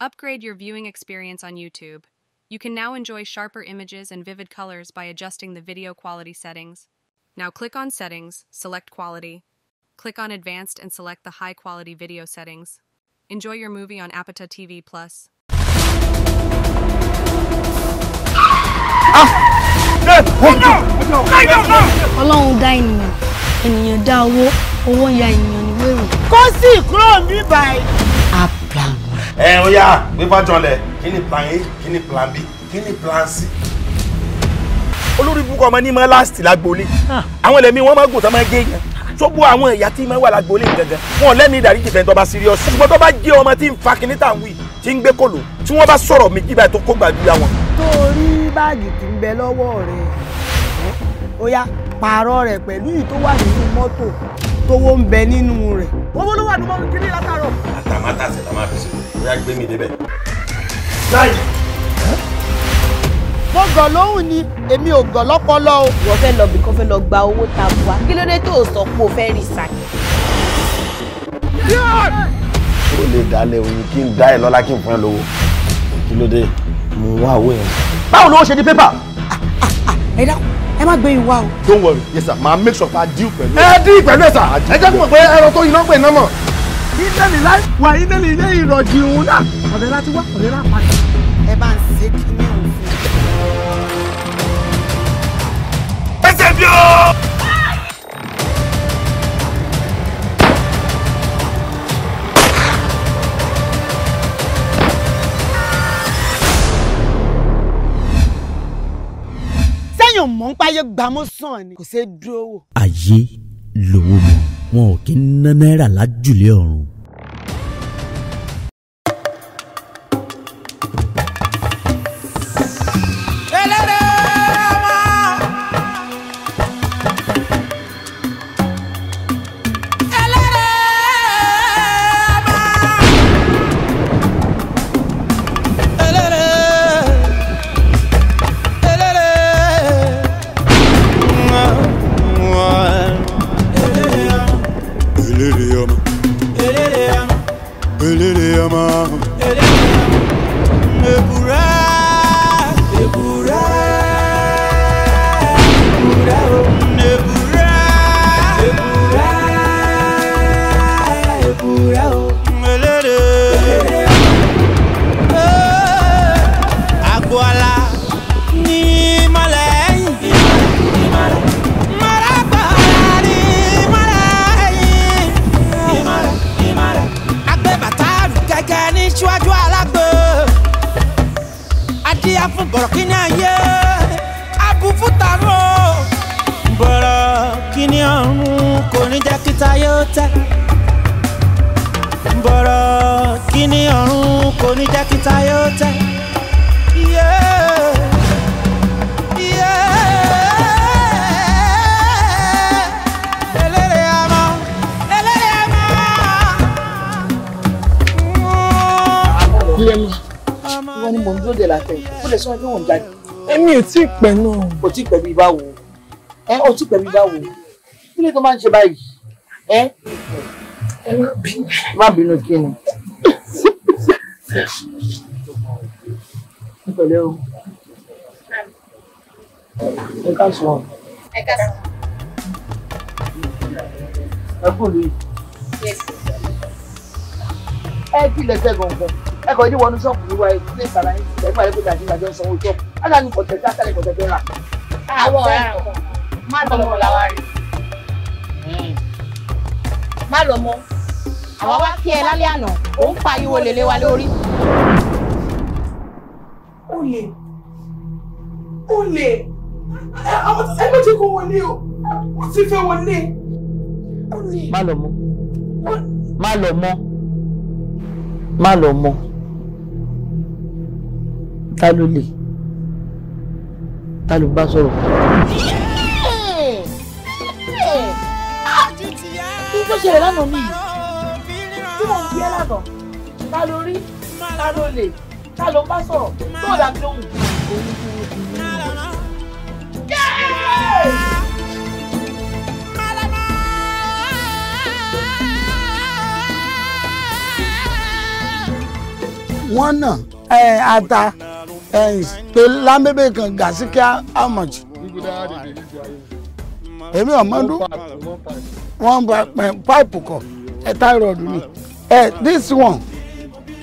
Upgrade your viewing experience on YouTube. You can now enjoy sharper images and vivid colors by adjusting the video quality settings. Now click on Settings, select Quality. Click on Advanced and select the High Quality Video settings. Enjoy your movie on Apata TV+. Plus. Ọlọ́run dá ènìyàn, ènìyàn dá owó, owó ya ènìyàn níwèrè. Kó sì kúrò níbàyí. Abraham. ẹ ó yá gbé fájọlẹ̀ kí plan a kí plan b kí plan c. olórí búkọ ọmọ ní máa last lágboolé ah. àwọn ẹlẹ́mìí wọ́n máa gùn tó máa gé yẹn tó bó àwọn ẹ̀yà tí máa wà lágboolé gangan wọn ò lẹ́ni ìdarí jìfẹ́ tó bá serious ṣùgbọ́n tó bá jẹ́ ọmọ tí ń fa kinní tà ń wí tí ń gbé kòló tí wọ́n bá sọ̀rọ̀ méjì báyìí tó kó gbàdúrà wọn. torí báàgì tí ń bẹ lọ́wọ́ rẹ̀ ó yá pààrọ̀ rẹ̀ pẹ̀lú ì tówó ń bẹ nínú rẹ̀. owó ló wà ní mọ́rún kiri látàárọ̀. àtàmátà la máa fi ṣe bóyá gbé mi débẹ̀. láì. mo gàn lóhùn ni èmi ò gàn lọ́pọlọ o. ìwọ fẹ́ lọ bí kò fẹ́ lọ gba owó ta bua kí ló dé tó o sọ pé o fẹ́ rìn sàkè. o lè dalẹ̀ oyin kí n dá ẹ lọ́lá kí n fún ẹ lówó kí ló dé mo wá owó yẹn. báwo ni wọ́n ṣe di pépà ẹ dákun ẹ má gbé ìwà o. don't worry yes sir ma make sure pa deal pẹ̀lú. ẹ dín pẹ̀lú ẹ sà ẹ jẹ́ kí mọ̀ pé ẹran tó iná pè iná mọ̀. ìdẹ́lì láì wà ìdẹ́lì ilé ìrọ̀jì òun náà ọ̀rẹ́ láti wá ọ̀rẹ́ láti padà. ẹ bá ń ṣe kí ní òfin. ẹsẹ̀ bí o. téèyàn mọ̀ ń páyé gbámọ́ sàn ni kò ṣeé dúró wò. ayé lówó mi wọn ò kí ń ná náírà lájùlé ọ̀run pẹ́ náà. kò tí pẹ̀lú ibà wò ẹ ó tí pẹ̀lú ibà wò kí ló tó máa ń ṣe báyìí ẹ má bínú kí ni. pẹ̀lẹ́ o ẹ ká sọ. ẹ ká sọ. ẹ kú mi. ẹ kí lẹsẹ gangan ẹ kọ ní wọnú ṣọ́ọ̀bù yìí wáyé ní ìsàlàyé ẹgbẹ́ àdébòtà àti ìdájọ́ sanwó ṣọ́ọ̀bù ọ̀dà ni kọ̀tẹ̀ dá sálẹ̀ kọ̀tẹ̀ dọ́ra. àwọn ọ̀rẹ́ rẹ̀ kọ̀ má lọ mọ làwa rí hmm. má lọ mọ àwa wá kí ẹ lálẹ́ àná òun pariwo lèlé wa lórí. ó lè ó lè àwọn tó ẹgbẹ́ tí kò wọlé o ó ti fẹ́ wọlé. má lọ mọ má lọ mọ má lọ mọ ta ló lè ta ló bá sọ̀rọ̀. kí ló ṣẹlẹ̀ lánàá mi yìí tí mò ń bí ẹ lánàá ta ló rí ta ló lè ta ló bá sọ̀rọ̀ tó dàbí lóhùn. wọ́n nà ẹ̀ ata pé lámbébé kan gàsíkẹ́ how much. èmi ọ̀mọ́dún wọ́n bá pipe kọ̀ ẹ̀ thyroid ni ẹ̀ this one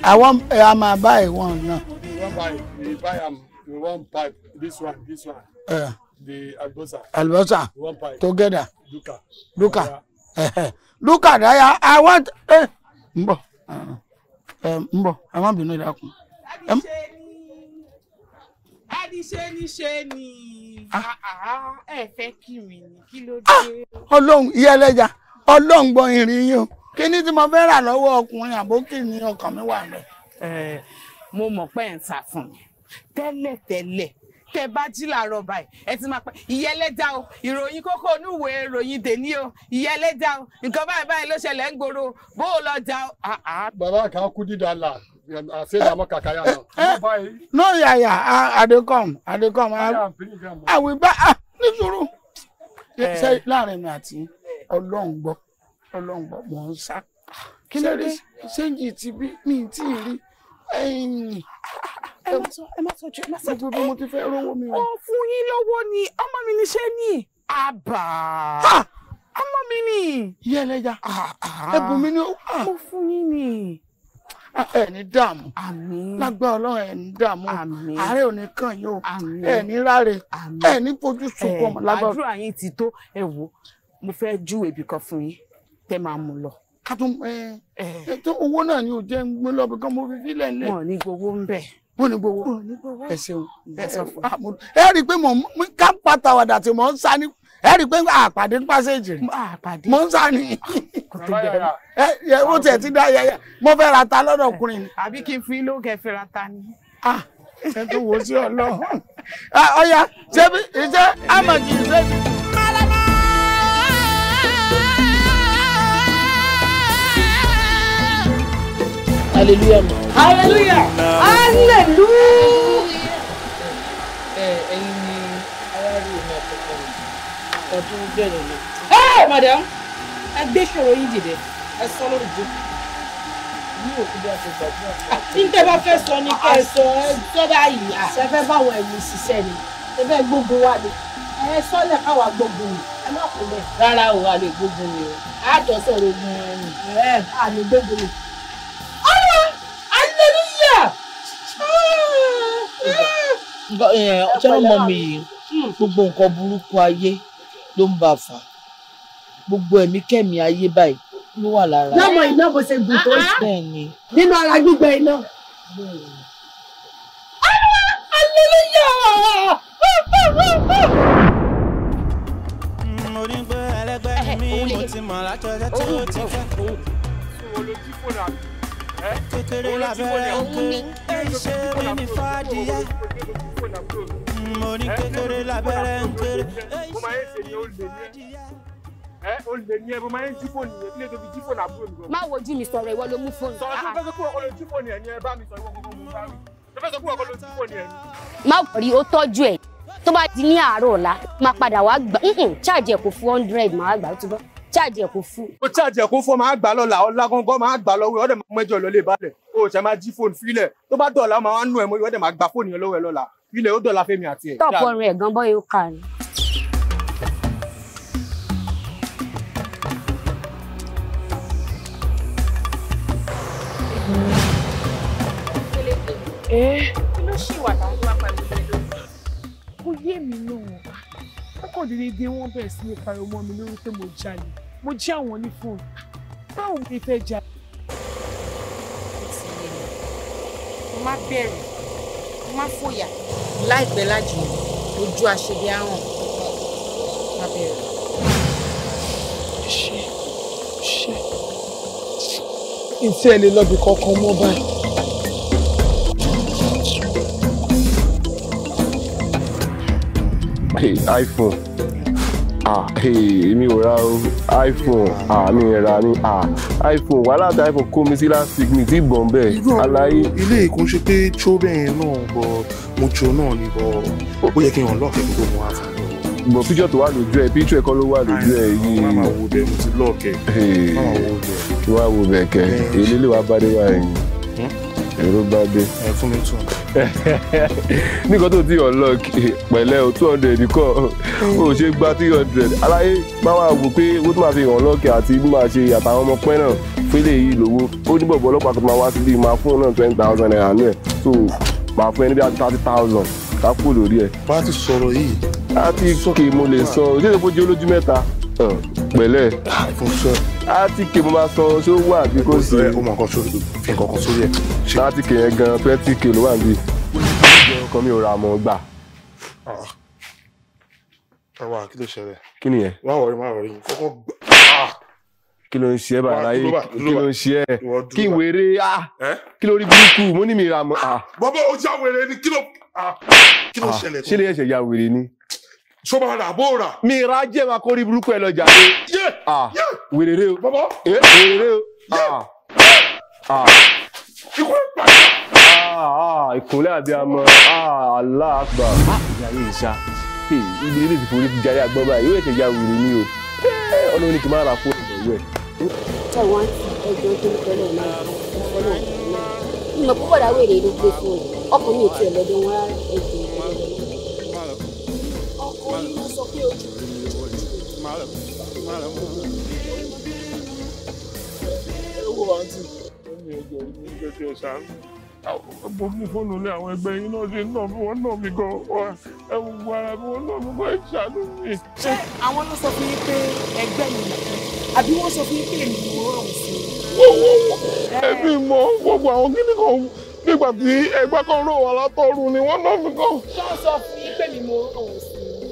i wan i ma buy one now. you wan buy you buy am We wan pipe this one this one. Uh, the albosa. albosa you pipe together. duka duka duka daya i want. Eh, mbọ mbọ ẹ má bínú ìdákun níṣe níṣe ni ah. Ah, ah, ẹ fẹ́ kí mi ní kí ló dé. ọlọ́run iye ẹlẹ́jà ọlọ́run gbọ́ ìrìn yín o kí ni tí mo fẹ́ rà lọ́wọ́ ọkùnrin àbókì ni ọkàn mi wà rẹ̀. mo mọ̀ pé ẹ̀ ń ta fún mi tẹ́lẹ̀tẹ́lẹ̀ tẹ bá jí làárọ̀ báyìí ẹ ti máa pẹ́ ìyá ẹlẹ́dà o ìròyìn kókó onúwèé ìròyìn dèní o ìyá ẹlẹ́dà o nǹkan báyìí báyìí ló ṣẹlẹ̀ ń gbòòrò bó o lọ da o. bàbá kan kú dídá là I say I'm not kakaya now. Uh, buy. No, yeah, yeah. I, I dey come. I dey come. I, I, I will buy. Ah, ní sùúrù. Eh. Ṣé láàrin mi àti Ọlọ́run gbọ́ Ọlọ́run gbọ́ mò ń sá. Kí ló dé? Ṣéǹjì ti bí mi tí ì rí. Ẹyìn. Ẹ má sọ ẹ má sọ jù ẹ má sọ jù. Gbogbo mo ti fẹ́ rówó mi o. Ó fún yín lọ́wọ́ ni ọmọ mi níṣẹ́ ní. Àbà. Ọmọ mi ni. Yẹ́lẹ́jà. Ah, ah. Ẹ̀bùn mi ni ó. Mo ah. fún yín ni ẹni dààmú lágbá ọlọ́run ẹni dààmú àárẹ̀ ò ní kàn yín o ẹni ráre ẹni fojú sunkún ọmọ lágbá. àdúrà yín ti tó ẹ wò mo fẹ́ ju èbì kan fún yín tẹ́ máa mú lọ. ká tún ẹ tó owó náà ni ò jẹ́ ń gbé lọ́bì kan mo fi fílẹ̀ ńlẹ̀. wọn ò ní gbowó ń bẹ̀. wọn ò ní gbowó ẹ ṣeun ẹ rí i pé ká pàtàwàdà tí mò ń sá ní ẹ rí i pé àpàdé ń pàṣẹjì rí mo ń sá ni ẹ ó tiẹ̀ ti dá yẹyẹ mo fẹ́ ra ta lọ́dọ̀ ọkùnrin ni. àbí kí n fi ló kẹ́ fẹ́ ra ta ni. ẹ tó wo sí ọ lọ ọya ṣé iṣẹ́ amọ̀jì ṣé. Hallelujah. Hallelujah. Hallelujah. nǹkan tó ń bẹ̀rẹ̀ lọ. ẹ madam ẹ gbé ṣòro yín dìde ẹ sọ lórí jù. ní òkú bí a ṣe gbàdúrà. níta bá fẹ́ sọ ni kẹ́ ẹ sọ ẹ tó báyìí. ṣe fẹ́ báwọn ẹ̀mí ṣiṣẹ́ ni ṣe fẹ́ gbógun wá ni ẹ sọ́lẹ̀ káwa gbógun ni ẹ má kú bẹ́ẹ̀. rárá o a lè gbógun ni o a jọ sọ̀rọ̀ ogun ẹ̀yìn. ẹ a lè gbógun ni. ọ̀rọ̀ hallelujah. ọ̀tẹ́rọ̀ mọ́ mi gbogbo nǹkan burúkú ayé ló ń bá a fà gbogbo ẹ̀mí kẹ́mi ayé báyìí ló wà lára. lọ́mọ iná bó ṣe gùn tó ah, ah. bẹ́ẹ̀ ni. nínú ara gbígbẹ iná. mo ní gbé ẹlẹgbẹ́ mi mo ṣe mí ní fàdíyẹ mo ní kékeré lábẹ́rẹ́ ń kéré. mo máa ń ṣe ní olè ní ẹ olè ní ẹ mo máa ń jí fóònù yẹn kílẹ̀ tó fi jí fóònù àbúrò mi. má wojú mi sọ̀rọ̀ ìwọ ló mú fóònù. sọ̀rọ̀ tó ah, ah. fẹ́ sọ pé ọkọ ló jí fóònù ẹ̀ ni ẹ bá mi sọ ìwọ gbogbo mi bá mi sọ pé ọkọ ló jí fóònù ni. má rí ó tọ́jú ẹ̀ tó bá di ní àárọ̀ ọ̀la máa padà wá gbà ṣáàjì ẹ̀ fún hundred máa gbà ó ti bọ́ ṣáàjì ẹ̀ fún. ó ṣáàjì ẹ̀ kò fún máa gbà lọ́la ọ̀la máa gbà lọ́wọ́ ọ̀dẹ̀ máa mẹ́jọ lọ́lẹ̀ balẹ̀ o ṣe máa jí fóònù fílẹ̀ tó bá dọ̀la máa ń nù ẹ̀ mọ́ ọ̀dẹ̀ máa gbà fóònù yẹn lọ́wọ́ ẹ̀ lọ́la ilẹ̀ ó dọ̀la fẹ́mi àti ẹ̀. tọ́pù ọrùn ẹ̀ yóò kà ní. kò yé mi náà wọn kàn wọn bẹ̀rẹ̀ sí ní pariwo mọ́ mi lórí pé mo jalè mo jí àwọn ní fóònù báwo ni fẹ́ jalè. mo má bẹ̀rẹ̀ má fòyà láìpẹ́ lájùmọ̀ ojú àṣebí àrùn lábẹ́rẹ́. ṣé ṣé ntí ẹ lè lọ́bi kankan mọ́ báyìí. iPhone èmi ò ra iphone àmì ẹ̀rà ni iphone wàhálà tí iphone kó mi sí last week mi ti bọ̀n bẹ́ẹ̀ aláyé. ilé ìkún ṣe pé tó bẹ́ẹ̀ náà bọ̀ mo jọ náà ni bọ̀ ó yẹ kí n lọ́ọ̀kẹ́ gbogbo wọn á fún mi bọ̀ píjọ tó wà lójú ẹ píjọ ẹ kọ́ ló wà lójú ẹ yìí. máa wo bẹ́ẹ̀ mo ti lọ́ọ̀kẹ́. máa wo bẹ́ẹ̀ kẹ́ ilé lè wá bá dé wá yìí èrò bá dé. ẹ fún mi two hundred. nígbà tó ti unlock pẹ̀lẹ́ o two hundred kọ́ o ṣe gba three hundred aláyé máa wà wò pé owó tó máa fi unlock àti bí máa ṣe àtàwọn ọmọ pẹ́ náà fẹ́lẹ̀ yìí lówó ó ní bọ̀bọ̀ ọlọ́pàá tó máa wá síbí máa fún náà twenty thousand naira nú ẹ̀ so máa fún ẹ níbi àti thirty thousand ká kú lórí ẹ̀. bá a ti sọ̀rọ̀ yìí. a ti sókè mo lè sọ òṣèlú fojú olójú mẹ́ta pẹ̀lẹ́ átìkè mo máa san ṣé ó wà bí kò sí. ó mọ nǹkan sórí fi nǹkan kan sórí ẹ. átìkè yẹn gan twenty k ló wà níbí. ọkàn mi ò ra àmọ́ gbà. Ah. ọwọ́ kí ló ṣẹlẹ̀. kí nìyẹn. má wọrí má wọrí kọ́kọ́ gbà. Ah. kí ló ń ṣe é bàbá láyé kí ló ń ṣe é kí n wéré ah. kí ló rí burúkú mo ní mi ra àmọ́. bọ́bọ́ ojú àwẹ̀rẹ̀ ni kí ló ṣẹlẹ̀. ṣé lè ṣe ya wèrè ni sọba rà bó rà. mi ra jẹ́ ma kórìí burúkú ẹ lọ jà lé. yé yé wèrèrè o. bàbá wèrèrè o. ikú ìpàdé. ìkúnlẹ̀ àbí amọ̀ Allah akbar. ìyá yìí sá ibi ilé ti forí jayé agbọ́n báyìí yóò tẹ̀jà wèrè ni o. ọlọ́run ní kí n máa ra fún ẹ̀. ẹ̀wọ̀n ẹ̀jọ̀ tó ń tẹ́lẹ̀ náà ọlọ́run ìmọ̀ púpọ̀ dáwọ́ mara mọ́. ẹ wo àǹtí omi ẹ̀jọ̀ ní kẹ̀kẹ́ ṣáà mo mú fóònù lé àwọn ẹgbẹ́ yín náà ṣe náà bí wọ́n náà mi gan ẹ wo ara bí wọ́n náà mi gan ṣàánú mi. ṣé àwọn ló sọ fún yín pé ẹgbẹ́ mi nìkan àbí wọ́n sọ fún yín pé èmi ò rọrùn sí i. ẹbí mọ gbogbo àwọn kíníkan nígbà tí ẹgbẹ́ kan rò wà látọ̀run ni wọ́n náà fi kọ́. wọ́n sọ fún yín pé mi mo rò sí i.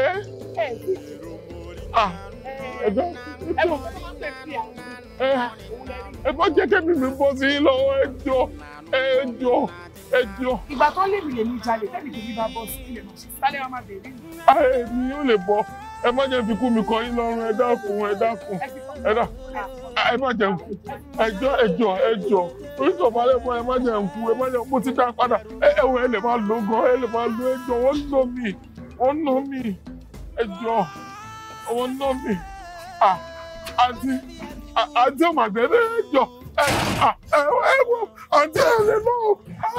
ẹ ẹ ti. Ah ẹ̀jẹ̀ ẹ mọ̀ fẹ́ máa ń tẹ̀ sí àwọn ẹ bọ́ jẹ́ kẹ́mi mi bọ́ sí i lọ́wọ́ ẹ jọ ẹ jọ ẹ jọ. ìgbà tó lè mi lè mi jalè tẹ́lẹ̀ kò ní bá bọ́ sí ilẹ̀ náà sálẹ̀ wa máa bẹ̀rẹ̀ mi. ayé mi yóò lè bọ ẹ má jẹ́ fikú mi kọ́ yín lọ́rùn ẹ dákun ẹ dákun ẹ dá ẹ má jẹ́ nkú ẹ jọ ẹ jọ ẹ jọ oríṣiríṣi balẹ̀ mọ́ ẹ má jẹ́ nkú ẹ má jẹ́ mo ti dá padà ẹ ẹ wọ ẹ lè máa lo gan ẹ lè máa lo ẹ jọ wọ́n nọ mi wọ́n nọ mi ẹ jọ wọ́n nọ mi. Ah, àǹtí àǹtí ọ̀màgbẹ́rẹ́ jọ ẹ wo àǹtí ẹ lè lọ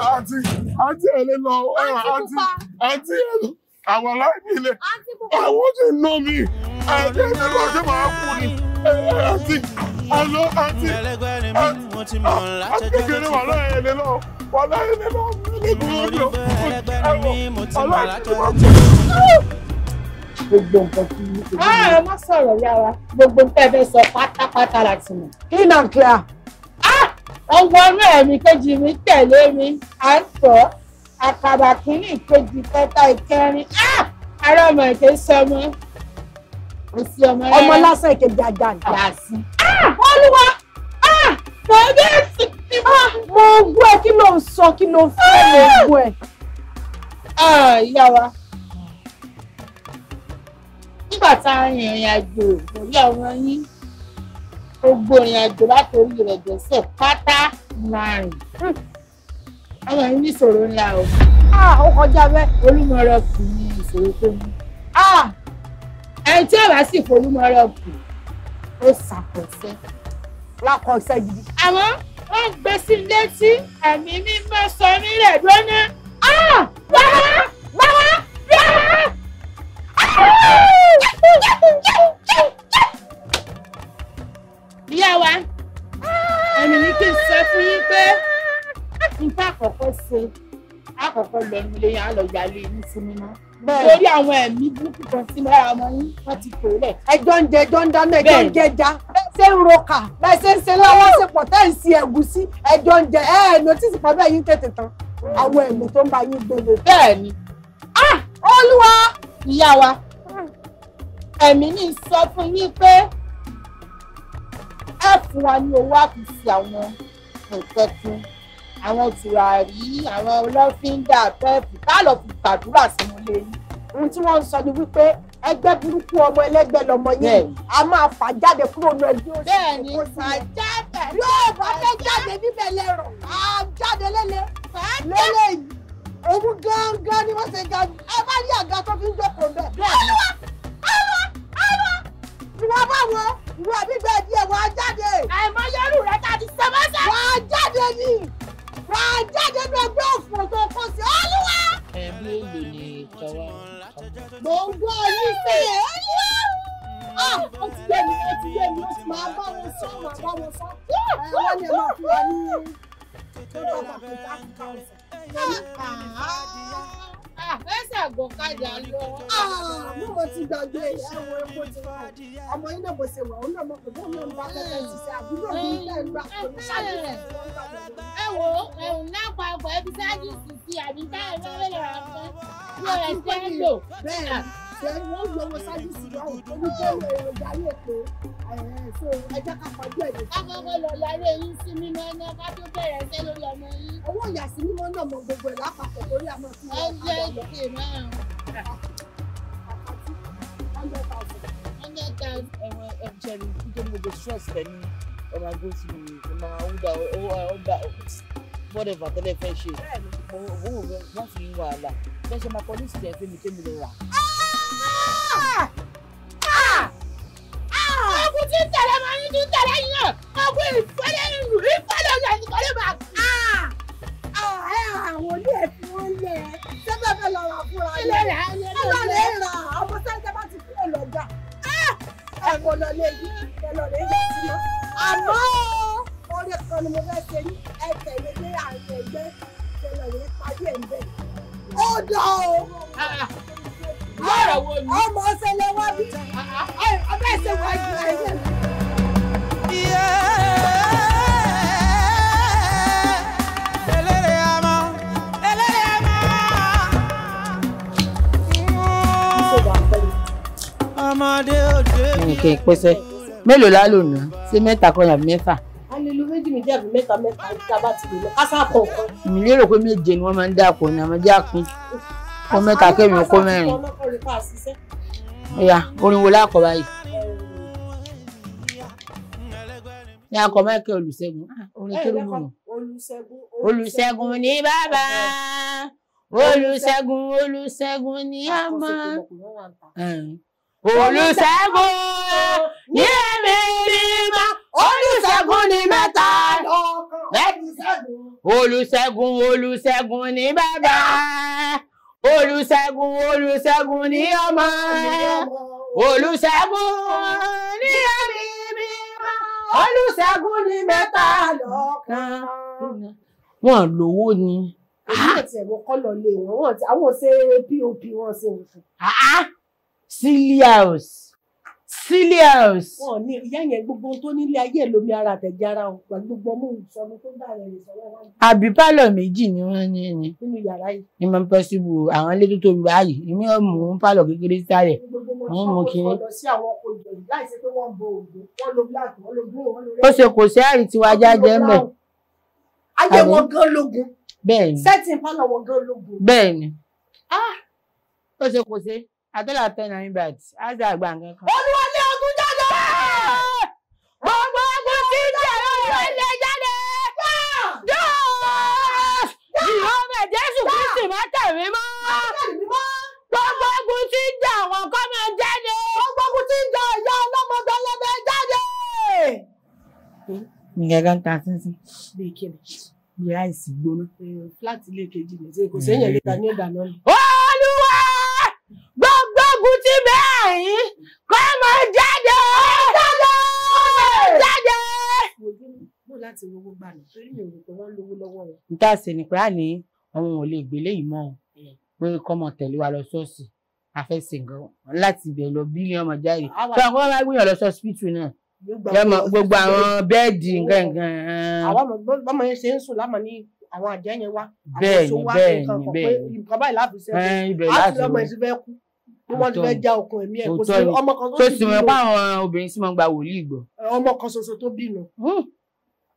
àǹtí àǹtí ẹ lè lọ àǹtí àǹtí ẹ lọ àwọn aláìní ilé àwọn ti ná mi àǹtí ẹ lè lọ ṣé màá kú ni àǹtí àlọ àǹtí àǹtí kékeré wà láyé ẹ lè lọ wà láyé ẹ lè lọ ẹ lè lọ ẹ wọ aláìní ilé gbogbo nǹkan tí yín ṣe. ẹ má sọ̀rọ̀ yára gbogbo nǹkan ẹ fẹ́ sọ pátápátá láti mọ̀. kí náà kí a. ọwọ́ inú ẹ̀mí kejì mi tẹ̀lé mi à ń tọ́ àkàbà kínní ìkejì kẹta ìkẹrin ah, ara ọmọ èké sọmọ kò sí ọmọ rẹ. ọmọ lásán ìkejì ajá ni. yàtí. Ah, olúwa kọ̀ọ̀dẹ́sì ti mọ́. mo gbọ́ kí ló ń sọ kí ló ń fẹ́ mo gbọ́ ẹ. Ah, ìyá wa nígbà tá a rin ìrìn àjò pẹ̀lú àwọn yín gbogbo ìrìn àjò látòrí rẹ̀ dẹ́sẹ̀ pátá máa rìn àwọn yín ní ńlá o. ó kọjá bẹ́ẹ̀. olúmọ̀ọ́rọ̀ kù ní ìṣòro tó ní. ẹni tí ọ̀rá sì folúmọ̀ọ́rọ̀ kù ó ṣàkọsẹ́. lákọsẹ́ gidi. àmọ́ wọ́n gbé sí létí ẹ̀mí mímọ́ sọ nílẹ̀ lónìí. rárá rárá rárá ìyá wa ẹni ní kí n sọ fún yín pé nípa àkọ́kọ́ ṣe àkọ́kọ́ lẹ́nu lẹ́yìn àlọ́ ìyáálé yín sí mímọ́ lórí àwọn ẹ̀mí burúkú kan sí lára ọmọ yín wọ́n ti kò lẹ̀. ẹjọ́ ń jẹ ẹjọ́ ń dáná ẹjọ́ ń jẹja bẹ́ẹ̀ ṣe ń roka bẹ́ẹ̀ ṣe ń ṣe lọ́wọ́sẹ̀pọ̀ tẹ́ ń ṣe ẹ̀gúsí ẹjọ́ ń jẹ ẹ̀ nọ́tísì pàdé ẹ̀yìn tètè tán àwọn ẹ̀mí tó ń bá yín gbélé. bẹ́ẹ̀ ni ah! olúwa ìyá wa ẹ̀mí ní sọ fún yín pé ẹ fún wa ní owó àkùsí àwọn nǹkan kan àwọn tùràrí àwọn ọlọ́fíńdà pẹ́ẹ́pù táàlọ́ fi gbàdúrà sínú ilé yìí ohun tí wọ́n ń sọ ni wípé ẹgbẹ́ burúkú ọmọ ẹlẹ́gbẹ́ lọmọ yẹn a máa fà jáde kúrò ní ẹgbẹ́ òṣèlú bẹ́ẹ̀ni fà jáde yóò bá fẹ́ jáde bíbẹ̀ lẹ́rọ a jáde lélẹ̀ lélẹ̀ yìí òun gangan ni wọ́n ṣe ga ẹ bá rí àga tó fi ń jókòó bẹ́ẹ̀ ìwọ báwo ìwọ gbígbẹ díẹ̀ wà á jáde. àìmọ̀ yẹrù rẹ ta ti sẹmẹsẹ. wà á jáde ni wà á jáde ní ẹgbẹ́ òfò tó kọ sí olúwa. ẹ bí èlò ni tọwọ. mo ń gbọ́ yín sí ẹ olúwa. ah ó ti yé mi ó ti yé mi ó ti máa bá wọn sọ máa bá wọn sọ. ẹ wọ́n ní ẹ máa fi wà ní. tó bá bàtà kí ká kí ká ọ̀sán. Ah, ẹsẹ̀ àgbọ̀kadà ah, lọ. mo mọ̀ ti gbàgbé ẹ̀wọ̀ epo ti wọ̀ ọmọ yín náà bó ṣe wà ó náà mọ̀ pé bóun náà ń bá tẹ́tẹ́ ṣiṣẹ́ àbúrò mi náà ń pẹ̀lú ṣáájú rẹ̀. ẹ wo ẹ̀hún náà pa ọkọ̀ ẹbí ṣáájú sì ti àbí táyà lọ́wọ́ rẹ̀ àpẹ́ bí ọ̀rẹ́ ti lò ṣe wọ́n yọ wọn sáyẹ́ǹsì náà oníbẹ̀rẹ̀ èròjà yóò pé so ẹ jẹ́ ká kọjú ẹ̀ lẹ́sìn. akọkọ lọ láyé yín sí mímọ́ náà ká tó bẹ̀rẹ̀ ṣẹ́ lórí ọmọ yín. owó ìyá sí mímọ́ náà mọ gbogbo ẹ̀ lápapọ̀ torí àmọ́ fún wọn. ẹ jẹ́ ìpè náà. hundred thousand. hundred thousand. ẹ̀wọ̀n ẹ̀jẹ̀ mi nítorí gbogbo stress pẹ̀lú ọ̀nà gbòòsì ọ̀nà ọ̀dà ọ̀dà whatever tẹ́lẹ̀ fẹ́ ṣe. bẹ́ẹ̀ ni. mo wò wọ́n fi wàhálà bẹ́ẹ̀ ṣe máa kọ ní ìsìn ọkùn tí ń tẹ̀lé máa ń tí ń tẹ̀lé yín náà ọkùn ìfẹ́lẹ́ ìlú ìfẹ́lẹ́ ọ̀nà ìkọ́lé máa ká. àwọn ilé ẹ̀fọ́ wọn lẹ̀ sẹ́fẹ̀ fẹ́ lọ rà fúnra rẹ̀ ilé rẹ̀ ọ̀nà lè rà ọmọ sẹ́ńtẹ́ bá ti kúrò lọ́jà ẹ̀kọ́ lọ lé yìí ẹ̀lọ́ lè yà sí lọ. àmọ́ orí kan ni mo fẹ́ ṣe ní ẹ̀kẹ́ ìgbẹ́ àgbẹ̀gbẹ́ ẹ̀lọ́ lè pàdé ẹ̀ ń bẹ̀. ó dọ̀ ọ́ lọ́rọ̀ wo ni. ọmọ ọsẹlẹ wá bí ọbẹ̀ ṣe wá ju ẹyẹ lọ. nǹkan ìpèsè mélòó la lò ná ṣé mẹ́ta kan àbí mẹ́fà. a lè lo méjì méjì àbí mẹ́ta mẹ́ta tá a bá ti lè lọ kásá kọ̀ọ̀kan. mi lérò pé méje ni wọ́n máa ń dà pọ̀ ní àmọ́jà pín kó mẹ́ta kémi kó mẹ́rin ìyá orin wo lákọ̀ báyìí ní akọ Michael Olùṣègùn ah, orin kérúbùnù Olùṣègùn ní bàbá Olùṣègùn Olùṣègùn ní àmọ́ Olùṣègùn ní èmi ní ma Olùṣègùn ní mẹ́ta Olùṣègùn Olùṣègùn ní bàbá olùṣègùn olùṣègùn ní ọmọ olùṣègùn ní ẹ̀mí mímọ́ olùṣègùn ní mẹ́ta lọ́kan. wọn lówó ni. èyí ò tẹ̀ wọ́n kọ́ lọ lé wọn àwọn ṣe pop wọn ṣe nǹkan. Ah, ah. sílíà Cilius. wọn ní ìyá yẹn gbogbo tó nílé ayé lómi ara àtẹ̀jẹ́ ara wọn pẹ̀lú gbogbo ọmọ ìsọmọ tó bá rẹ̀ lè sọ̀rọ̀ wọn. àbí pálọ̀ méjì ni wọ́n ní ni. nínú yàrá yìí. ní mo pẹ́ síbu àwọn ilé tó tóbi báyìí èmi ò mú pálọ̀ kékeré sálẹ̀ mo mú kiri. ó ṣe kò sí àrí tiwa jáde mẹ́. ayé wọn gan lógun. bẹ́ẹ̀ni sẹ́tìn pálọ̀ wọn gan lógun. bẹ́ẹ̀ni ah! ó ṣe kò sí. Atọ́lá ten naira bat ásà àgbà nǹkan kan. Olúwalé ogun jáde. Gbogbo ogun ti jẹ́ olúwalé jáde. Jọ́ọ̀s! Ìhọ́mẹ̀ Jésù Kristì má tẹ̀mí mọ́. Gbogbo ogun ti jẹ́ àwọn kọ́ máa jáde. Gbogbo ogun ti jẹ́ ìyá ọlọ́mọdé ọlọ́mọdé jáde. Nìyẹn gan ta sínsìn. Bí kíni? Bí àìsí gbóná. Fúláàtì ilé kejì mi, kò séyìn lè ta ní ìdáná. Ó ogun ti bẹ́ẹ̀ yín kọ́ mọ jáde jáde jáde. mo láti rówó gbà ní torí mi ò rò pé wọ́n lówó lọ́wọ́ rẹ̀. n tá a ṣe nípa ní àwọn ò lè gbélé yìí mọ́ o pé kọ́ mọ tẹ̀lé wa lọ ṣọ́ọ̀ṣì àfẹsẹ̀ gan láti ibẹ̀ lọ bílíọ̀n ọmọ jáde kí wọ́n bá gbìyànjú lọ sọ́ọ̀sìpìtì náà gbogbo àwọn bẹ́ẹ̀dì gangan. àwọn ọmọ yẹn ṣe ń sùn lámà ní àwọn àjẹyẹn wa. bẹ́ẹ̀ni bẹ́ẹ̀ni bẹ́ẹ̀ni nǹkan báyìí láti ṣe é àti ọmọ ìṣúfẹ́ kú pé wọ́n ti fẹ́ já okun ẹ̀mí ẹ̀ kò sí ọmọ kan tó sì bínú. tó sì mọ̀ pé àwọn obìnrin sì máa gba wòlíì gbọ́. ọmọ kan ṣoṣo tó bínú. Hmm.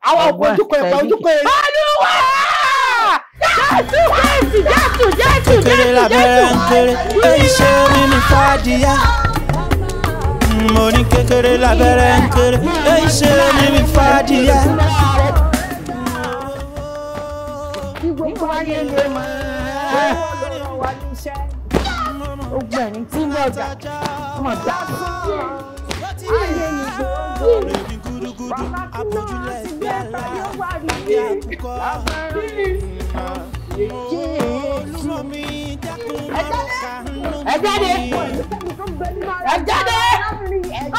àwọn ojúkọ ẹ̀pẹ́ ojúkọ ẹ̀rí. olúwa jésù jésù jésù jésù jésù jésù. iṣẹ́ mi ni fàdíyà hmm, mo ní kékeré lábẹ́rẹ́ ń kéré iṣẹ́ mi ni fàdíyà. Ìwé ogun ẹni tí mo jà mo jà fún mi ayé mi ń bí bàbá tí náà sì gbé ẹ̀ka yóò wá rí mi bàbá rí mi ẹ jáde ẹ jáde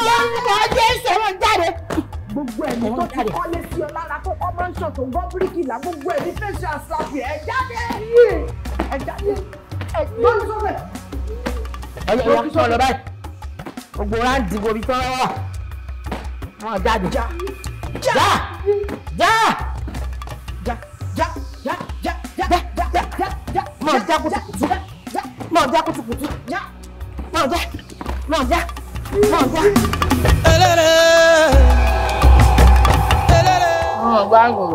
orúkọ Jésù ẹ jáde gbogbo ẹni tó ti kọ́lé sí ọ lára tó kọ́ máa ń ṣàn tó gbọ́ bíríkìlà gbogbo ẹni fẹ́ṣẹ̀ àṣàbì ẹ jáde ẹ jáde ẹ gbọ́dọ̀ ẹyẹ ẹyẹ sọ lọ báyìí gbogbo rántí gobi tọ́ wà wọn jáde já já já já já já já já já já já já mọ̀ já kutukutu mọ̀ já kutukutu já mọ̀ já mọ̀ já mọ̀ já. ẹlẹ́rẹ̀ ẹlẹ́rẹ̀. ọ̀hún gbàgbọ́.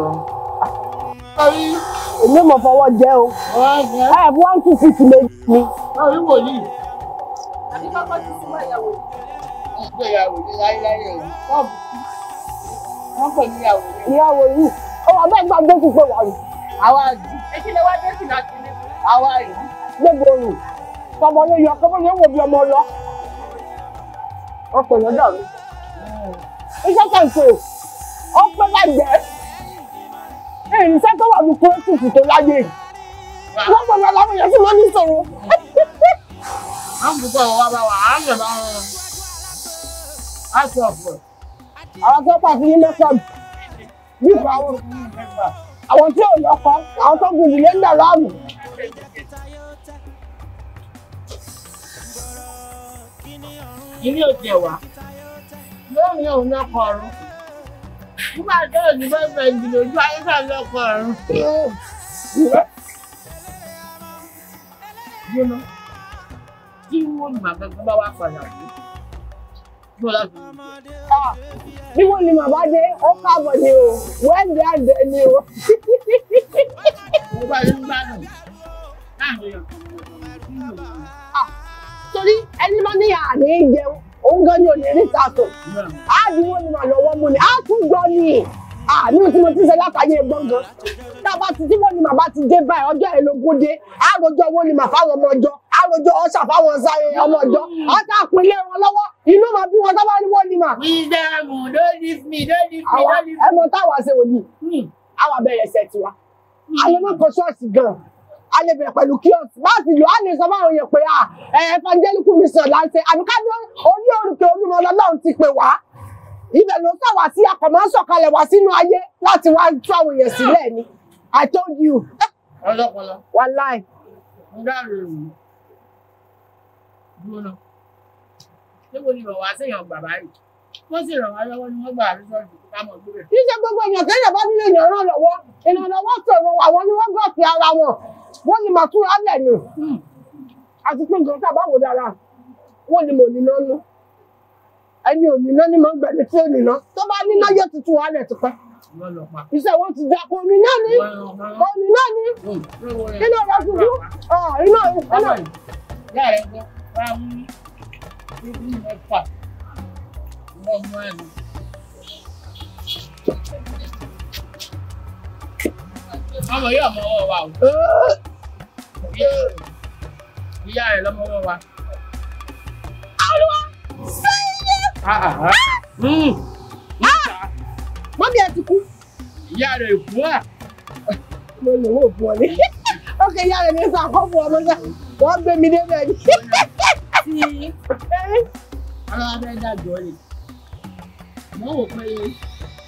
sọ́rí èmi mọ̀ fọwọ́ jẹ́ o. ẹ̀ wọ́n tún fi tìlẹ̀ mi. sọ́rí wòlíì àbí kọ́kọ́ ti súnmọ́ ìyàwó yìí. ìgbéyàwó ni láéláé o wọ́n wọ́n pè ní ìyàwó yìí. ìyàwó yìí ọmọ bẹ́ẹ̀ gbá gbé gbogbo wà rù. àwa àjù. èkì lè wá dé sí láti ní. àwa àjù. gbogbo rù tọmọ ló yọ tọmọ ló wò bí ọmọ lọ. ọkọ̀ lọ́dọ̀ mi. iṣẹ́ kẹ̀kẹ́ ó pé lágbẹ́. irinṣẹ́ tó wà ní kúrẹ́tìtì tó láyé yìí. wọ́n pọ̀ lọ́la mi yẹn fún lónìí sọ̀rọ̀ à ń bùkọ́ ìwà bá wà á ń yẹ̀ bá wọn á sọ ọ̀pọ̀. àwọn tó pàṣẹ yín lọ́sọ̀ bí ìgbà wọn àwọn tí ò lọ́kọ àwọn tó gùn ìdílé ń dà láàmú. ilé òjè wá lórí òun lọ́kọ ọ̀run nígbà tó ò ní bẹ́ẹ̀ ìdìbò ojú ayé náà lọ́kọ ọ̀run tí wọ́n ní màmá bá wà padà sí bọ́lá tó ń bọ̀. bí wọ́n ní màmá dé ó káàbọ̀ ni o wẹ́ẹ̀dì àdé ni o. mo bá yín gbádùn láàrin ah, torí ẹni máa ní àní jẹun òun gan ni ò ní rí sàtò. àdìwọ́ ni màá lọ́wọ́ àní ah, tí mo ti ṣe látàyè gbọ̀ngàn tábà tí wọ́n ní màbá ti dé báyìí ọjọ́ ìlógún dé àròjọ owó ni màá fáwọn ọmọ ọjọ́ àròjọ ọṣà fáwọn sáré ọmọ ọjọ́ ọjà àpínlẹ̀ wọn lọ́wọ́ inú màá bí wọn sábà ní wọ́n ní mà. wisdom no leave me no leave me no leave me. ẹ mọ táwa ṣe wò ní hmm. àwa bẹ̀rẹ̀ ṣẹ̀ tiwa àwọn ọmọ kan ṣọ́ọ̀ṣì gan-an a lè bẹ̀rẹ̀ pẹ̀lú kíọ̀sì láti lò á lè sọ fáwọn èèyàn pé ah, evangelical mission láti àbíkájọ orí òrùkè olúmọ ọlọ́run ti pè wá ibẹ̀ ló fà wá sí akọ̀mọ́ sọ̀kalẹ̀ wá sínú ayé láti wá tú àwọn èèyàn sílẹ̀ ni I told you. ọlọpọlọ. wàláì. mo dáàbò rò ó gbóná níbo ni bàbá séèyàn gbà báyìí wọ́n sì ràn wá lọ́wọ́ ni wọ́n gbà rúṣọ́ọ̀dù kámọ̀ gbúrẹ̀. kì í ṣe gbogbo èèyàn kéèyàn bá nílé èèyàn ràn lọ́wọ́ ìrànlọ́wọ́ sọ̀rọ̀ àwọn ni wọ́n gọ̀ọ̀sì ara wọn wọ́n ni màtúrà lẹ̀ nù àti hmm. pé nǹkan tá a bá wò dára wọ́n ni mò ní lọ́nu ẹni òmìnà ni mo ń gbẹ̀lẹ̀ fóònù náà tó bá níná yóò tuntun wà lẹ̀ tupẹ́. iṣẹ́ wo ti da omi náà ni omi náà ni iná rẹ̀ dúdú iná iná. ìyá rẹ̀ gbọ́ bá a mú ibi mẹ́fà mọ́ mọ́ ẹ̀ ní. ọmọ yóò mọ ọwọ́ wa o ìyá rẹ̀ lọ́mọ ọwọ́ wa. olúwa ṣé. Ah, ah, ah. Hmm. Hmm. Mọ́mí ẹ ti kú. Ìyá rẹ̀ kú à. Mo lè wò fún ọ ní. Ókè ìyá rẹ̀ ní sọ àkọ́kọ́ ọmọ náà. Wọ́n gbé mi débẹ̀ ni. Ọlọ́wà eh? fẹ́ dàgbọ́ ni. Mo wò pé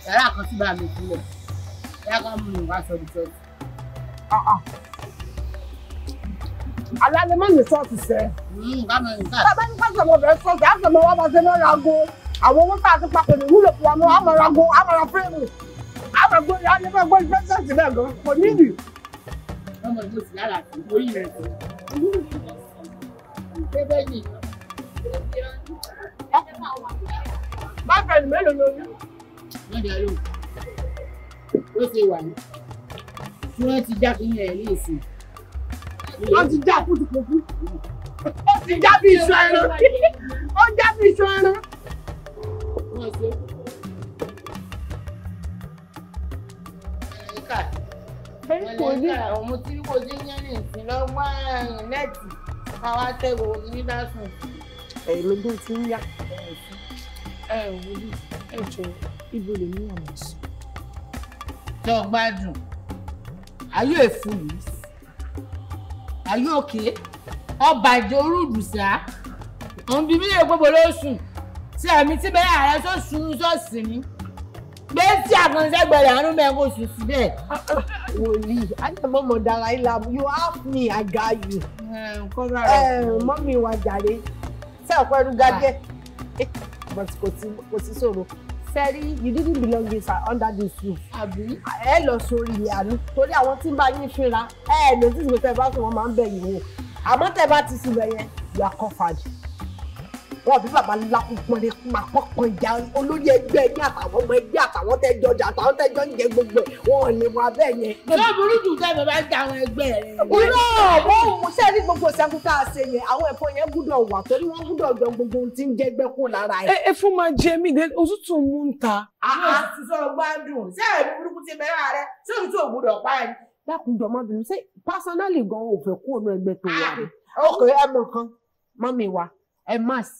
yàrá kan sí bá mi sílẹ̀. Yàrá kan mú mi wá sọ́dún sọ́dún alálẹ́ má ní sọ́ọ̀tì sẹ́. Hmm, bàbá ní pàṣẹ mo bẹ̀rẹ̀ sọ́ọ̀tì á sọ ma wá máa ṣe náà rago àwọn owó tá a ti papọ̀ ní wúlò fún wa mọ́ àmọ́ rago àmọ́ ra fírèmù àmọ́ gbóni alẹ́ fẹ́ gbóni pẹ́sẹ́ǹtì bẹ́ẹ̀ gan kò níbi. ọmọ ìlú ti lára àti orí rẹ̀ bẹ́ẹ̀ yìí. bá fẹ̀lú mélòó lórí. wọ́n dẹ̀ lóhùn ló ṣe wà ní tí wọ́n ti já kí n yẹ̀ ẹ́ lé ìsìn wọ́n ti já kùtùkùtù ó ti já bí iṣu ẹran ó já bí iṣu ẹran. ọmọ tí kò dé yẹnì sí lọ́gbọ́n nẹ́ẹ̀tì káwá tẹ̀wọ̀ onídàásùn. ẹ̀yin lógún ti ń yá. ẹ ẹ wòlíì ẹ jọ ibo lè ní àmọ̀ sí. tó gbádùn ayé èfú yìí are you okay ọba ìjòrúdùsá òun bí mílíọ̀nù gbogbo ló sùn tí ẹ̀mí tí bẹ́ẹ̀ ààrẹ tó sùn sọ́ọ̀sì ni gbé tí àkànṣe gbẹ̀rẹ̀ àánú mẹ́rin kò sùn síbẹ̀. wòlíì àjẹmọ́mọ́ dara ilà you ask me I got you. mọ́mí wa jàre tí àpẹẹrù gajẹ́ but kò sí ṣòro ṣẹ́rí you didn't belong this under this roof. àbí. Ah, ẹ lọ sórí ilé àánú torí àwọn tí ń bá yín fínra ẹ lọ sí ìgbésẹ̀ bá sọ wọn máa ń bẹ̀ yín wò àmọ́ tẹ́ bá ti síbẹ̀ yẹn you are covered nǹkan bí bàbá lakú pọnlé máa kọ́ kan ja olóyè ẹgbẹ́ ẹgbẹ́ àtàwọn ọmọ ẹgbẹ́ àtàwọn tẹjọ jà àtàwọn tẹjọ ń jẹ gbogbo wọn ò lè wọ abẹ́ yẹn. yóò burú jù tẹ bàbá ń ta àwọn ẹgbẹ́ rẹ. wúlò wọn ò mú sẹ́ẹ̀rí gbogbo sẹ́kún tá a ṣe yẹn àwọn ẹ̀fọ́ yẹn gbúdọ̀ wà torí wọ́n gbúdọ̀ jọ gbogbo ohun tí ń jẹ́gbẹ́ kú lára ẹ̀. ẹ fún máa jẹ mí òtútù mú ń ta. àá ti sọ gbádùn sẹ́ẹ̀rí burúkú ti bẹ̀rẹ̀ rẹ sóòtú ògbúdọ̀ pa ẹ̀ lákùnjọ má bínú ṣé pásánálì gan-an ò fẹ́ kú ònú ẹgbẹ́ tó wà. Ah, ok ẹ mọ̀ kan mọ́mi wa ẹ má sí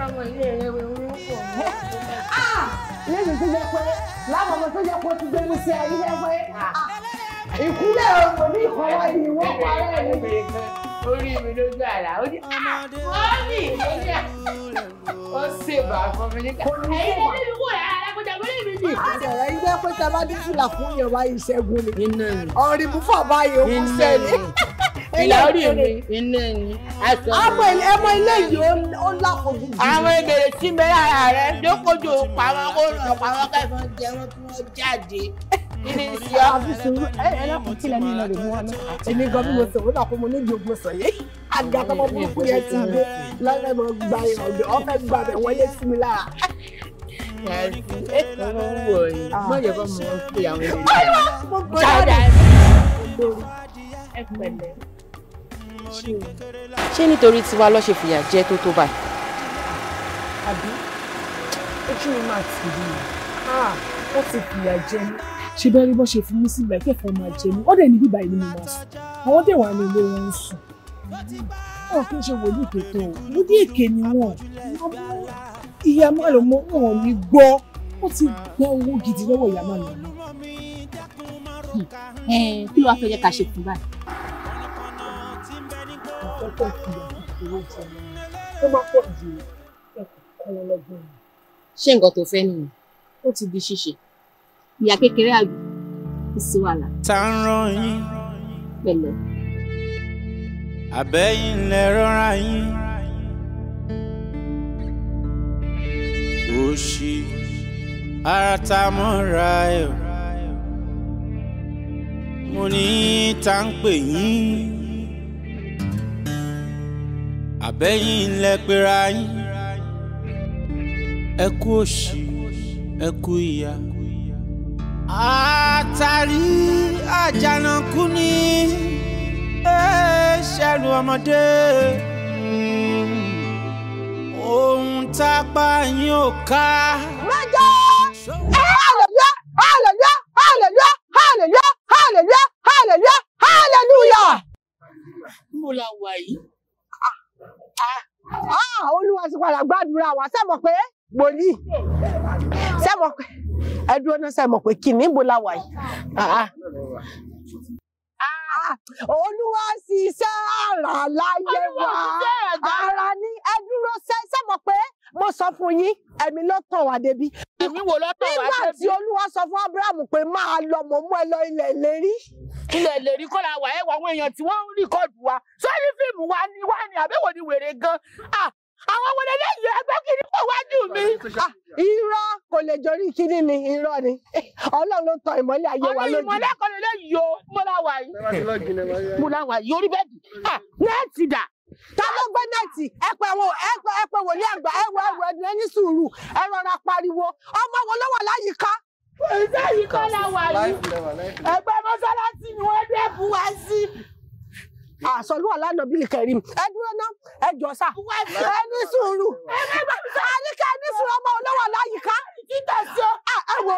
káwọn ilé rẹ wẹ pé láwọn ọmọ tó jẹ́ pé ó ti gbé mi sí ayé jẹ́ ìkúlẹ̀ òkò ní ìkọwọ́ ni wọ́n pa ara rẹ̀ mi. orí mi lójú àlá ó ní ọ́nì ìlẹ́yà ó ṣèbà fún mi nígbà. ẹ̀yin lè ní wúrà alágbèjà gbọ́dọ̀ mi jì. àdàrà jẹ́ pé tí a bá dín fìlà fún ìṣẹ́gun ni. ọ̀rìn báyìí ó kú sẹ́yìn ìlọrí mi ilé ni. ọmọ ẹmọ ilé yìí ó lákòókò. àwọn èdèrè tí ń bẹ lára rẹ lókojú pàwọn kó ràn pàwọn kẹfọn jẹ wọn kí jáde èmi gan bí mo sọ wọn mo ní ju ogun sọ àga tọmọ burúkú yẹn ti gbé lọ́nà mo gba ìrọ̀lẹ́ ọ̀fẹ́ gba bẹ̀ wọlé sí mi lára. mo ah. yẹ kó mo ń pè àwọn ènìyàn. mo gbọ́dọ̀ ẹ pẹ̀lẹ́ ṣé o ṣé nítorí tiwa ló ṣe fìyà jẹ tó tó báyìí. àbí ojú mi máa tì í wọ́n ah, ti fìyà jẹ mí. ṣé bẹ́ẹ̀ rí bọ́ ṣe fún mi sílẹ̀ kẹ́kọ̀ọ́ máa jẹ mí ó dẹ̀ ní bíbá ìlú mi máa sùn àwọn dẹ̀ wà ní ilé wọn ń sùn. wọn kì í ṣe wòlíì tó tó o wòlíì èké ni wọn ìyá máa lọ mọ wọn ní gbọ́ wọ́n ti gba owó gidi lọ́wọ́ ìyá máa lọ mọ́. Hmm. kí ló wàá fẹ́ yẹ ká ṣe fún báyìí ọjọ́ ìkìlọ̀ ìṣòro ìjọba tó bá pọ̀ jù ẹ̀kọ́ kọ́ lọ́gbọ́n mi. ṣé nǹkan tó fẹ́ nìyẹn ó ti di ṣíṣe ìyá kékeré àgbà kò sí wàhálà. ta ń rán yín. pẹ̀lẹ́. àbẹ́yìn lẹ rọra yín. òṣì ara ta mọ́ra ẹ̀ mo ní tá ń pè yín àbẹ́yìn ńlẹ̀ pera yín ẹ kú òṣì ẹ kú ìyà. àtàrí àjànàkú ni ṣẹ́lu ọmọdé ohun tápá yín ò ká. rájọ́ hallelujah hallelujah hallelujah hallelujah hallelujah hallelujah hallelujah. mo la wà yìí. Ah, olúwa ti padà gbàdúrà wa sẹ́mọ̀ pé wòlíì sẹ́mọ̀ pé ẹdúró náà sẹ́mọ̀ pé kìnní bó la wà yìí. Ah, ah. olúwa ṣiṣẹ́ ara láyé wa ara ní ẹdúró sẹ́mọ̀ pé mo sọ fún yín ẹ̀mí ló tàn wá débi. ẹ̀mí wo ló tàn wá débi. nígbà tí olúwa sọ fún abrahamu pé máa lọ mọ̀ mú ẹ lọ ilẹ̀ ìlérí. ilẹ̀ ìlérí kọ́ la wà ẹ̀ wọ àwọn èèyàn tí wọ́n ń rìkọ́dù wa sọ́ọ́rí fíìmù wa ni wá ni àbẹ̀wò ni wèrè gan-an àwọn wọlé lẹ́yìn ẹgbẹ́ kìíní kò wájú mi. irọ́ kò lè jọrí kíní mi irọ́ ni ọlọ́run ló tan ìmọ́lẹ̀ ayé wa lójú. ọ̀nà ìmọ́lẹ̀ kan lè lè yọ múláwá yìí múláwá yìí orí bẹ́ẹ̀ dì nẹ́ẹ̀tì dà ta ló gbé nẹ́ẹ̀tì ẹ̀pẹ̀ àwọn ẹ̀pẹ̀ ẹ̀pẹ̀ wòlíì àgbà ẹ̀wọ̀ ẹ̀wọ̀ ẹ̀dùn ẹni sùúrù ẹ rọra pariwo ọmọ wo ló wà láyìíká. ìṣe yìí kọ́ la wà yìí ẹgbẹ́ mọ́sálásí ni wọ́n dẹ́kun wá sí àsọlú alánàbí kẹrin ẹ dúró ná ẹ jọ sá ẹ ní sùúrù àníkà ní sùúrù ọmọ olówó aláyìíká ẹ wò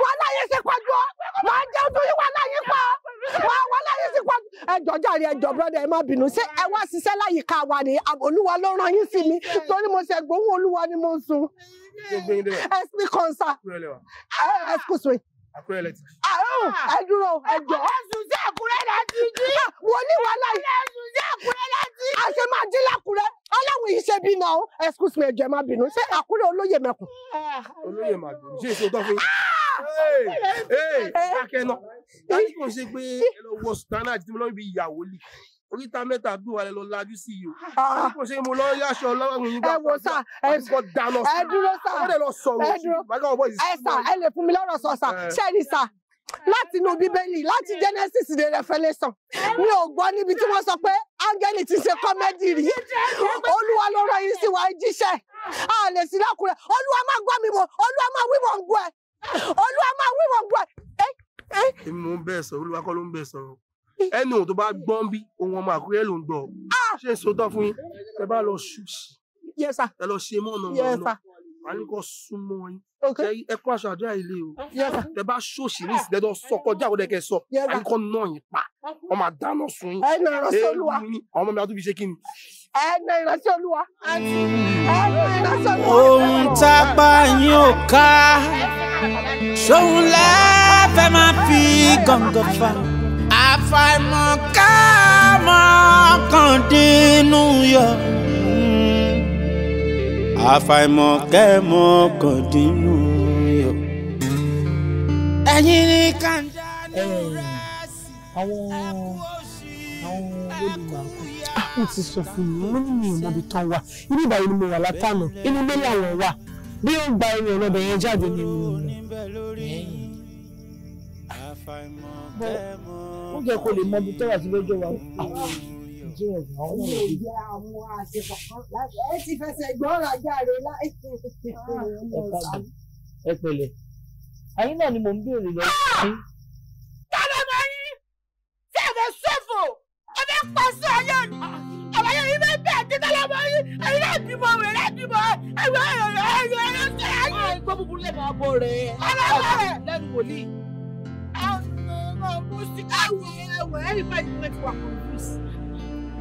wọn láyé ṣe pàjọ wọn jẹun tó yí wọn láyé pa wọn wọn láyé ṣe pàjọ ẹ jọ jàre ẹ jọ brọdẹ ẹ má bínú ṣé ẹ wá ṣiṣẹ́ láyìíká wa ni olúwa ló rán yín sí mi torí mo ṣe gbóhùn olúwa ni mo ń sun ẹ speak on sir excuse me àkúrẹ́ lẹ ti jí. ẹ dúró ẹ jọ. ẹ sùn sí àkúrẹ́ lẹ ti jí. Ah, wọ́n ní wàhálà yìí. ẹ sùn sí àkúrẹ́ lẹ ti jí. a máa dín lákúrẹ́ ọlọ́run yìí ṣe bí náà excuse me ẹ jọ̀ọ́ bínú ṣé àkúrẹ́ olóyè mẹ́kùn. Ah, olóyè má bínú ṣé èso dọ́fin akẹ́nà láti kò ṣe pé eh, ẹ lọ wọ sùtánà àti tí mo lọ bí ìyàwó lì oríta mẹ́ta bí wàá lọ lajú sí yìí o kò ah. ṣe mo lọ yáṣọ ọlọ́run yìí bá wọ sá ẹ dúró sá ẹ dúró sá ẹ dúró ẹ sá ẹ lè fún mi lọ́rọ̀ sọ sá ṣẹ́ni sá láti inú bíbélì láti genesis de revelation mi ò gbọ́ níbi tí wọ́n sọ pé áńgẹ́lì ti ṣe kọ́mẹ́dì rí olúwa ló rán yín sí wa jíṣẹ́ a lè sí lákùrẹ́ olúwa máa gbọ́ mi mọ́ olúwa máa wí mọ̀ ń gbọ́ ẹ olúwa máa wí mọ̀ ń gbọ́ ẹ. èmi bẹ́ẹ̀ sọ olúwa kọ́ ló ń bẹ́ẹ̀ sọ̀rọ̀ ẹni òun tó bá gbọ́n bí ohun ọmọ àkúrẹ́ ló ń gbọ́ ah! ṣe ń sọtọ́ fún yín ẹ bá lọ ṣùṣì ẹ lọ ṣe mọ́ ọ̀nà ọ̀nà wà ní kò súnmọ́ yín ẹ kó aṣọ àdúrà ilé o tẹ bá ṣòṣì ní ìsìlẹ̀ tó sọ kọjá àwọn ẹ̀kẹ́ sọ àní kò náà yín pa ọmọ àdáná sun yín ẹ nà olúwa ọmọ mi àtúbí ṣe kí ni. ẹ nà olúwa ohun tá yín ò ká ṣóhun lẹ́ẹ̀fẹ́ máa fi gàngàn fà àfàìmọ̀ ká mọ̀ kàn dínú yọ. àfàìmọ̀ kẹ́ mọ̀ kàn dínú yọ. ẹ̀yin ni kàńdá lóra sí ẹ̀kú òṣì ẹ̀kú yá. àwọn ah, ti sọ fún mi wọn ní mi ò mọbi tán wa ibi ìbàyè ni mo wà látànà inú ilé làwọn wà bí ó gba ẹni ọlọ́bẹ̀ yẹn jáde ni mo rò. bẹ́ẹ̀ ó jẹ́ kó lè mọ ibi tó wà sí lọ́jọ́ wa. ẹ ti fẹsẹ̀ gbọ́ra jáde láì. ẹ pẹ̀lẹ́ ayé náà ni mò ń béèrè lọ. tọ́lá máa ń rí tí ẹ fẹ́ ṣòfò ẹ fẹ́ pa sí ayé òní àwọn ayé yìí bẹ́ẹ̀ bẹ́ẹ̀ tí tọ́lá máa ń rí ẹ̀yin náà bímọ rẹ̀ náà bímọ ẹ̀yin náà ẹ̀yin náà ẹ̀yin náà ṣe ayé. ọ̀ ìgbọ́ búburú lẹ́nu abọ́ rẹ̀. ọlọ́wọ́ rẹ̀ lẹ́nu wòlíì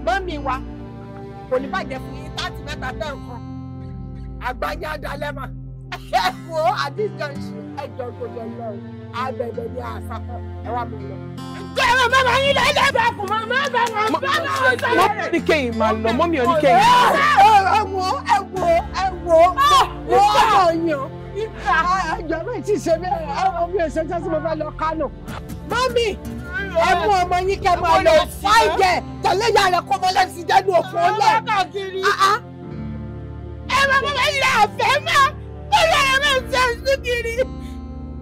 mọ́mí wa kò ní bàjẹ́ fún yín láti mẹ́ta fẹ́ nǹkan àgbáyé adalẹ́mà ẹ̀fọ́ àdìjọ́nsì ẹ̀jọ̀ gbogbo lọ abẹ́bẹ́ ní àṣàkọ́ ẹ wá mi lọ. jẹ́rọ bàbá yín lọ ilé ìbá kù mọ́ má bà wọ́n bá wọn sọ. mọ́mí ní kéyìn máa lọ mọ́mí ò ní kéyìn. ẹ wo ẹ wo ẹ wo ah! wọ́n ọ̀yàn ẹjọ́ mi ti ṣe bẹ́ẹ̀ ọmọ mi ò ṣe tí wọ́n fẹ́ lọ kánò. mọ́mì ẹ mú ọmọ yín kẹ́ máa lọ fáìjẹ tẹ̀lé ìyá rẹ̀ kó mọ́ lẹ́sìn dẹ́nu òfin ọlẹ́. Ah, ah. ẹ máa bọ́ bá yìí rẹ̀ àfẹ́ máa bọ́lá ẹ̀ máa ń ṣe é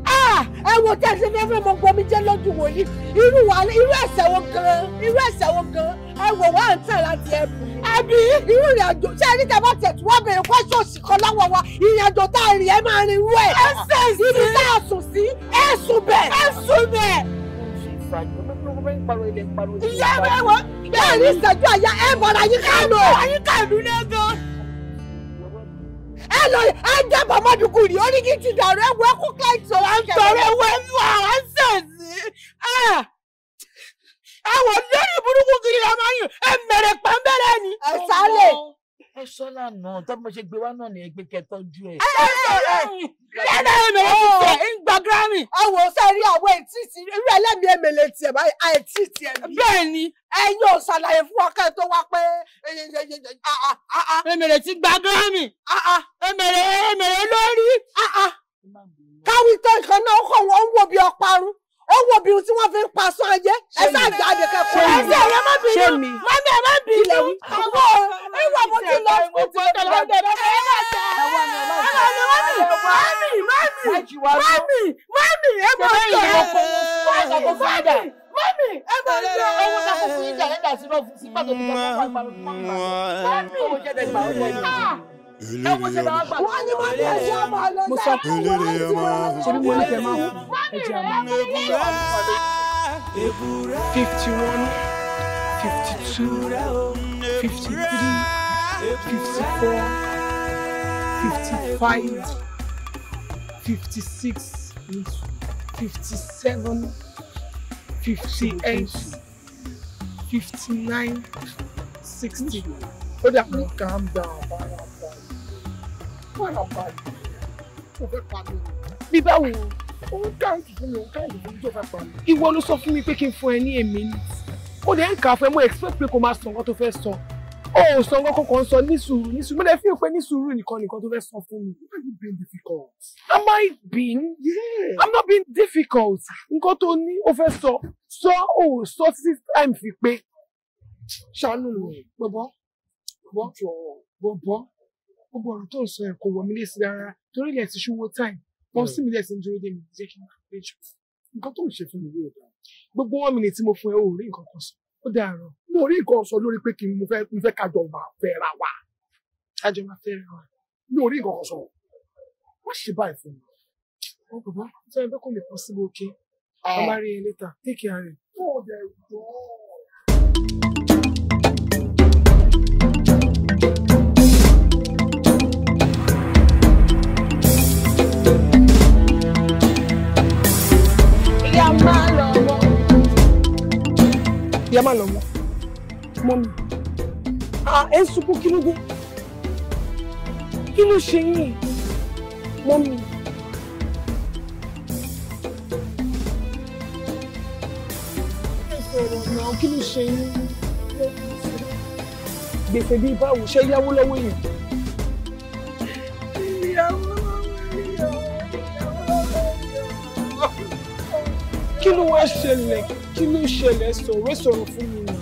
Ah, ẹ wo tí a ṣe fẹ́ fún ọmọ mi jẹ́ lójú wòlíì irú ẹ̀ṣẹ̀ wo gan irú ẹ̀ṣẹ̀ wo gan ẹ wò wá ń tàn láti ẹ̀bù àbí irú ìrìnàjò ṣé ẹni tẹ bá tẹ̀tù wá bẹ̀rẹ̀ kọ́ṣọ́ òsì kan lọ́wọ́ wa ìrìnàjò tá a rìn ẹ máa rìn irú ẹ̀ ibi tá a sùn sí ẹ sùn bẹ̀ ẹ sùn bẹ̀. ìyá ẹ wọ bẹ́ẹ̀ ni ìṣẹ́jú àyà ẹ bọ̀dọ̀ àyíká lò. àyíká ìlú lẹ́gàn ẹ lọ ẹ jábọ̀ mọ́dúnkù rí oríkì ti dàrú ẹ wọ ẹkú káìtó à ń tọrọ ẹ wọ ẹnu àwọn sẹẹsì àwọn lórí burúkú kiri la máa ń yùn ẹ mẹrẹ pàmbẹrẹ ni. ẹ sálẹ̀ ẹ sọ lánàá tọ́mọ ṣe gbé wá náà ni ẹgbẹ́ kẹtọ́jú ẹ. ẹ ẹ ẹ èmèlè ti tẹ ń gba grammy. àwọn ọ̀sẹ̀ rí àwọn ẹ̀tí ti irú ẹlẹ́mìí èmèlè tiẹ̀ báyìí àìtí tiẹ̀ nìyí. bẹ́ẹ̀ ni. ẹ̀yin ò ṣàlàyé fún wa kẹ́ẹ̀ tó wá pé. èmèlè ti gba grammy. èmèlè èmèlè lórí. káwí tó ìkànnà ọkọ̀ wọn ń wo bí ọparun ó wo obìnrin tí wọ́n fi ń pa sán ajé ẹsẹ̀ àgbà àdèkẹ́ kọ́ ẹsẹ̀ ẹ̀yẹ má bínú mọ́mí ẹ̀ má bínú ọwọ́ ìwà mo ti lọ fún ti ọ̀dọ̀ lọ́dọ̀ lọ́dọ̀ ẹ̀ má ta ẹ̀wọ̀n mi mọ́mí mọ́mí mọ́mí mọ́mí mọ́mí ẹ̀ má ta mọ́mí mọ́mí ẹ̀ má ta ọwọ́ ta kò fún ìjà lẹ́dà sí lọ́ọ̀fù sí pàtó tó bá wà pàrọ̀ mọ́mí fifty one fifty two fifty three fifty four fifty five fifty six fifty seven fifty eight fifty nine sixty ó dà pé calm down fara balẹ̀ káàdì fún mi ó káàdì fún mi tó fẹ́ pa mi. ìwọ ló sọ fún mi pé kí n fún ẹ ní èmi ni ó lè ń kà á fún ẹ expect pé kó máa sọ nǹkan tó fẹ́ sọ ó ò sọ nǹkan kankan sọ ní sùúrù ní sùúrù mo lè fi hàn pé ní sùúrù nìkan nìkan tó fẹ́ sọ fún mi. why you being difficult. am I being. yeah I'm not being difficult nǹkan tó ní ó fẹ́ sọ sọ ó sọ títí time fi pé ṣàánú mi bọ́bọ́ bọ́bọ́ bọ́bọ́ gbogbo ọ̀rọ̀ tó ń sọ ẹ̀ kò wọ̀ mí lé sí rárá torí ilẹ̀ ti ṣúwó táì wọ́n hmm. sì mí lẹ́sìn dúró dé mi jẹ́ kí n máa pé jù nǹkan tó ń ṣe fún mi yóò dáa gbogbo wọn mi ni tí mo fún ẹ ò rí nǹkan kan sọ ó dáa rọ mo rí nǹkan sọ lórí pé kí n mo fẹ́ kájọ máa fẹ́ ra wa kájọ máa fẹ́ ra wa mi ò rí nǹkan kan sọ wọ́n ṣe báyìí fún mi wọn bàbá sọ ẹ bẹ́ẹ̀ kò lè pọ́ síbi òkè ọmọ ah. rí ẹ létà take care. ó dẹ̀ jọ́ ọ́. ẹ má lọ mọ́ mọ́ mi ẹ ń sunkún kí ló dé kí ló ṣe yín mọ́ gbèsè bíi báwo ṣe yáwó lọ́wọ́ yẹn. kí ló wá ṣẹlẹ̀ kí ló ṣẹlẹ̀ sọ̀rọ̀ sọ̀rọ̀ fún mi nà.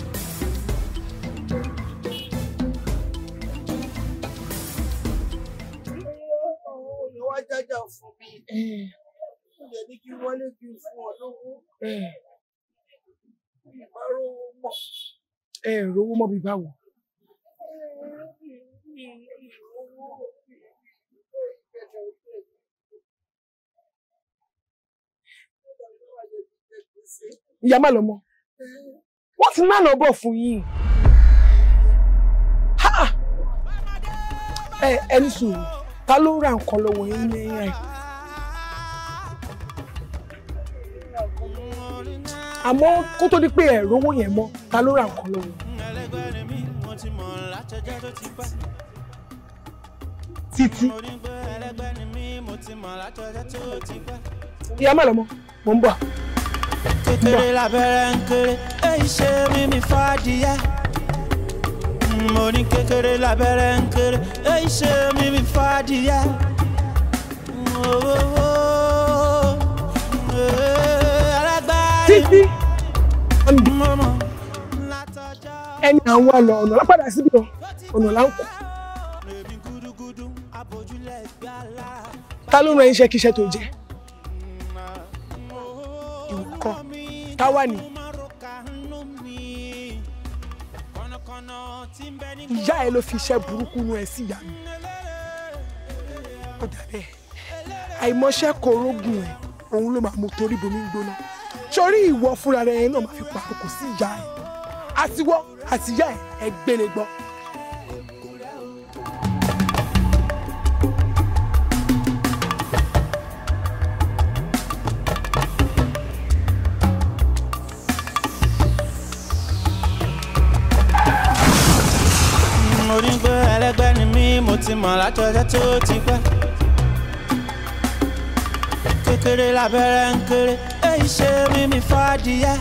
wá jájà fún mi ó jẹ́ ní kí wọlé kí n fún ọ lówó ìbá rówó mọ́. ẹ rówó mọ́ bí báwo. ìyá má lọ mọ wọ́n ti náà lọ́bọ̀ fún yín ẹni sùúrù ta ló ra nǹkan lọ́wọ́ yín lẹ́yìn ẹ̀ àmọ́ kó tó di pé ẹ̀ rówó yẹn mọ́ ta ló ra nǹkan lọ́wọ́ títí ìyá má lọ mọ mò ń bọ̀ kékeré lábẹ́rẹ́ ń kéré èyí ṣe mímí fàdíyẹ. mo ní kékeré lábẹ́rẹ́ ń kéré èyí ṣe mímí fàdíyẹ. títí ẹni à ń wá lọ ọ̀nà lápàdà síbi lọ ọ̀nà là ń kú. ta ló ran iṣẹ́ kíṣẹ́ tó jẹ́? táwa ni. ìyá ẹ ló fi iṣẹ́ burúkú nu ẹ sí ìyá mi ó dà bẹ́ẹ̀ àìmọṣẹ́ korógùn ẹ òun ló máa mú torí bomi ń gbóná sórí ìwọ fúnra rẹ náà máa fi pàkókò sí ìyá ẹ àtiwọ́ àtìyá ẹ ẹ gbélé gbọ́. mọ̀ látọjọ́ tó ti pẹ́. kékeré lábẹ́rẹ́ ń kéré èyí ṣe mímí fàdíyẹ.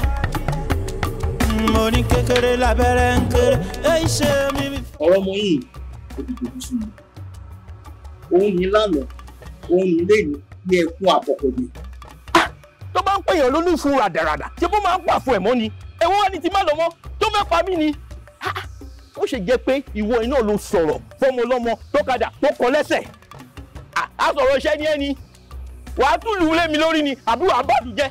mo ní kékeré lábẹ́rẹ́ ń kéré èyí ṣe mímí. ọ̀rọ̀ ọmọ yìí kò dìbò tuntun mi òun ní lánàá òun ní lẹ́nu ní ẹkún àpọ̀kọ̀dé. tó bá ń pèèyàn lólùfún ràdàràdà ṣé bó máa ń pàfọ ẹ̀mọ́ ni ẹ̀wọ́n wá ní ti má lọ́mọ́ tó fẹ́ pa mí ni ó ṣe jẹ́ pé ìwọ iná ló sọ̀rọ̀ fọmọlọ́mọ tọ́kadà tó kọ lẹ́sẹ̀ àsọ̀rọ̀ iṣẹ́ ní ẹni wàá tún lù ú lé mi lórí ni àbí wàá bàdù jẹ́.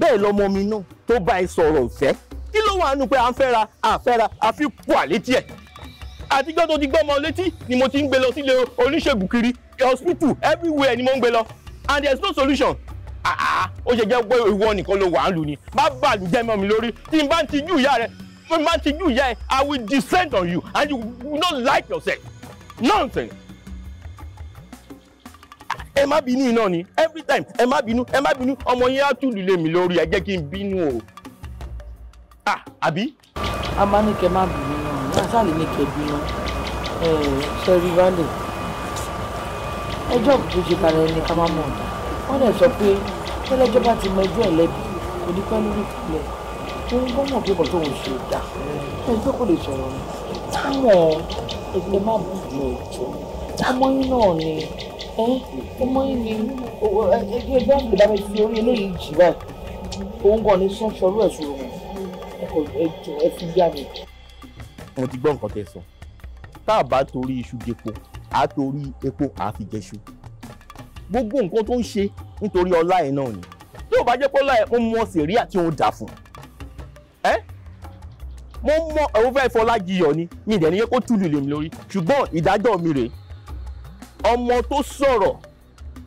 bẹ́ẹ̀ lọmọ mi náà tó bá ẹ sọ̀rọ̀ ìfẹ́ kí ló wàá nu pé à ń fẹ́ra à ń fẹ́ra àfi kú àlétí ẹ̀ àtijọ́ tó ti gbọ́ ọmọ létí ni mo ti ń gbé lọ sílé oníṣègùn kiri hospital everywhere ni mo ń gbé lọ and there is no solution ó ṣe jẹ́ pé ìwọ nìkan ló wà á lù ni má bàlù jẹ́ mọ́ mi lórí tí n bá ń tijú ìyá rẹ̀ fún máa ti i will descend on you and you will not like yourself nonsense. ẹ má bínú iná ni every time ẹ má bínú ẹ má bínú ọmọ yẹn á túlù lé mi lórí ẹ jẹ́ kí n bínú o. ah àbí. a máa ní kẹ má bínú náà náà sáà lè ní kẹ bínú ṣẹ́rí wálé ẹjọ́ òkú ṣe balẹ̀ ní ká má mọ̀ ọ̀dà wọ́n dẹ̀ sọ pé tẹ́lẹ́jọ́ bá ti mọ ẹjọ́ ẹ̀lẹ́bí kò ní pẹ́ lórí ìpìlẹ̀ tí ó ń gbọ́mọ̀ pé bọ́tò òun ṣe dà kó o pé kò lè sọ̀rọ̀ ni táwọn ẹgbẹ́ má bù ní ọjọ́ ọmọ yín náà ni ọmọ yín ni ẹgbẹ́ ẹgbẹ́ àgbẹ̀dá mi fi orí eléyìí jì báyìí òun kàn ní sọ́ọ̀ṣọ́rú ẹ̀sùn òun ẹ̀kọ́ ẹ̀jọ̀ ẹ fi yá mi. mo ti gbọ́ nǹkan tẹ́ sọ tá a bá torí iṣu jẹpo a torí epo a fi jẹṣu gbogbo nǹkan tó ń ṣe nítorí ọlá ẹ̀ náà ni tí ò bá jẹ́ pé ọlá ẹ̀ ó mọ̀ sí rí àti òun dà fún un ẹ́ mo mọ ẹ̀wọ́n fẹ́ Fọlájiyọ̀ ni mi ìdẹ̀ níyẹn kó túlù lèmi lórí ṣùgbọ́n ìdájọ́ mi rèé ọmọ tó sọ̀rọ̀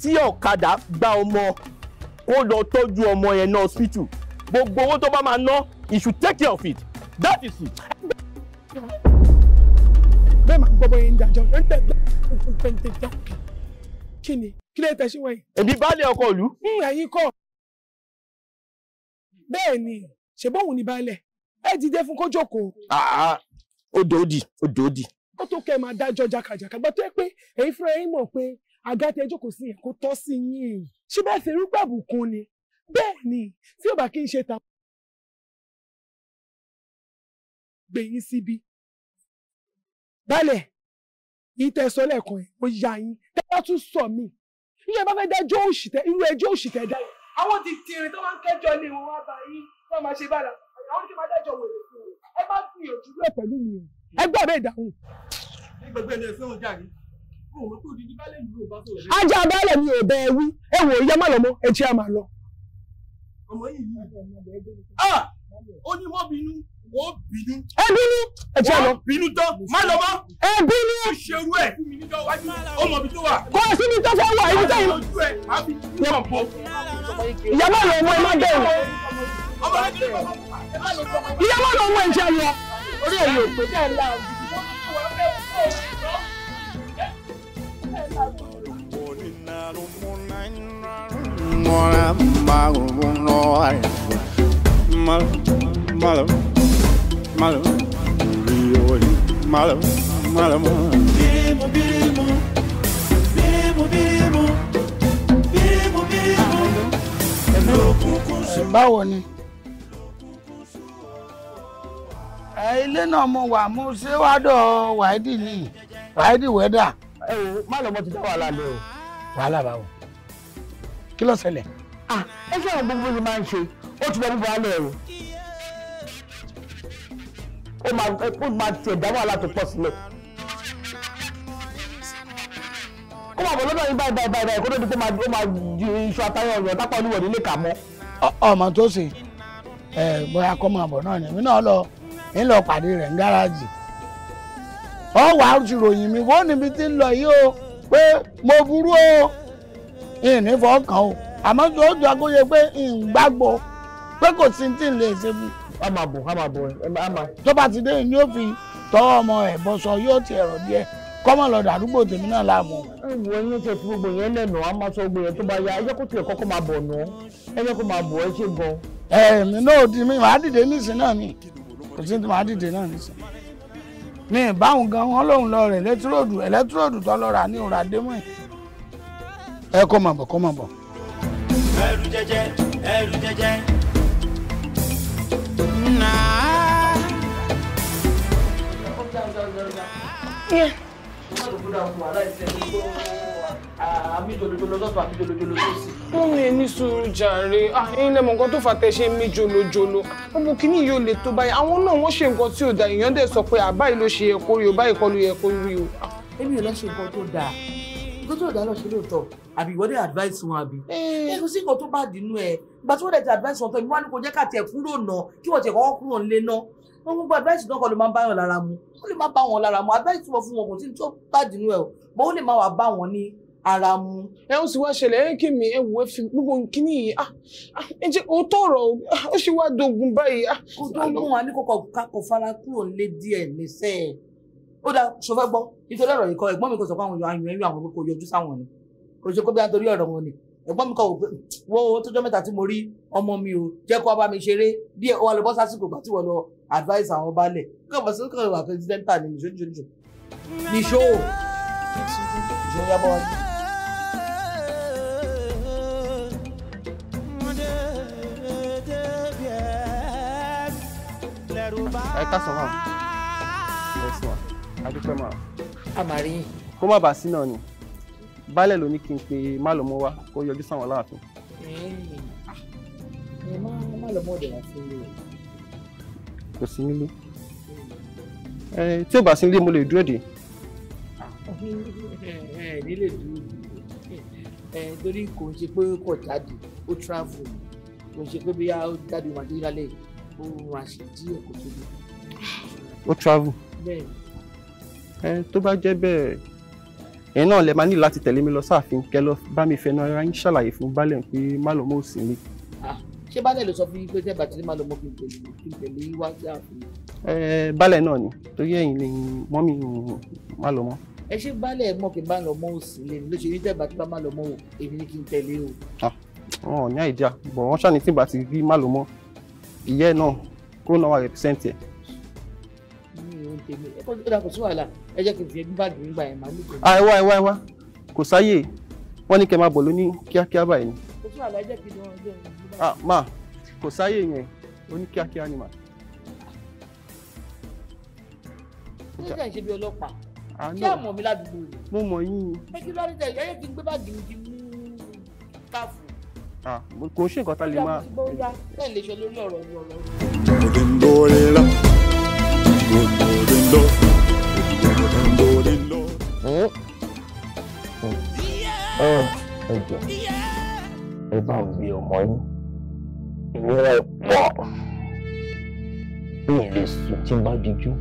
tí ọ̀kadà gba ọmọ kó lọ tọ́jú ọmọ yẹn náà hospital gbogbo owó tó bá máa ná you should take care of it that is it. bẹ́ẹ̀ máa gbọ́ bọ́yẹn ìdájọ́ ẹ̀ ń tẹ̀ pẹ̀ntẹ̀tẹ̀ kí ni kí lè tẹ̀síwáyé. èmi baálé ọkọ ìlú. Hmm, ẹ̀yin kọ́ bẹ́ẹ̀ ni ṣe bóun ní baálẹ̀ ẹ dìde fún kó jókòó. odò òdì odò òdì. ó tó kẹ́ ẹ máa dájọ́ jàkàjàkà gbọ́ tó yẹ pé èyí fúnra yín mọ̀ pé àgàtẹ́ jókòó sí yẹn kó tọ́ sí yín ṣé bẹ́ẹ̀ ṣe rúgbà bùkún ni bẹ́ẹ̀ ni tí ò bá kí n ṣe ta. gbẹ̀yìn síbi baálẹ̀ yìí tẹ sọ lẹ́ẹ̀kan ẹ̀ ó ya yín tẹ́ bá tún sọ mí nígbà bá fẹ́ dájọ́ òṣìṣẹ́ irú ẹjọ́ òṣìṣẹ́ dáyẹ̀ àwọn ti tìrìn tó máa ń kẹ́jọ́ ni wọ́n wá bá kọ́ máa ṣe bára àwọn lọ pẹ̀lú mi ẹ gbà bẹ́ẹ̀ dáhùn. ajá abẹ́lẹ̀ mi ò bẹ ẹ wí ẹ wò ó yẹ má lọ́mọ ẹ jẹ́ àmà lọ. ọmọ yìí ah! ó bínú ẹ bínú ẹ jẹ́ lọ. wọ́n bínú tán má lọ mọ́. ẹ bínú. ó ṣerú ẹ̀ ó mọ̀ bí tó wà. kò síbi tó fẹ́ wà ibi tó ìyá má lọ ọmọ ẹ má dẹ̀ ìyá wọn lọ wọ ẹ̀jẹ̀ yọ orí ẹ̀ yóò pé bẹ́ẹ̀ la Bírímù bírímù bírímù bírímù bírímù bírímù. Báwo ni? ilé náà mo wà mo ṣe wá dọ̀ wáìdì ni wáìdì wẹ́dà. ẹ o má lọ mọ ti dá wàhálà lẹ o. wàhálà báwo kí ló ṣẹlẹ̀. ẹ ṣe àwọn gbogbo yìí máa ń ṣe ó ti lọ bú baálé o ó máa ó máa dá wàhálà tó pọ̀ sílẹ̀. kó máa bọ̀ lọ́dọ̀ yín báyìí báyìí báyìí kó tó di pé ó máa ju iṣu àtàwọn ọ̀rọ̀ dápọ̀ olúwọ̀ nílé kà mọ́. ọmọ tó ṣe ẹ bóyá kó máa bọ̀ náà ni èmi náà lọ ń lọ pàdé rẹ̀ ń gáràjì ọ wà á ti ròyìn mi wọ́n níbi tí ń lọ yìí o pé mo burú o ìní fọkàn o àmọ́ tó o jọ akóye pé ìgbàgbọ́ pé kò sí tí ń lè ṣe fún. a máa bọ̀ a máa bọ̀ ẹ máa máa. tó bá ti dé ni yóò fi tọwọ́ ọmọ ẹ̀ bọ́ sọ yóò ti ẹ̀rọ díẹ̀ kọ́mọ lọ dàdúgbò tèmi náà láàmú. ìwọ ẹni ṣe fún gbogbo yẹn lẹ́nu a máa sọ gbogbo yẹn tó bá ya ẹjẹ́ kó tiẹ̀ kọ́kọ́ máa bọ̀ nù ẹjẹ́ kó máa bọ̀ ẹ ṣe gan. ẹ̀ẹ̀mí náà di mi màá dìde nísìnyí náà ni kò sí ní wàá dìde náà nìsín ní ìbáwọn gan wọn lòun lọ rẹ lẹtúròdù ẹlẹtúròdù tó lọ rà ní òrà démọ ẹ ẹ kó mọ̀ bọ̀ kó mọ̀ bọ̀. ẹrù jẹjẹ ẹrù jẹjẹ náà. Yeah amíjolojolo lọ́tọ̀ amíjolojolo lọ́sì. wọ́n ní sùúrù jàre ah, ẹ̀yin lẹ́mọ̀ nǹkan tó fà tẹ́ ṣe ń gbogbo kínní yóò lè tó báyìí àwọn náà wọ́n ṣe nǹkan tí ò da èèyàn dẹ̀ sọ pé àbáyìí ló ṣe yẹ kó rí o báyìí kọ́ ló yẹ kó rí o. Ah. èmi ò lọ ṣe nǹkan tó dáa nǹkan tó dáa lọ ṣe lóòótọ́ àbí ìwọ́dẹ̀ advice wọn àbí. ẹ eh. kò nǹkan tó bá dínú ẹ ìgbà tí wọ́n dẹ̀ ti advice wọn tán ìwọ́n á ní ká tiẹ̀ kúrò ná kí wọ́n tiẹ̀ kọ́kọ́ kúrò ńlé ná wọn gbogbo advice náà kọ́ ló máa bá wọn lára mu ó lè má bá wọn lára mu advice wọn fún wọn kò sí ní tó bá dínú ẹ o bọ́ ó lè má wàá bá wọn ní ara mu ẹ ń sì wá ṣẹlẹ̀ ẹ kí mi ẹ wò ẹ fi gbogbo nkíní yìí ah ah ẹ jẹ́ o tọrọ ah, ó ṣe wá dogun báyìí ah. kó tó mú wa ní kókò kakò fara kúrò lé díẹ̀ lẹsẹ ó dáa sọfẹ gbọ́ nítorí ọ̀rọ̀ ikọ ẹ̀gbọ́n mi kò sọ fún àwọn èèyàn ayùn ẹyọ àwọn kò yọjú sáwọn ni kò ṣe kó bí wọn torí ọ̀rọ̀ wọn ni ẹ̀gbọ́n mi kọ wò pé wo tọ́jọ́ mẹ́ta tí mo rí ọmọ mi o jẹ́ kó bá mi ṣeré díẹ̀ ó wà lọ bọ sásìkò gbà tí wọn lọ advice àwọn baálẹ̀ kí wọn bọ sí kí wọn wà pẹsidẹńtà ni nìṣó nìṣó nìṣó ìṣó ẹ káàsán wa ẹ sùn wa adúpẹ́ máa. a máa rí yín. kó má bàa sí náà ni baálẹ̀ ló ní kí n pe málòmọ́ wá kó yọjú sáwọn láàfin. ẹ má málòmọ́ ọ̀dẹ̀ wá sí ilé rẹ̀. kò sí nílé tí ò bá sí nílé mo lè dúró dè. nílé dúró torí kò ń ṣe pé kò jáde ó travel kò ń ṣe pé bí a ó jáde wà nílé yìí ó ń wá sí díẹ̀ kó tó dé. ó travel. bẹ́ẹ̀. ẹ tó bá jẹ́ bẹ́ẹ̀ ẹ náà lè máa ní láti tẹ̀lé mi lọ sáàfin kẹ lọ bá mi fẹnu ara yín ṣàlàyé fún baálẹ̀ pé má lọ mọ́ òsì mi. ṣé baálẹ̀ ló sọ fún yín pé tẹ́ bàtí má lọ mọ́ kí n tẹ̀lé wá sáàfin. ẹ baálẹ̀ náà ni torí ẹ̀yin lè mọ́ mi má lọ mọ́ ẹ ṣe balẹ̀ mọ̀ kí n bá lọ mọ́ òsì mi ló ṣe ní tẹ̀gbà tí bá má lọ mọ́ o èmi ni kí n tẹ̀lé o. wọn ò ní àìdíà bọ̀ wọ́n ṣàní tí bá ti rí má lọ mọ́ ìyá ẹ̀ náà kúrò náà wà rẹpẹsẹ̀ntì ẹ̀. àìwá àìwá àìwá kò sáyè wọ́n ní kẹ́ máa bọ̀ lóní kíákíá báyìí ni. kò sí àlá jẹ́ kí ah, kò sáyè yẹn oní kíákíá ni mà. ó jẹ́ ìṣe bí ọlọ́pàá ah, ṣé àmọ̀ mi ládùúgbò rẹ̀. mo mọ̀ yín. ẹ kí lóore tẹ ẹ yẹ kí n gbé báàgì mi kí mú káfù. Ah. kò sí nǹkan tá lè máa. ẹ bá gbé ọmọ yín ìnira pọ̀ mi lè sùn tí n bá dijú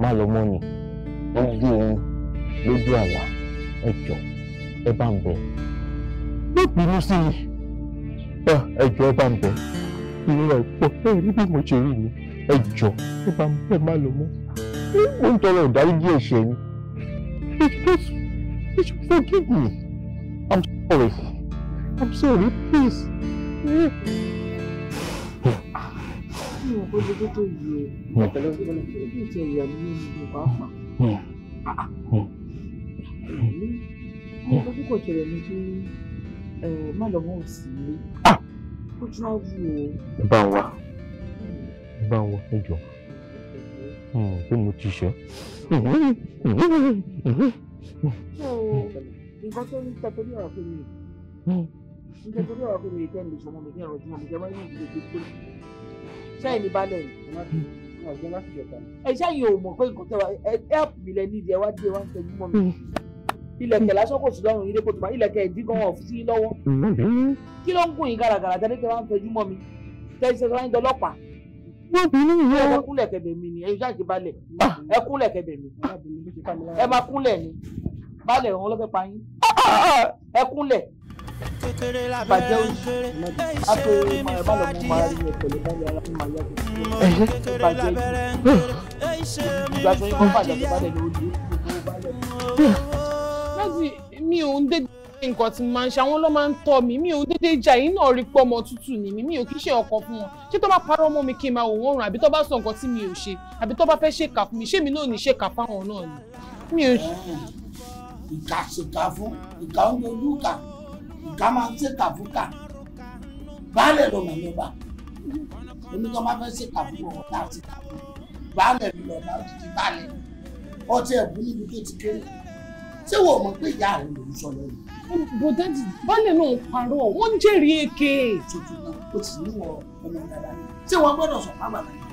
má lọ mọ́ ni lójú oorun lójú àlá ẹ jọ ẹ bá ń bẹ̀. ló sí mi ẹjọ́ ẹ bá ń bẹ̀ ìrora ọ̀pọ̀ bẹ́ẹ̀ rí bí mo ṣe rí ni ẹjọ́ ẹ bá ń bẹ̀ má lọ mọ́ mo ń tọrọ ìdáríjì ẹ̀ṣẹ̀ ni please please forgive me i'm sorry i'm sorry please. mi ò kọ́ dodo tó yí o ọ̀pẹ̀lẹ̀ ọ̀pẹ̀lẹ̀ ọ̀pẹ̀lẹ̀ ìtẹ̀ ìyá mi ní ìlú pàápàá. mo kọ́ púpọ̀ tẹ̀lé mi kí má lọ mọ òsì mi kó ah! tíráàbù o. bá wa hmm. bá wa ẹ jọ pé hmm, mo ti ṣe. nǹkan tó ń tẹ torí ọ̀rọ̀ pé mi hmm. nǹkan torí ọ̀rọ̀ pé mi tẹ́ mi sọmọ mi ní ọ̀rọ̀ tí mo jẹ́ wáyé ìdílé tó tó sẹ́yìn ní balẹ̀ ni ẹ ṣẹ́yìn ò mọ̀ pé nǹkan tẹ wa help mi lẹ nídìí ẹ wá dé wá ń tẹ́jú mọ́ mi ilẹ̀kẹ̀ lásán kò sí lọ́rùn yìí dépò tó bá ilẹ̀kẹ̀ ìdí gan wọn sí lọ́wọ́ kí ló ń gùn yín gàràgàrà jáde kí wọ́n á fẹjú mọ́ mi tẹ́sí sọ́ra ń dọlọ́pàá. wọ́n bí ní ìyá ẹ kúnlẹ̀ kẹ̀bẹ̀ mi ni ẹ̀yin jáde balẹ̀ ẹ kúnlẹ̀ kẹ̀bẹ̀ mi ẹ máa kúnlẹ̀ ni balẹ̀ òun lọ́fẹ́ pa yín ẹ kúnlẹ̀ bàjẹ́ oṣù mi ò ń dédé nǹkan tí mo máa ń ṣe àwọn ló máa ń tọ́ mi mi ò dédé jà yín náà rí pọ́ ọmọ tútù ni mi mi ò kí ṣe ọkàn fún wọn ṣé tó bá parọ́ mọ́ mi kí n máa wò wọ́n rùn àbí tó bá sọ nǹkan tí mi ò ṣe àbí tó bá fẹ́ ṣe kà fún mi ṣé mi náà ní ṣe kà fáwọn náà ni mi ò ṣe. ìkà ṣèkà fún ìkà ń dojú kà ìkà máa ń ṣèkà fún kà baálẹ̀ ló mà ṣé wò mọ̀ pé ìyá àwọn lòún sọ lẹ́nu. bọ̀dá baálé náà parọ́ wọ́n ń jẹ́rìí èké. tuntun náà ó ti ní wọn ọmọ dada ṣé wọn gbọ́dọ̀ sọ fábàlàgbà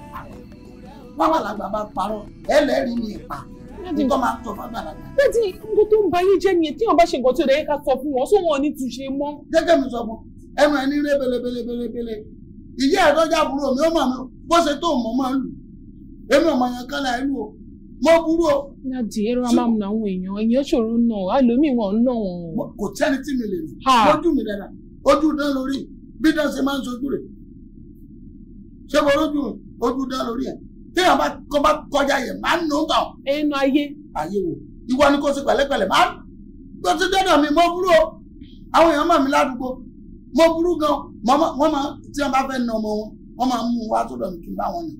parọ́ fábàlàgbà bá parọ́ ẹlẹ́rìí ni ìpa nǹkan máa tọ́ fábàlàgbà. bẹ́ẹ̀ tí nǹkan tó ń ba ayé jẹ́ nìyẹn tí wọ́n bá ṣe nǹkan tó rẹ̀ ká sọ fún wọn sọ wọn ní túnṣe mọ́. gẹ́gẹ́ mi sọ fún ẹ ẹni rẹ́ belebelebele ìyá ẹ̀ àbúrò mi ó mọ̀ mi bó ṣe tó mọ̀ mọ́ lù mo burú o. láti ẹrọ a máa na àwọn èèyàn èèyàn ṣòro nà á lómi wọn nà wọn. kò tẹ́ni tí mi lè nù lójú mi dára ojú dán lórí bí dán ṣe máa ń sojú rẹ̀ ṣé mo lójú ojú dán lórí ẹ̀ téèyàn bá kọ́ bá kọjá yẹn máa ń nù tán. ẹnu ayé. ayé wo ìwọ ni kò sí pẹ̀lẹ́pẹ̀lẹ́ máa ń tó ti dọ́dọ̀ mi mo burú o àwọn èèyàn mọ̀ mi ládùúgbò mo burú gan wọ́n máa tí wọ́n bá fẹ́ na ọmọ wọn wọ́n máa mú wa tó dọ̀ mí kí n bá wọn nù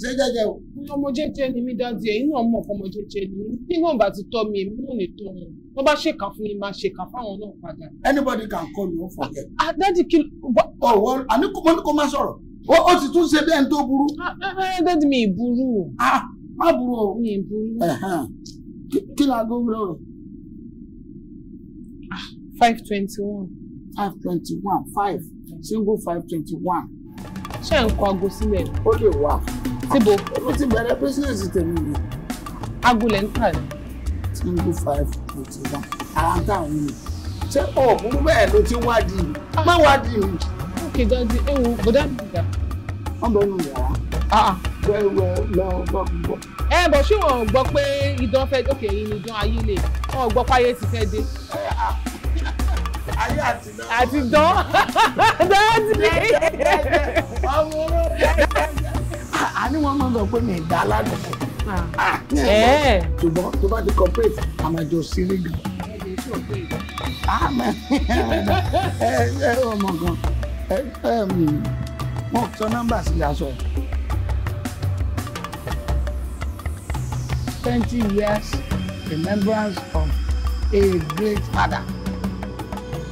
ṣe jẹ́jẹ́ o. ọmọ jẹ́jẹ́ ni mí dájú ẹ̀yin náà mọ̀ fọmọ jẹ́jẹ́ ni mí tí wọ́n bá ti tọ́ mi èmi náà lè tọ́ wọn wọ́n bá ṣèkà fún mi máa ṣèkà fáwọn náà padà. anybody can call you forget. àdájì kí. ọwọ àní mo ní kó má sọ̀rọ̀ ó ti tún ṣe bẹ́ẹ̀ ń tó burú. Ah, ah, ah, dájú mi ìburú o. má burú o. mi ìburú. kí ni aago wúlò rẹ. five twenty one. five twenty one five single five twenty one ṣé à ń kọ aago sílẹ̀ ni. ó lè wà. síbo. ó ti bẹ̀rẹ̀ bísíǹsì tèmi ni. aago lẹ́ ń tà ní. single five eighty one ara ń tà wọ́n mi. ṣé ọ̀ọ́mú bẹ́ẹ̀ ló ti wádìí mi. má wádìí mi. ókè dájú ewu bọ́dá dìgbà. wọ́n bẹ nù yàrá. Ah, ah. wẹ́wẹ́ lọ bọ́ bọ́. ẹ bọ̀ ṣé wọn ò gbọ́ pé idán fẹ́ dókè yín ni idán ayé lè wọn ò gbọ́ páyé ti fẹ́ dé. ẹ ayé àtidán. dáàdì. ọmọ olóògbé. àní wọn máa ń sọ pé mi ìdá aládùúgbò. Ah. Ah, eh. ṣùgbọ́n tó bá ti complete a máa jọ sílé gan. Ah, ẹ ọmọ gan wọn sọ nọ́mbà sí aṣọ twenty years remembrance of a great father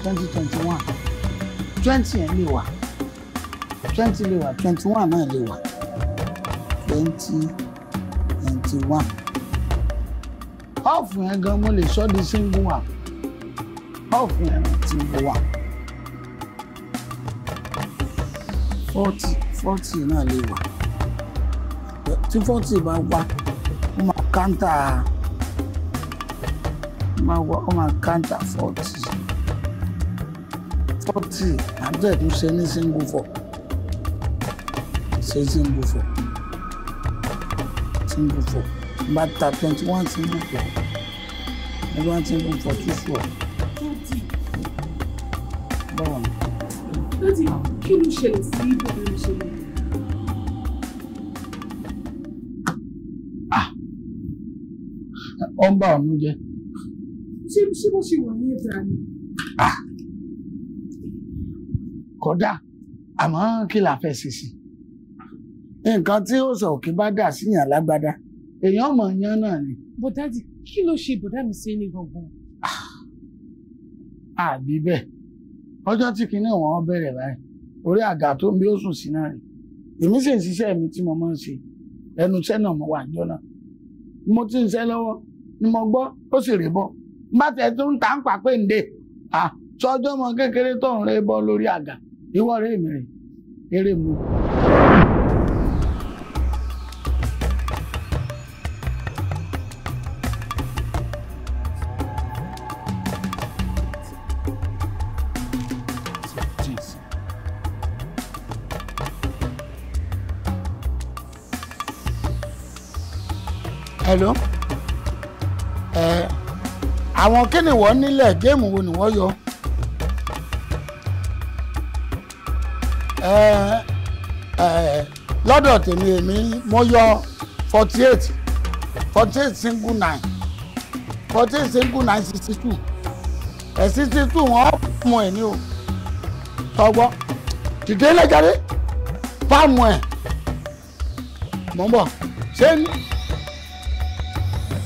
twenty twenty one twenty yẹn lè wà twenty lè wà twenty one náà lè wà twenty twenty one ọ̀fù yẹn gan mo lè sọ di single one ọ̀fù yẹn single one forty forty náà lè wà tí forty bá wà ó máa kántà ó máa kántà forty forty abdul ṣe ní single four ṣe single four single four bàtà twenty one single four twenty one single four two four. báwo ni. kí ló ṣẹlẹ̀ sí bàbá mi ṣẹlẹ̀. ó ń bà ọ́ nú ṣé ṣé wọ́n ṣe wà ní ẹ̀dá ni. Ah kódà àmọ́ kí la fẹ́ ṣe sí nǹkan tí ó sọ òkè bá dà síyàn lágbádá èèyàn ọmọ yan náà ni. bọ̀dá di kí ló ṣe bọ̀dá mi ṣe ní gbọ̀ngàn. Ah, àbí bẹ́ẹ̀ ọjọ́ tí kinní wọn bẹ̀rẹ̀ báyìí orí àga tó ń bí ó sùn sí náà rè èmi sì ń ṣiṣẹ́ mi tí mo máa ń ṣe ẹnu iṣẹ́ náà mo wà níjọ́ náà mo ti ń ṣe lọ́wọ́ ni mo gbọ́ ó sì rè bọ́ bá tẹ̀ tó ń ta ń pàpé ǹdè àtọ́jọ́ ah, ọmọ kékeré tó ń rè bọ́ lórí àga ìwọ rẹ mìíràn eré mu. hello ẹ eh, àwọn kí ni wọ́n nílẹ̀ géèmù wo ni wọ́n yọ. lọ́dọ̀ tèmi èmi mo yọ forty eight forty eight single nine forty eight single nine sixty two ẹ̀ sixty two wọ́n ẹ̀ ní o tọgbọ́ dìde lẹ́jàre fáàmù ẹ̀ mọ̀ ń ṣé ní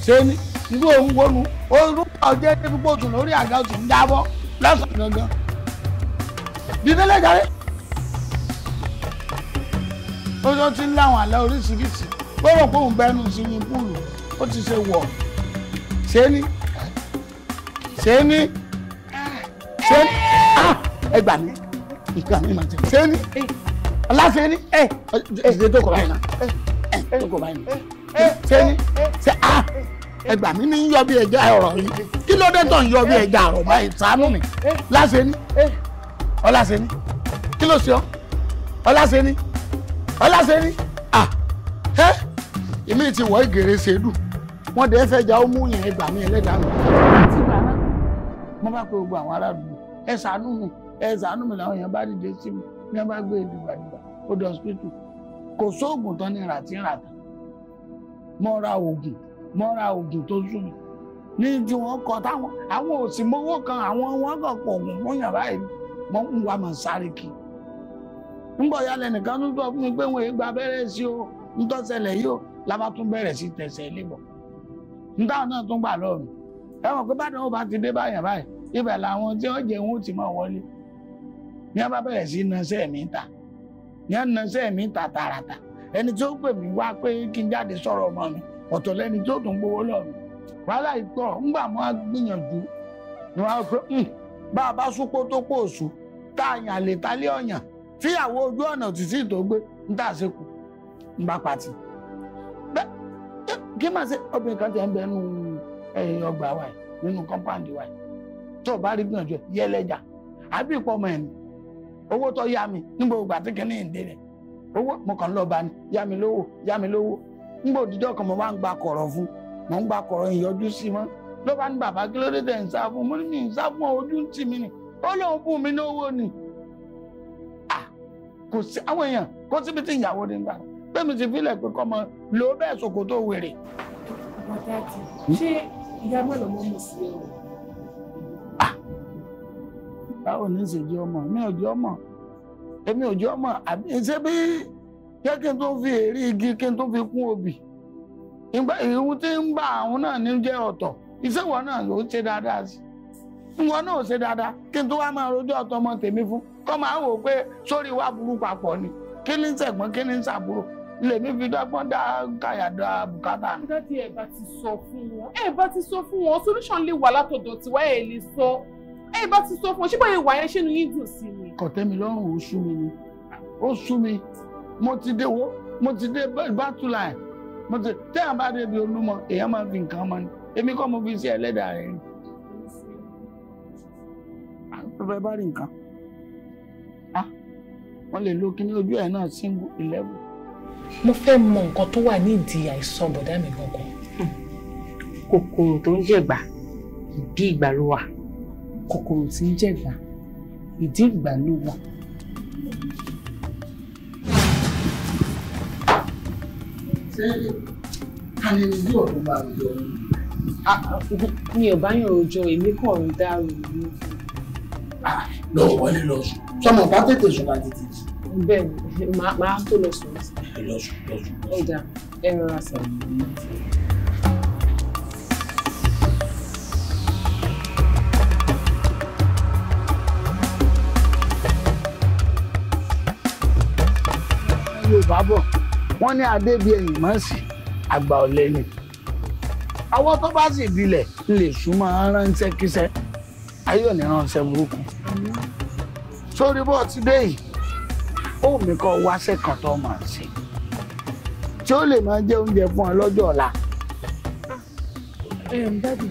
ṣé ní irú òun wọnú orúkọ ọjọ́ ẹgbẹ́ lórí àga ń ó ti ń láwọn àlá oríṣiríṣi ó rò pé òun bẹnu sínú púùlù ó ti ṣe wọ̀ ṣé ní ṣé ní ṣé ní ah! ẹ gbà mí ìgbà mi màá tẹ ṣé ní aláṣẹ ní ẹ ṣe tó kọ báyìí náà ẹ tó kọ báyìí náà ṣé ní ṣe á ah! ẹ gbà mí ní yọ bí ẹja ọ̀rọ̀ yìí kí ló dé tó ń yọ bí ẹja ọ̀rọ̀ báyìí ṣàánú mi láṣẹ ní ọláṣẹ ní kí ló ṣe ọ ọláṣẹ ní. ọlásẹ́rí ẹ èmi ti wọ́ ìgèrè ṣèlú wọ́n dẹ́ fẹ́ jà ó mú yẹn ẹgbàá mi ẹlẹ́dàá mi. àti bàbá mo bá pe gbogbo àwọn aráàlú ẹ ṣàánú mi ẹ ṣàánú mi làwọn bá dìde sí mi ní e hospital kò sóògùn tán ràtí ràtà ra oògùn ra oògùn tó sùn ní kọ táwọn àwọn òsì kan àwọn wọn kàn pọ̀ fún yàrá yìí ńgbọ̀ ya lẹ́nìkan tó sọ fún mi pé wọ́n gba abẹ́rẹ́ sí o ńtọ́sẹ̀lẹ̀ yìí o lábá tún bẹ̀rẹ̀ sí tẹ̀sẹ̀ lébọ̀ ńtáwọn náà tún gbà lọ́rùn ẹ mọ̀ pé bàdàn ó bá ti dé báyà báyìí ibẹ̀ làwọn tí ó jẹ wọn ó ti máa wọlé ní a bá bẹ̀rẹ̀ sí nasẹ́ mi ta ní a nasẹ́ mi ta tààràtà ẹni tí ó pè mí wá pé kí n jáde sọ̀rọ̀ ọmọ mi ọ̀tọ̀ lẹ́ni tí ó tún gbowó lọ́rùn wàhálà ìpọ̀ ńgbà máa gbìyànjú ni wọ́n á pé hmm, bá a bá súpó tó pò sùn tá a yàn lè ta lé tíyàwó ojú ọ̀nà títí tó gbé ń tà sí kù ń bá pàtì kí máa ṣe obìnrin kan ti ń bẹnu ọgbà wa yìí nínú kọ́mpáǹdì wa yìí tó o bá rí gbìyànjú ẹ yẹlẹjà àbí ìpọ ọmọ ẹ ní owó tó yá mi nígbà ògbà tí kìíní ìdè rẹ owó mo kàn lọ́ọ́ bá ní yá mi lówó yá mi lówó nígbà òdìjọ́ kan mo máa ń gba kọ̀rọ̀ fún mo ń gba kọ̀rọ̀ ìyọjú sí mọ́ ló bá ní bàbá kí ló dé tẹ̀ ń sá fún mo ní mi ń sá fún ojú ń tì mí ni ó lóun fún mi lówó ni kò sí àwọn èèyàn kò síbi tí ìyàwó rẹ̀ ń gbà bẹ́ẹ̀ mi ti fi ilẹ̀ pé kọ́mọ lò ó bẹ́ẹ̀ ṣòkòtò wèrè. àbọ̀dájì hmm? ṣé ìyá mọ̀lọ́ mọ́ mọ̀ sí ẹ̀rọ. Ah! báwo ni ìṣèjì ọmọ mi ò jẹ́ ọmọ èmi ò jẹ́ ọmọ àbí ṣé bí jẹ́ kí n tó fi èrí igi kí n tó fi kún obì ìgbà ìhun tí ń bá àwọn náà ní jẹ́ ọ̀tọ̀ ìṣèwọ̀ náà ló ń ṣe dáadáa sí ìwọ náà ò ṣe dáadáa kí n tó wá máa rojọ́ ọ̀tọ̀ ọmọ tèmi fún kọ́ máa wò pé sórí wa burú papọ̀ ni kí ni ṣẹ̀gbọ́n kí ni ṣàbúrò lèmi fi dọ́gbọ́n dá káyà dá bùkátà. nígbà tí ẹ bá ti sọ fún wọn ẹ bá ti sọ fún wọn solution lè wà látọ̀dọ̀ tiwa ẹ lè sọ ẹ bá ti sọ fún wọn ṣíbọ̀ ìwà yẹn ṣẹ́nu yín dùn sí mi. kọ̀tẹ́mi lọ́rùn ó sú mi ni ó sú mi mo ti dé wo mo ti dé bátúlà ẹ̀ mo ti tẹ́yàn bá débi olúmọ èèyàn máa fi nǹkan mọ́ ni èmi kọ́ mo fi ṣe ẹlẹ́dàá rẹ̀ ni. àbẹ̀bẹ̀ bá rí nǹkan wọ́n lè lo kíní ojú ẹ̀ náà single eleven. mo fẹ́ mọ nǹkan tó wà nídìí àìsàn bọ̀dá mi gangan. kòkòrò tó ń jẹ̀gbà ìdí ìgbà ló wà. kòkòrò tí ń jẹ̀gbà ìdí ìgbà ló wà. mi ò bá yàn rojọ́ èmi kàn ń dá ròyìn. Ah, lọ wọlé lọ sọmọ bá tètè sùn bá tètè bẹ́ẹ̀ ni màá tó lọ sùn. lọ sùn lọ sùn. ó dà ẹ rọra sọ. yorùbá bọ̀ wọ́n ní adé bíi ẹ̀yìn mọ́ sí àgbà ọ̀lẹ́ ni àwọn tó bá sì bilẹ̀ lè súnmọ́ ránṣẹ́ kíṣẹ́ ayé ò ní ó mi kọ́ wáṣẹ́ kan tó mọ̀ sí tí ó lè máa jẹ oúnjẹ fún ọ lọ́jọ́ ọ̀la. dádì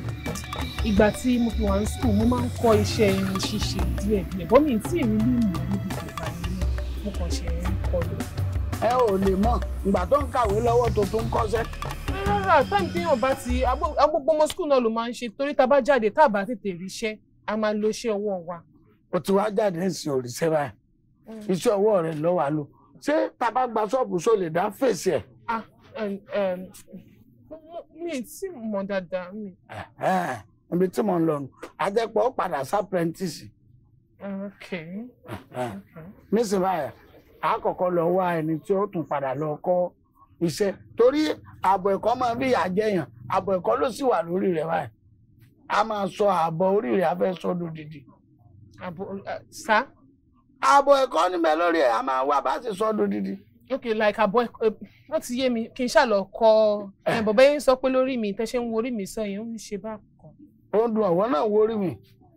ìgbà tí mo fi wà ní school mo máa ń kọ́ iṣẹ́ irun ṣíṣe díẹ̀ díẹ̀ bọ́mí tí èmi ní ìmọ̀ níbi kò bá yẹn mo kàn ṣe ń kọ́ lọ. ẹ ò lè mọ̀ ìgbà tó ń kàwé lọ́wọ́ tó tún kọ́ṣẹ́ rárá táìmù téèyàn bá ti agbógbó ọmọ skul náà ló máa ń ṣe torí tá a bá jáde tá a bá tètè ríṣẹ́ a máa lo iṣẹ́ ọwọ́ wa. o ti wá jáde ní ìsìn òrìṣẹ́ báyìí Mm. iṣẹ́ ọwọ́ rẹ̀ lọ́wọ́ àlò ṣé tàbá gba ṣọ́ọ̀bù ṣó lè dá fèsì ẹ̀. Ah, um, um, mi tí mọ̀ dáadáa mi. ibi tí mo ń lọ nù ajẹ́pọ̀ padà sápẹ́ntìsì. nísìnyí a kọ́kọ́ lọ wá ẹni tí ó tún padà lọ kọ́ iṣẹ́ torí ààbọ̀ ẹ̀kọ́ máa bí àjẹyàn ààbọ̀ ẹ̀kọ́ ló sì wà lórí rẹ̀ báyìí a máa sọ ààbọ̀ orí rẹ̀ a fẹ́ sọ́dún dídì. ààbọ̀ uh, sá ààbọ̀ ẹ̀kọ́ ní lórí ẹ̀ a máa wá bá ti sọ ọdún dídí. ok like ààbọ̀ ẹ̀kọ́ wọ́n ti yé mi kì í ṣàlọ́ kọ ẹ̀ bọ̀bẹ́ yín sọ pé lórí mi tẹ́ ṣe ń worí mi sọ yẹn ó ń ṣe bákan. ó ń dun àwọn náà worí mi.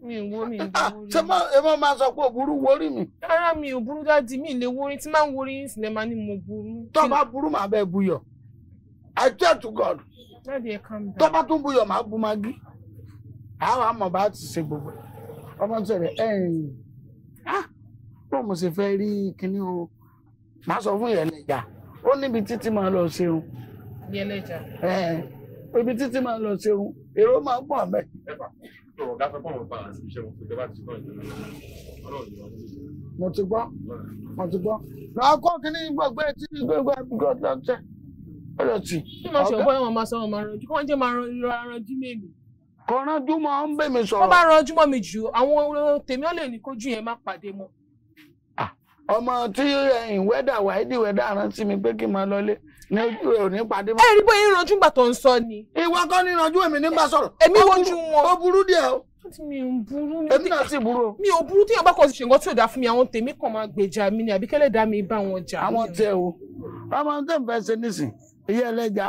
mi ò worí mi. Ah, ṣé mo máa sọ pé òbúrú worí mi. rárá mi ò burú dájú mi lè worí tí máa ń worí yín sílẹ̀ máa ní mo burú. tó bá burú màá bẹ buyọ̀ I swear to God. tó bá tún buyọ̀ màá bu magi. àwọn àmọ̀ bá ti ṣe gbogbo ọmọ sọ̀rọ̀ ẹ̀yìn bó mo sì fẹ́ rí kinní o máa sọ fún ìyẹlẹjà ó níbi títí máa lọ ṣeun. ìyẹlẹjà. ẹ ibi títí máa lọ ṣeun èrò máa ń pọ̀ mẹ́. mo ti gbọ́ mo ti gbọ́ lọ́ọ́ kọ́ kinní gbogbo ẹ̀ tí gbogbo ẹ̀ gbọ́dọ̀ jẹ́ ọlọtì. bí mo ṣe bóyá wọn máa sọ wọn máa ranjú wọn jẹ máa rọra ranjú mèmí. kò ranjú mọ ń bẹ mi sọ̀rọ̀. tó bá ranjú mọ mi jù àwọn tèmi ó lè ní kójú yẹn má pàdé mọ́ ọmọ tí ẹ̀yìn wẹ́dà wáìdì wẹ́dà rántí mi pé kí n máa lọlé ní ojú rẹ̀ ò ní padé mọ́. ẹ rí i pé ìrànjú gbà tó ń sọ ni. ìwọ kọ́ ní ìrànjú èmi nígbà sọ̀rọ̀. èmi wojú wọn. ó burú díẹ̀ o. mi ò burú. èmi náà sì burú o. mi ò burú tíyànbá kan ṣe nǹkan tí ò dáa fún mi àwọn tèmi kan máa gbèjà mi ni àbí kẹ́lẹ́ dá mi bá wọn jà. àwọn tẹ o ọmọ tẹ n fẹ́ ṣe nísìn iye ẹlẹ́ja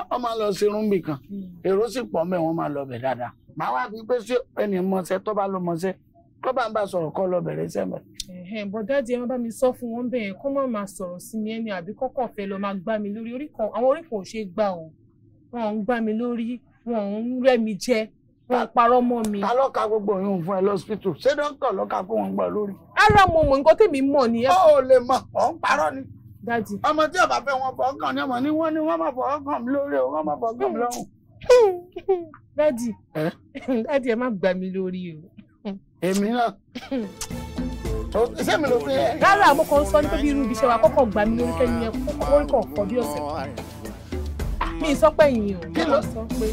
kọ́ bá ń bá sọ̀rọ̀ kọ́ lọ bẹ̀rẹ̀ iṣẹ́ mọ̀. bọ̀dáàdì ẹ má bá mi sọ fún wọn bẹ́ẹ̀ kọ́ má máa sọ̀rọ̀ sí mi ẹni àbí kọ́kàn fẹ́ lọ máa gbá mi lórí orí kan àwọn orí kan ò ṣe gbà ọ́ wọn ò ń gbá mi lórí wọn ò ń rẹ́ mi jẹ wọn ò parọ́ mọ́ mi. ta lọ́ka gbogbo òyìn fún ẹ lọ́sítítù ṣé dókítà lọ́ka pé wọ́n ń gbà lórí. ara mo mọ nǹkan tèmi mọ̀ ni. ó lè mọ ò ń parọ́ ni. dadi. ọmọ tí ọba fẹ́ wọn fọwọ́ kàn ọmọ ni wọ́n ní wọ́n máa fọwọ́ kàn lórí o wọ́n máa fọwọ́ kàn mí lọ́rùn. dadi dadi ẹ má gbà mí lórí o èmi náà iṣẹ́ mi ló fi ẹ́. rárá mo kàn ń sọ ní pé bí irú ibi ṣe wà kọ́kọ́ gbà mí lórí kẹ́mi yẹn kọ́kọ́ kọ́ ọ̀pọ̀ bí ọ̀sẹ̀ kan. mi sọ pé yìnyín o kí ló sọ pé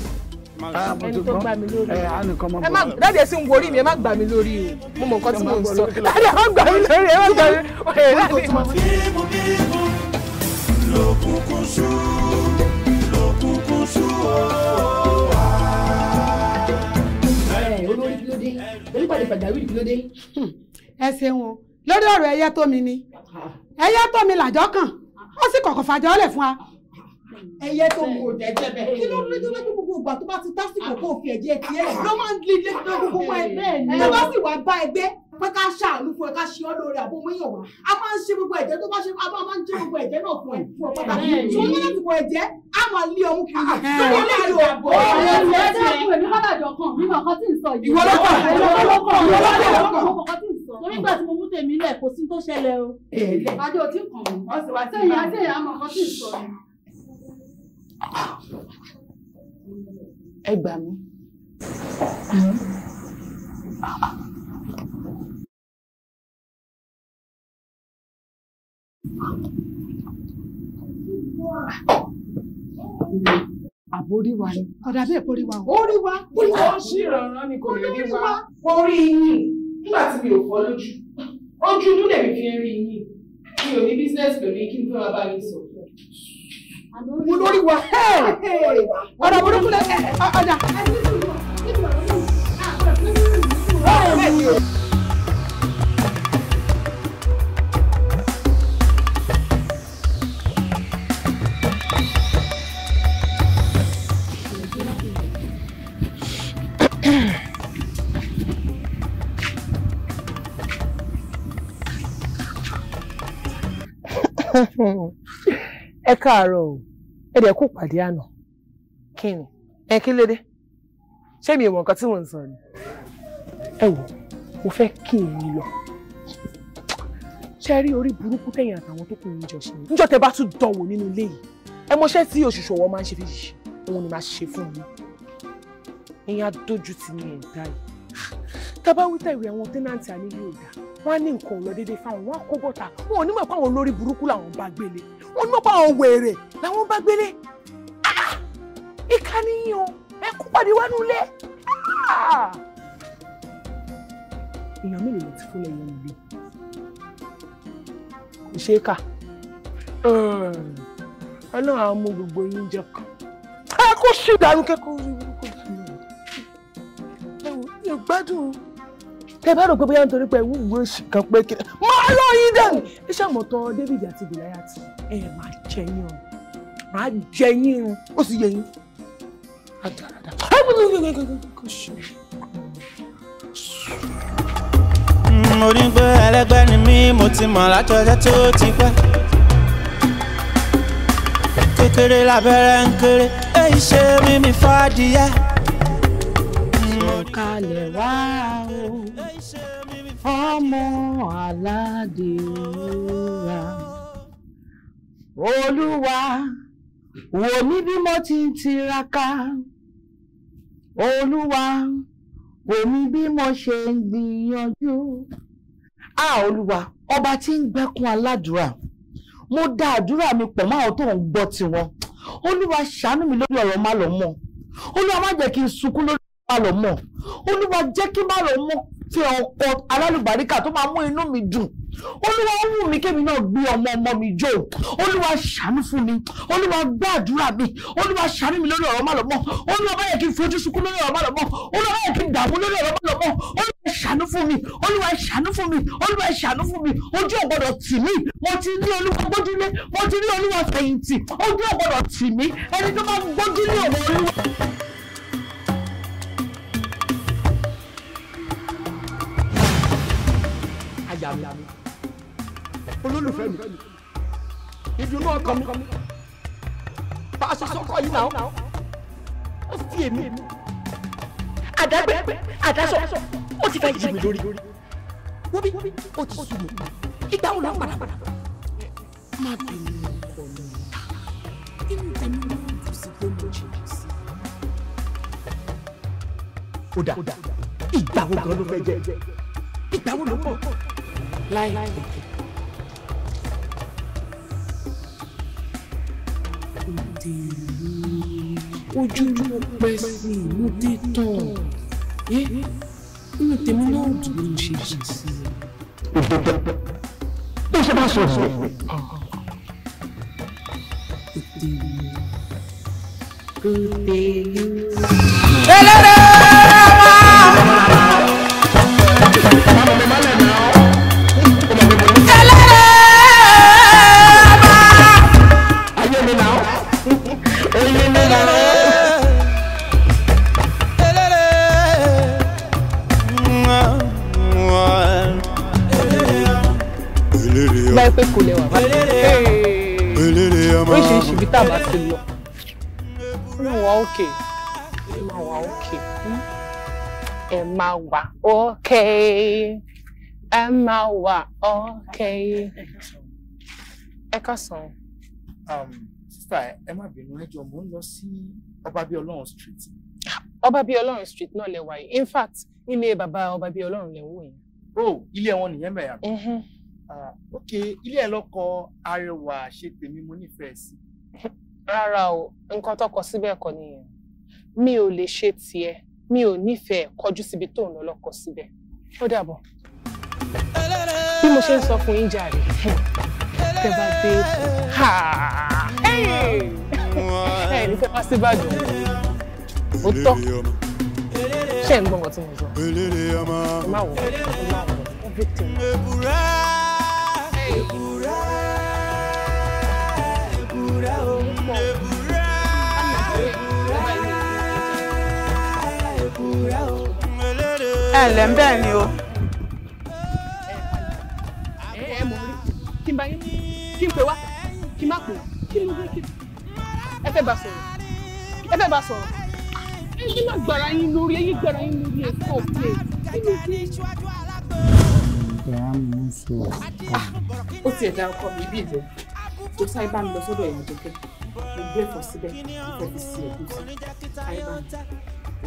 ah, ẹni tó gbà mí lórí ẹ má dáàdì ẹsìn ń worí mi ẹ má gbà mí lórí o mo mọ nǹkan tí mo ń sọ dáàdì ẹ má gbà mí lórí ẹ má gbà mí lórí. bíbú bíbú lòkùnkùn sùn lòkùnkùn sùn ooo. dé torí pàdé pàjáwìrì kí ló dé. Hmm. ẹ ṣeun o lórí ọ̀rọ̀ ẹyẹ tó mi ni ẹyẹ tó mi làjọ́ kàn ó sì kọ̀kọ̀ fàjọ́ lẹ̀ fún wa. ẹyẹ tó mi ò dẹ́jẹ́ bẹ́ẹ̀. kí ló dé tó bá tó gbogbo ìgbà tó bá ti tásìkò kó o fi ẹ̀jẹ̀ tiẹ̀ ló máa ń lé lé gbogbo ẹgbẹ́ ẹ̀ ní. Ah. tó bá sì wá bá ẹgbẹ́ pé ká ṣàánú fún ẹ ká ṣe ọ́ lórí àbó mọ́yàn wá a máa ń ṣe gbogbo ẹ̀jẹ̀ tó bá ṣe a máa ń ṣe gbogbo ẹ̀jẹ̀ náà fún ẹ fún ọ padà tó ní láti bọ ẹ̀jẹ̀ a máa lé ọmú kiri lórí ẹlẹ́rìí àbọ̀ ọ̀rọ̀ ẹ̀jẹ̀ ẹ̀jẹ̀ ẹ̀jẹ̀ mi bàbá àjọ kan mi kàn tí ń sọ yìí ìwọ lọ́kọ̀ ìwọ lọ́kọ̀ ìwọ lọ́kọ̀ torí gbà tí mo mú tèmi lẹ̀ kò sí tó ṣẹlẹ̀ o. àjọ tí kàn mí sẹ́yìn àti ẹ̀yà àmọ́ kan tí ń sọ yìí. ẹ gbà mí. Àbórí wa ni. Ọ̀dà bẹ́ẹ̀ kórí wa. Orí wa. Orí wa. Ó ṣì rànran ni kò lè rí wa. Orí yín nígbà tí mi ò fọ́ lójú. Ojú inú lèmi fi rí yín. Mi ò ní bísíǹsì pẹ̀lú kí n fẹ́ wá bá yín sọ. Mo lórí wa. Ọ̀dà burúkú lẹ́sẹ̀. Ọ̀dà. ẹ káàárọ̀ o ẹ dẹ̀ kó pàdé àná kí ni ẹ kí lédè ṣé mi ìwọ̀n nǹkan tí mò ń sọ ni ẹ wò mo fẹ́ kí èyí lọ ṣe rí orí burúkú tẹ̀yìn àtàwọn tó kù ní ìjọ ṣe níjọ́ tẹ́ bá tún dánwò nínú ilé yìí ẹ mọṣẹ́ tí oṣù ṣòwò máa ń ṣe fi ṣe òun ni máa ṣe fún mi ìyẹn á dójú ní ẹ̀dá yìí tábà wí tẹ̀wé àwọn tẹ́nàntì àlejò ọ̀dà wọ́n á ní nǹkan ọ̀rọ̀ déédéé fáwọn wọ́n á kó bọ́ta wọn ò ní mọ̀ pé àwọn olórí burúkú làwọn bá gbélé wọn ò ní mọ̀ pé àwọn wèrè làwọn bá gbélé ah! ìka níyìn o ẹ kú pàdé wá nulẹ̀ ah! èèyàn mélòó ló ti fúnlẹ̀ yẹn níbí kò ṣeé kà ọlọ́run àwọn ọmọ gbogbo yín jẹ kàn ẹ ah! kó ṣì dànù kẹ́kọ̀ọ́ rí burúkú jù mi ò gbádùn tẹ bá rò pé bóyá nítorí pé wúwo oṣù kan pé kí máa lọ yín dẹnu iṣẹ́ àmọ̀tọ́ David àti Goliath ẹ máa jẹ o máa jẹ o ó sì yẹ yín ẹ kò ṣe. Hmm, mo ní pé ẹlẹgbẹ́ ni mí mo ti mọ̀ látọjọ́ tó ti pẹ́ kékeré lábẹ́rẹ́ ń kéré èyí ṣe mímí fàdíyẹ sọ̀kalẹ̀ wá o ọmọ aládé òwúrà olúwa wò mí bí mo ti ń tiraka olúwa wò mí bí mo ṣe ń gbìyànjú a olúwa ọba tí ń gbẹ́kún aládùúrà mo dá àdúrà mi pọ̀ máa tó ń gbọ́ tiwọn olúwa ṣàánú mi lórí ọ̀rọ̀ má lọ mọ́ olúwa má jẹ́ kí n sunkún lórí má lọ mọ̀ olúwa jẹ́ kí má lọ mọ̀ fi ọkọ alálùbáríkà tó máa mú inú mi dùn olúwa ó wù mí kémi náà gbé ọmọ ọmọ mi jó olúwa ṣàánú fún mi olúwa gbọ́ àdúrà mi olúwa ṣàánú mi lórí ọ̀rọ̀ má lọ mọ̀ olúwa bá yẹ kí n fojú sunkún lórí ọ̀rọ̀ má lọ olúwa bá yẹ kí n dààmú lórí ọ̀rọ̀ má lọ olúwa ṣàánú fún mi olúwa ṣàánú fún mi olúwa ṣàánú fún mi ojú ò gbọdọ̀ tì mí mo ti rí olúwa gbójúlé mo ti rí olúwa fẹ̀yìntì ojú ò tì mí ẹni tó bá gbójúlé ọ̀rọ̀ olúwa. ìyá mi olólùfẹ́ mi ìdùnnú ọkàn mi bá a ṣe sọ́kọ yìí náà ó fi èmi àdágbé àdásọ ó ti fẹ́ yí mi lórí wóbi ó ti sùn mí ìgbà wo la ń padà padà má bínú ọkọ mi inú tẹ̀mí ló ń dùn sí pé mo ó dà ìgbà wo gan ló fẹ́ jẹ ìgbà wo ló mọ̀ láìpẹ́. ojú ló sí inú títọ̀ ẹ́ inú tèmi náà dùn ló ṣe sí i. òdodo bí ṣe bá sọ̀rọ̀ ètè ètè èkó lẹ́wà bá oríṣiríṣi ibi tá a bá ti lọ ó máa wà òkè ó máa wà òkè ẹ máa wà òkè ẹ máa wà òkè ẹ kọsàn. Um, sísá ẹ má bínú ẹjọ mò ń lọ sí Ọbábíọ́lọ́run street. Ọbábíọ́lọ́run street náà lẹ wà in fact ilé bàbá Ọbábíọ́lọ́run lẹ wò yẹn. o oh, ilé wọn nìyẹn mẹ́yà. Ah. ok ilé ẹ lọkọ arẹwà ṣe tèmi mo nífẹ̀ẹ́ sí. rárá o nǹkan tọkọ síbẹ̀ kọ́ nìyẹn mi ò lè ṣe tiẹ̀ mi ò nífẹ̀ẹ́ kọjú síbi tó ń lọ lọ́kọ síbẹ̀ ó dàbọ̀. bí mo ṣe ń sọ fún yín jàre tẹ bá dé ẹ tẹ bá sí ìbàdàn ó tọ́ ṣe ń gbọ́ngàn tí mo sọ. ẹ má wọ ẹ má wọ victim èbúrà èbúrà o. èbúrà èbúrà èbúrà o. ẹ ǹlẹ́ bẹ́ẹ̀ ni o. ẹ mọ̀ rí kí n bá yín kí n pè ẹ fẹ́ bá sọ̀rọ̀ ẹ fẹ́ má gbára yín lórí ẹ̀yin gbára yín lórí ẹ̀kọ́ òkè ẹ̀yin kí ó tiẹ̀ dá ọkọ mi bí ìjọ tó sáré bá mi lọ sọ́dọ̀ ìyá jẹ́kẹ́ mo gbé ẹ̀fọ́ síbẹ̀ ìfẹ́ fi sí ẹ̀gúsí àìbá kò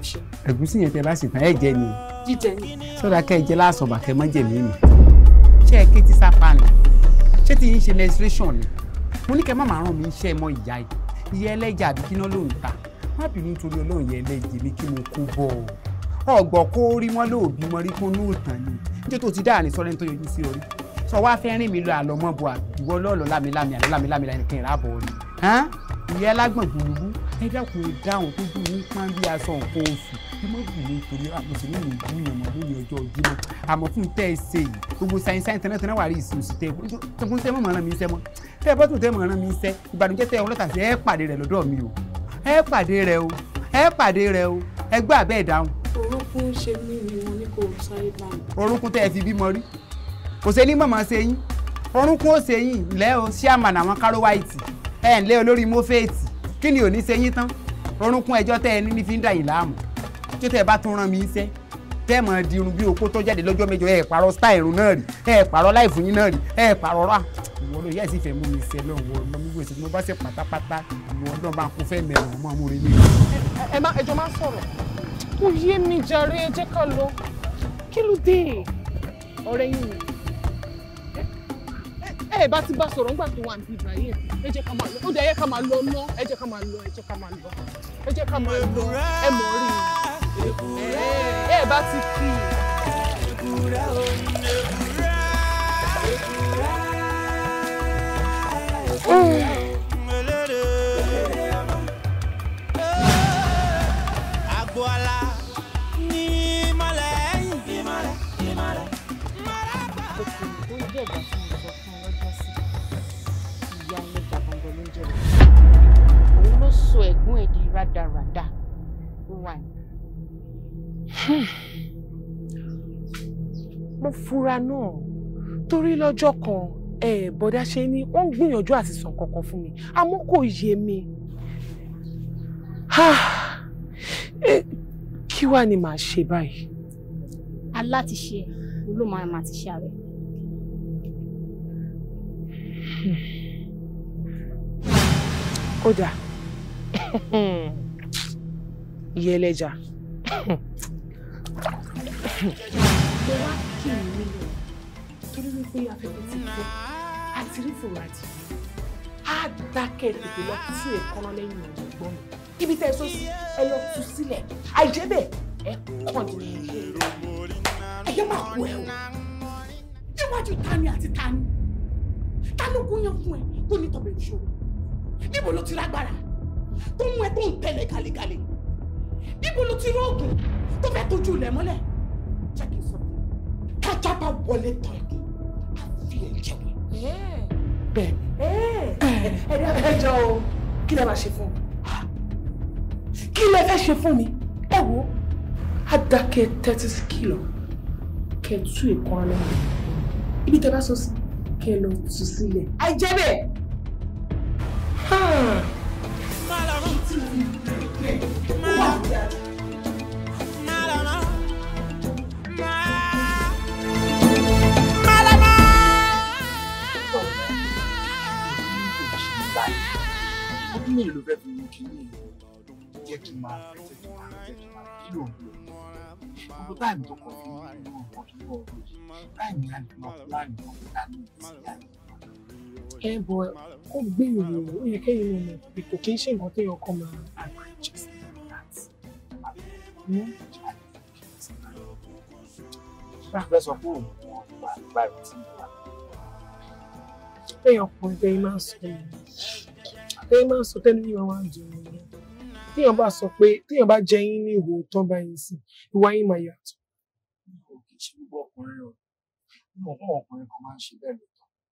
ṣe. ẹ̀gúsí yẹn tẹ bá sì tán ẹ̀ jẹ ni. jíjẹ ni. sọ́dà kẹ́ ẹ jẹ́ láàsọ̀ bàkẹ́ mọ́jẹ̀ mí mi. ṣé ẹ ké ti sápá ni ṣé ti ń ṣe menstruation ni mo ní kẹ́ má máa ràn mí iṣẹ́ mọ́ ìyá yìí ìyá ẹlẹ́jà àbí kíná ló ta má bínú torí Ọlọ́run yẹn ẹlẹ́jẹ̀ ní kí mo kó bọ̀ ọ́ ọ̀gbọ̀ kó rí wọn lóòbí mọ́ rí kún ní ìtàn ni níjó tó ti dáa ní sọ́rẹ́ ní tó yọjú sí orí sọ wá fẹ́ rìn mí lọ àlọ́mọ́ bo àdúgbò lọ́ọ̀lọ́ lámìlámì àlọ́lámìlámì láì kí ni. ìyá alágbọ̀n gbùrùgbù ẹ dákun dáhùn tó dùn ní pọ́n bí aṣọ nǹkan oṣù bí mo bì ní torí àmọ̀sílẹ̀ mi bú yàn mọ́ lórí ọjọ́ Jímọ̀ àmọ́ fún tẹ́ ẹ ṣe yìí gbogbo sáyẹn sáyẹn tẹ́lẹ̀ tẹ́lẹ̀ wà rí ìsìn òsì tẹ́ ẹ fún tẹ́ mọ̀ràn mi ń mọ́ tẹ́ ẹ bọ́ tún tẹ́ mọ̀ràn mi ń sẹ́ ìbànújẹ́ tẹ́ ẹ ọlọ́tà sí ẹ pàdé rẹ̀ lọ́dọ̀ mi o ẹ pàdé rẹ̀ o ẹ pàdé rẹ̀ o ẹ gbọ́ àbẹ́ ìdáhùn fún ṣe mí ni mo ní kó sáré bá mi. orúnkún tẹ́ ẹ ti bímọ rí kò ṣe ní mọ̀mọ́ ṣe yín orúnkún ó ṣe yín lẹ́ o ṣíàmà làwọn káró wáìtì ẹ̀ ń lé olórí mọ́fẹ́ẹ̀tì kí ni ò ní ṣe yín tán orúnkún ẹjọ́ tẹ́ ẹ ní ní fi ń dà yín láàmú tí tẹ́ ẹ bá tún rán mi iṣẹ́ tẹ́ ẹ mọ̀ di irun bí okó tó jáde lọ́jọ́ méjọ ẹ pààrọ̀ stá irun náà rí ẹ pààrọ̀ láìfún yín náà rí ẹ pààrọ̀ rà ìwọ ló yẹ ẹ sì fẹ́ mú mi ṣe lọ wọ ọmọ mi wẹsẹ tí mo bá ṣe pátápátá ìwọ ọdún bá kún fẹ́ mẹ́rin ọmọ amúre mi. ẹ má ẹjọ má sọ̀rọ̀ kò yé mi jàre ẹ jẹ́ ká lọ kí ló dé ọ̀rẹ́ yín ni ẹ bá ti bá sọ̀rọ̀ nígbà tó wà ní Ibrahim ẹ jẹ́ ká máa lọ ó dẹ̀ ẹ jẹ́ ká máa lọ ná ẹ jẹ́ ká máa lọ ẹ jẹ́ ká máa lọ ẹ jẹ́ ká máa lọ ẹ mọ̀ rí i ẹ bá ti kí i. gẹ́gẹ́ ìgbà tí mo sọ fún un lọ́jọ́ sí ìyá ẹlẹ́jà gbọ̀ngàn ló ń jẹ́ rẹ̀ òun ló sọ ẹ̀gbọ́n ẹ̀ di rádaràda wà ní. Hmm. mo fura náà torí lọ́jọ́ kan bọ́dá ṣe ni wọ́n ń gbìyànjú àti sàn kankan fún mi àmọ́ kò yé mi. kí wàá ni màá ṣe báyìí. aláti ṣe ló máa ma ti kódà ìyá ẹlẹ́jà. mo wá kí ni nílò torí wípé afẹ́fẹ́ ti fẹ́ àti rí fòràjì á dákẹ́ tètè lọ tú èkánná lẹ́yìn ọ̀rọ̀ ẹ̀gbọ́n mi ibi tẹ́ ẹ sọ sí ẹ lọ tú sílẹ̀ àìjẹ́bẹ̀ ẹ kàn ní ilé ẹ̀yẹ́ máa kú ẹ o níwájú tani àti tani kálukú yan fún ẹ tó ní tọ̀bẹ̀ ìṣòro níbo ló ti lágbára tó mú ẹ tó ń tẹ̀lé galegale níbo ló ti róògùn tó fẹ́ tójú ilẹ̀ mọ́lẹ̀ jẹ́ kí n sọ fún ẹ kájà bá wọlé tán ẹkún á fi ẹ jẹun. bẹ́ẹ̀ ni ẹni abẹ́jọ́ o kí lè máa ṣe fún mi kí lè fẹ́ ṣe fún mi ẹ wo á dákẹ́ tẹ́tí sí kìlọ̀ kẹ́tù ìkan ibi tẹ́ bá sọ sí kẹ́ lọ tú sílẹ̀. àìjẹ́ ọdún mélòó fẹ́ fi mú kí ní ìlú jẹ́ kí n máa fẹ́ jẹ́ kí máa jẹ́ kí máa kí ló ń lò gbogbo táìmù tó kàn fi ní ìlú ọkọ̀ tó wọ̀ ọ̀rọ̀ yìí táìmù láti lọ plan ìlànà ìsìlẹ̀ ẹ bọ ó gbèrò ó yẹ kẹ́yìn ló mọ̀ pé kò kí ń ṣe nǹkan tó yẹ ọkọ máa agree just like that mú hmm? ìjàdí ìfẹ́ sọ fún òun wọn téèyàn bá sọ pé téèyàn bá jẹ yín ní ìwò tán bá yín sí ìwà yín máa yàtọ̀. kì ṣe gbogbo ọkùnrin o mo mọ ọkùnrin kan máa ń ṣe bẹ́ẹ̀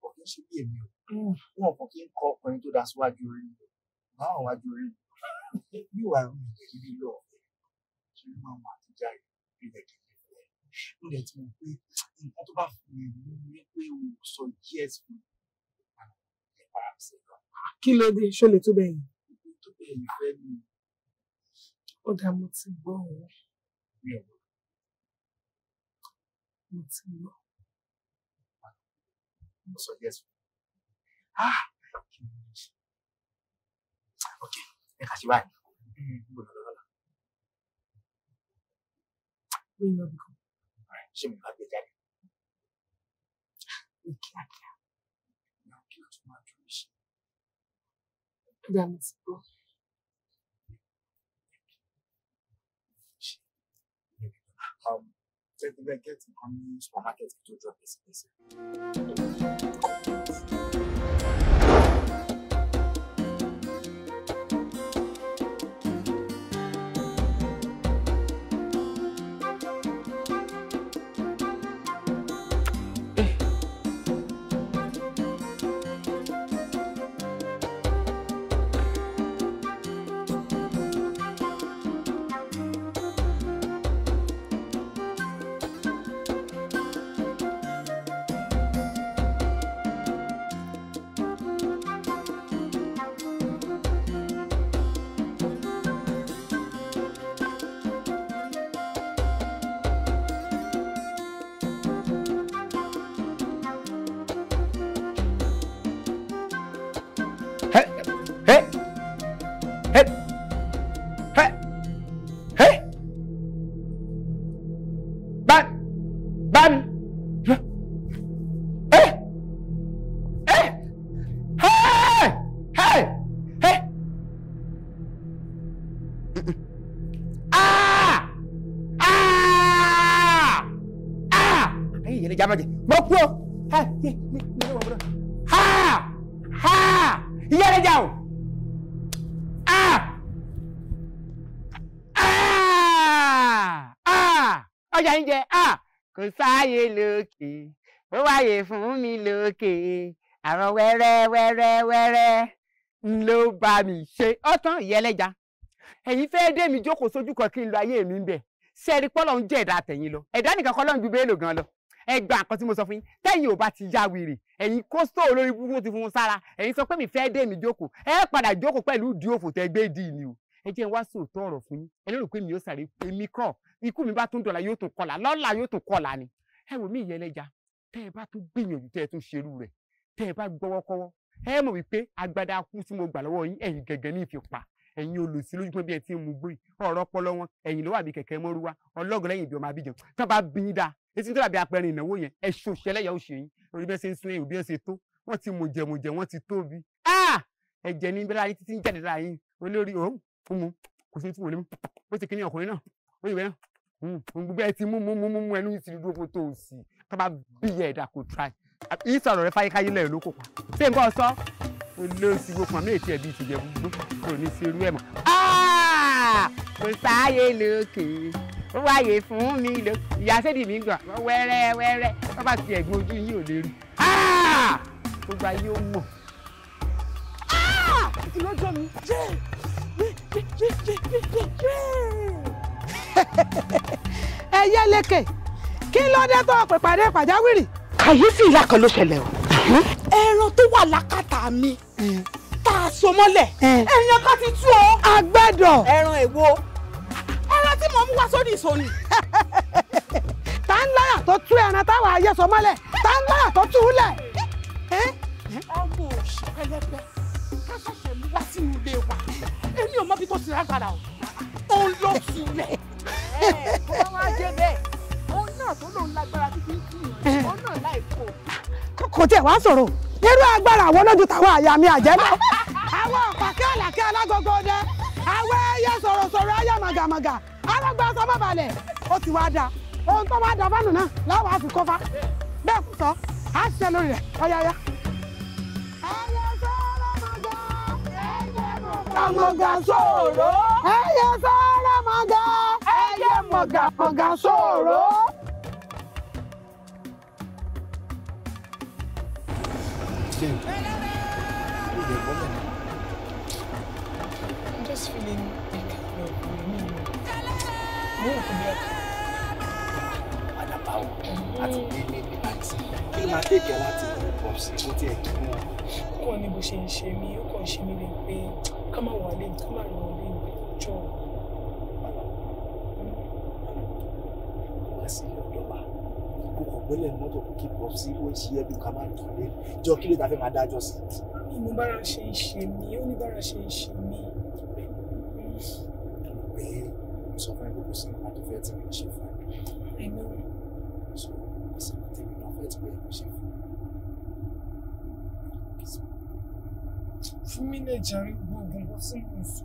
lóòótọ́ kò kí ṣe bí èmi o hmm. wọn kò kí n kọ ọkùnrin tó dá síwájú orí mi o báwọn wájú orí mi bí ìwà ìròyìn ìdẹ̀kí lílọ ọ̀fẹ́ ṣe ló máa mọ àtijọ́ ìdẹ̀kí lílọ ó lè ti mọ̀ pé nǹkan tó bá fún mi mú mi pé o sọ yes fún mi kí ló dé ṣó lè tó bẹ́ẹ̀ yìí. tó bẹ́ẹ̀ yìí fẹ́ mi ó dá mo ti gbọ́ òun mi ò mọ̀ mo ti gbọ́ mo sọ yẹsù ah kí ni mo ṣe ok ẹ kà sí báyìí mo lọ lọ́la. mi lọ bí kan ṣé mo máa gbé jáde. ní kíákíá. ìyá kí ló máa dúró ṣe. ó dá mo ti gbọ́. Faites des baguettes dans le So I que de jouer à PlayStation. mọ̀kú ọ ha ha ìyá rẹ̀ jà o ọjà ń jẹ kò sáàyè lókè ó wáyè fún mi lókè àrùn wẹ́rẹ́ wẹ́rẹ́ wẹ́rẹ́ ló bá mi ṣe ọ̀tán ìyẹlẹ́jà ẹ̀yin fẹ́ dé mi jókòó sójú kan kí n lo ayé mi ń bẹ̀ ṣe é rí pọ́lọ́ ń jẹ́ ẹ̀dá àtẹ̀yìn lọ ẹ̀dá nìkan kọ́ lọ́n ju bẹ́ẹ̀ lò gan lọ ẹ gba tí mo sọ fún yín tẹ́yìn ò bá ti ya wèrè ẹ̀yin kóstó olórí búburú ti fún sára ẹ̀yin sọ pé mi fẹ́ dé mi jókòó ẹ padà jókòó pẹ̀lú ìdí òfò tẹ́ gbé dì ní o ẹ jẹ́ n wá sòótọ́ ọ̀rọ̀ fún yín ẹ lérò pé mi yóò sàré èmi kọ́ ikú mi bá tún dọ̀la yóò tún kọlà lọ́la yóò tún kọlà ni ẹ wò mí ìyẹlẹ́ja tẹ́ ẹ bá tún gbìyànjú tẹ́ ẹ tún ṣerú rẹ̀ tẹ́ ẹ bá gbọ́wọ́kọ́wọ́ ẹ mọ̀ wípé agbada kú tí mo gbà lọ́wọ́ yín ẹ̀yin gẹ̀gẹ̀ ní ìfipá ẹ̀yin olùsí lójú pé bí ẹ ti ń mu gbó yìí ọ̀rọ̀ wọn ẹ̀yìn ló wà bí kẹ̀kẹ́ mọ́rúwá ọlọ́gùn lẹ́yìn ibi ọmọ abíjan tó bá bí yín dáa etí tó dàbí apẹ̀rin ìnáwó yẹn ẹ ṣòṣẹ́ lẹ́yà ó ṣe yín orí bẹ́ẹ̀ ṣe ń sún ẹ̀yìn bí wọ́n ṣe tó wọ́n ti mọ̀jẹ̀mọ̀jẹ̀ wọ́n ti tóbi ah! ẹ̀jẹ̀ ní bẹ́ẹ̀ láyé títí ń jáde láyé olórí òun fún mu kò sí túmọ̀ ní mu ó ti kíní ọkùnrin náà ó yìí bẹ́ẹ̀ hmm, gbogbo ẹ ti mú mú mú mú ẹnu ti olóòsì gbogbo àmì ètí ẹbí ìtìjẹ gbogbo kò ní sí irú ẹ̀ mọ́. kò ah! sáàyè lókè ó wáyè fún mi ló ìyáṣẹ́dì mi gbà wẹ́rẹ́ wẹ́rẹ́ wọ́n bá ti ẹ̀gbọ́n ojú yín ò lè rí. Ah! gbogbo ayé ó mọ̀. ìlọ́jọ́ mi jẹ́ ẹyẹ lẹ́kẹ̀ kí ló dé tó ọ̀pẹ̀ pàjáwìrì. kàyéfì ìlà kan ló ṣẹlẹ̀ o ẹran tó wà lákàtà mi tá a so mọ́lẹ̀ ẹran ká ti tú ọ. agbẹ́dọ̀. ẹran èwo ẹran tí mò ń wá sórí ìsòní. tá ń láyà tó tú ẹran táwọn ayé so mọ́lẹ̀ tá ń láyà tó tú lẹ̀. ọmọ òṣì pẹlẹbẹ káṣẹṣẹ mú wá sínú ilé wa èmi ò mọ bí tó ti rágbára o ó ń lọ sílẹ̀. ẹ ẹ kó bá wá jẹ bẹ́ẹ̀ òun náà tó lòun lágbára títí ń kí òun náà láì kó kò tiẹ̀ wá sọ̀rọ̀ irú agbára àwọn lójú tàwọn àyà mi àjẹ́ náà. àwọn ọ̀pàkẹ́ àlàkẹ́ alágogo dẹ àwọn ẹyẹ sọ̀rọ̀sọ̀rọ̀ ayé màgàmàgà alágbá sọmọ balẹ̀ ó ti wá da ohun tó wá da fánù náà láwọn á fi bẹ́ẹ̀ kú sọ á ṣiṣẹ́ lórí rẹ̀ ọ̀yáyá. ẹyẹ ẹyẹ mọ̀gàmọ̀gà sọ̀rọ̀. ẹyẹ sọ́ọ́rọ́mọgà ẹyẹ sọ̀rọ̀. 16. I'm just feeling like no, no, no. No, come here. Adapawo àti délé ní àti kí máa tẹ̀kẹ́ láti pọ̀ sí kó tiẹ̀ kí wọ́n. Kọ́ ni bó ṣe ń ṣe mí, ó kàn ṣe mí lè pé ká má wà lẹ́yìn, ká má lọ wọlé ìgbẹ́jọ́. àgbélẹ̀ mọ́tò kò kí pọ̀ sí ó ṣe ẹbí ká má dùn lé jọ kí ló ta máa dájọ́ sí. mo bára ṣe ń ṣe mí ó ní bára ṣe ń ṣe mí. pé sọ fún ẹgbẹ́ kò sí nǹkan tó fẹ́ tí mo ṣe fún ẹ. ẹ náà sọ kò sí nǹkan tẹ̀mí náà fẹ́ tí mo ṣe fún ẹ. fún mi lè jàre gbogbo nǹkan tí mo sọ.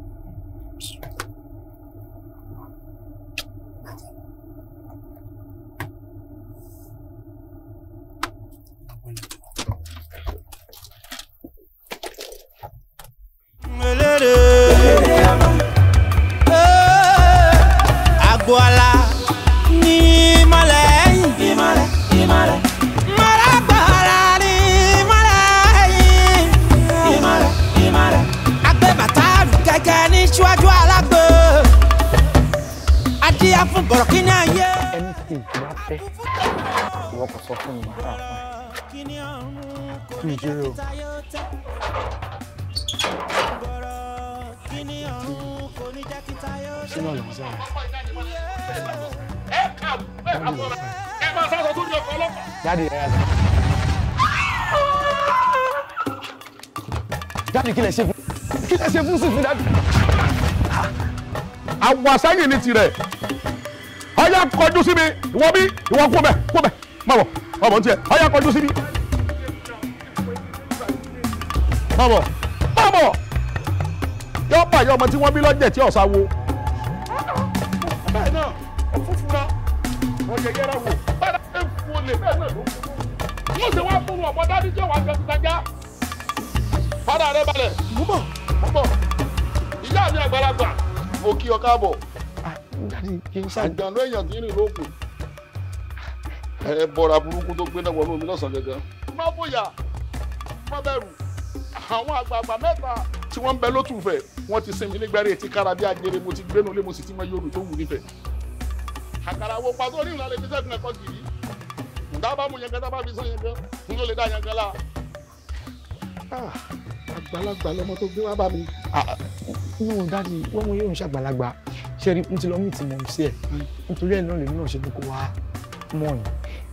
bọ̀rọ̀ kí ni ayé. ẹni tí ìwọ kò sọ fún mi máa rà kí ni jẹ́rẹ́ o. ṣé náà lè mú sáà. ẹ kà ẹ kà bọ̀ ẹ máa sọ tó ní ọkọ ọlọ́pàá. jáde ẹ yàtọ̀. jáde kí lè ṣe fún kí lè ṣe fún sí fún dájú. àwọn àṣàyàn ní tirẹ̀ ọyá kọjú sí ìwọ bí ìwọ kú bẹ kú bẹ má bọ má bọ ntiẹ ọyá kọjú sí má bọ má bọ yọ pa yọ ọmọ tí wọn bí lọjẹ tí ọsà wo. bẹ́ẹ̀ rẹ balẹ̀ mú bọ̀ mú bọ̀ ìyá mi àgbàlagbà mo kí ọ dáàdi kì í ṣàgbọ́n. àjàndó èèyàn ti rìn lóògùn ẹ bọra burúkú tó gbé náà wọnú omi lọ́sàn-án gangan. má bóyá má bẹ̀rù àwọn àgbààgbà mẹ́ta tí wọ́n ń bẹ lótùfẹ̀ wọ́n ti sinmi nígbàrẹ́ ti kára bí ajere mo ti gbénu lé mo sì ti mọ yorùbá tó wù nífẹ̀ẹ́. àkàrà wo pàtó ní ìlànà ìfisẹ́ ìfúnná kan kì í dábàá mu yangan dábàá fi sọ yangan n ló lè dá yangan la. Ah, àgbàlagbà lọmọ tó gbé wá bá mi. wọn ah, ah, ò dáàdi wọn mú yóò ń ṣàgbàlagbà ṣẹ́rí mo ti lọ mìtì mọ̀ sí ẹ̀ nítorí ẹ̀ náà lèmi náà ṣe tó kó wá mọ̀ ni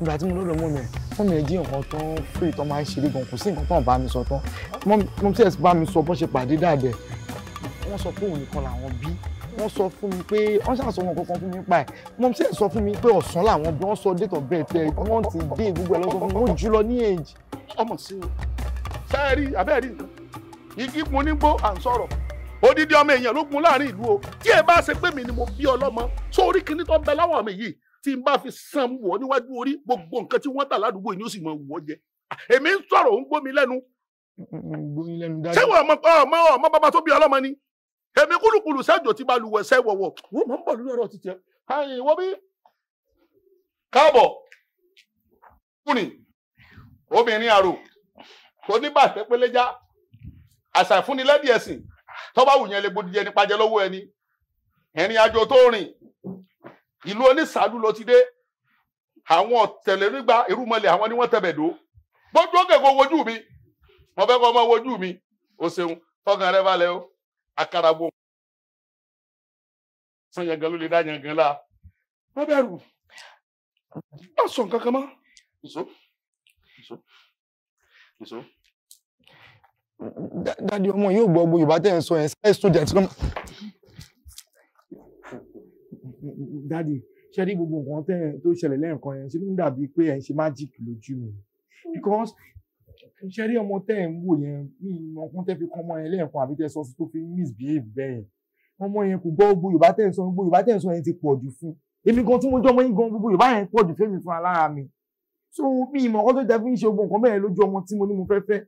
ìgbà tí mo lọ́dọ̀ mọ̀ mi fún mi ẹ̀dí nǹkan tán fún ìtàn máa ń ṣeré gan kò sí nǹkan tán bá mi sọ tán mo ti ẹ̀ bá mi sọ bó ṣe pàdé dàbẹ̀ wọ́n sọ pé òun nìkan làwọn bí wọ́n sọ fún mi pé wọ́n ṣàṣọ wọn kankan fún mi pa ẹ̀ wọ́n sì sọ fún mi pé ọ̀sán làwọn bí wọ́n sọ date of birth wọ́n ti dé gbogbo ẹ̀ lọ́sọ fún mi wọ́n jù lọ ní èjì. ọmọ sí o ṣáà rí abẹ́ẹ̀ rí à ń sọ̀rọ̀ odidi ọmọ èèyàn ló gun láàrin ìlú o tí ẹ bá ṣe pé mi ni mo bí ọlọ́mọ sórí kinní tó bẹ láwọn mi yìí tí n bá fi san wọ níwájú orí gbogbo nǹkan tí wọ́n tà ládùúgbò yìí ó sì mọ wọ jẹ èmi ń sọ̀rọ̀ ò ń gbómi lẹ́nu ṣé wọn ọmọ ọmọ ọmọ bàbá tó bí ọlọ́mọ ni èmi kúlùkùlù sẹjọ tí balùwẹ̀ sẹ wọwọ wọn máa ń bọ̀ lórí ọ̀rọ̀ títí ẹ ayin wọ́n bí káàbọ̀ kùnì obìnrin àrò tó ní bàtẹ́ péléjá àṣà ìfúnnilẹ́dì ẹ̀sìn tọ́ba wù yẹn lè gbòdì jẹ nípa jẹ lọ́wọ́ ẹni ẹ̀rìn àjò tó rìn ìlú onísàlù ló ti dé àwọn ọ̀tẹ̀lẹ́rígba irúmọlẹ̀ àwọn ni wọ́n tẹ̀bẹ̀dó gbójú ó kẹ́kọ̀ọ́ wojú mi mo fẹ́ kọ́ ọmọ wojú mi o ṣeun tọ́gàn rẹ balẹ̀ o àkàrà gbòm san yangan ló lè dá yangan la má bẹ̀rù má sọ nǹkan kan mọ́ dáàdi ọmọ yóò gbọ́ gbogbo yorùbá tẹ̀ ń sọ yẹn sáyẹ́ student kan. dáàdi ṣe rí gbogbo nǹkan tẹ́ tó ṣẹlẹ̀ lẹ́ẹ̀kan yẹn ṣe ló ń dàbí pé ẹ̀ ṣe magic lójú mi because ṣe rí ọmọ tẹ́ ń wò yẹn ní ọkùnrin tẹ́ fi kọ́ ọmọ yẹn lẹ́ẹ̀kan àbí tẹ́ sọ sí tó fi misbehave bẹ́ẹ̀ ọmọ yẹn kò gbọ́ gbogbo yorùbá tẹ́ ń sọ gbogbo yorùbá tẹ́ ń sọ yẹn ti pọ̀ jù fún èmi gan tí mo jọ́ ọmọ yín gan gbogbo yorùbá yẹn pọ̀ jù fẹ́mi fún alára mi so mi ìmọ̀ ọkọ tó jẹ́ fi ń ṣe gbogbo nǹkan bẹ́ẹ̀ lójú ọmọ tí mo ní mo fẹ́ fẹ́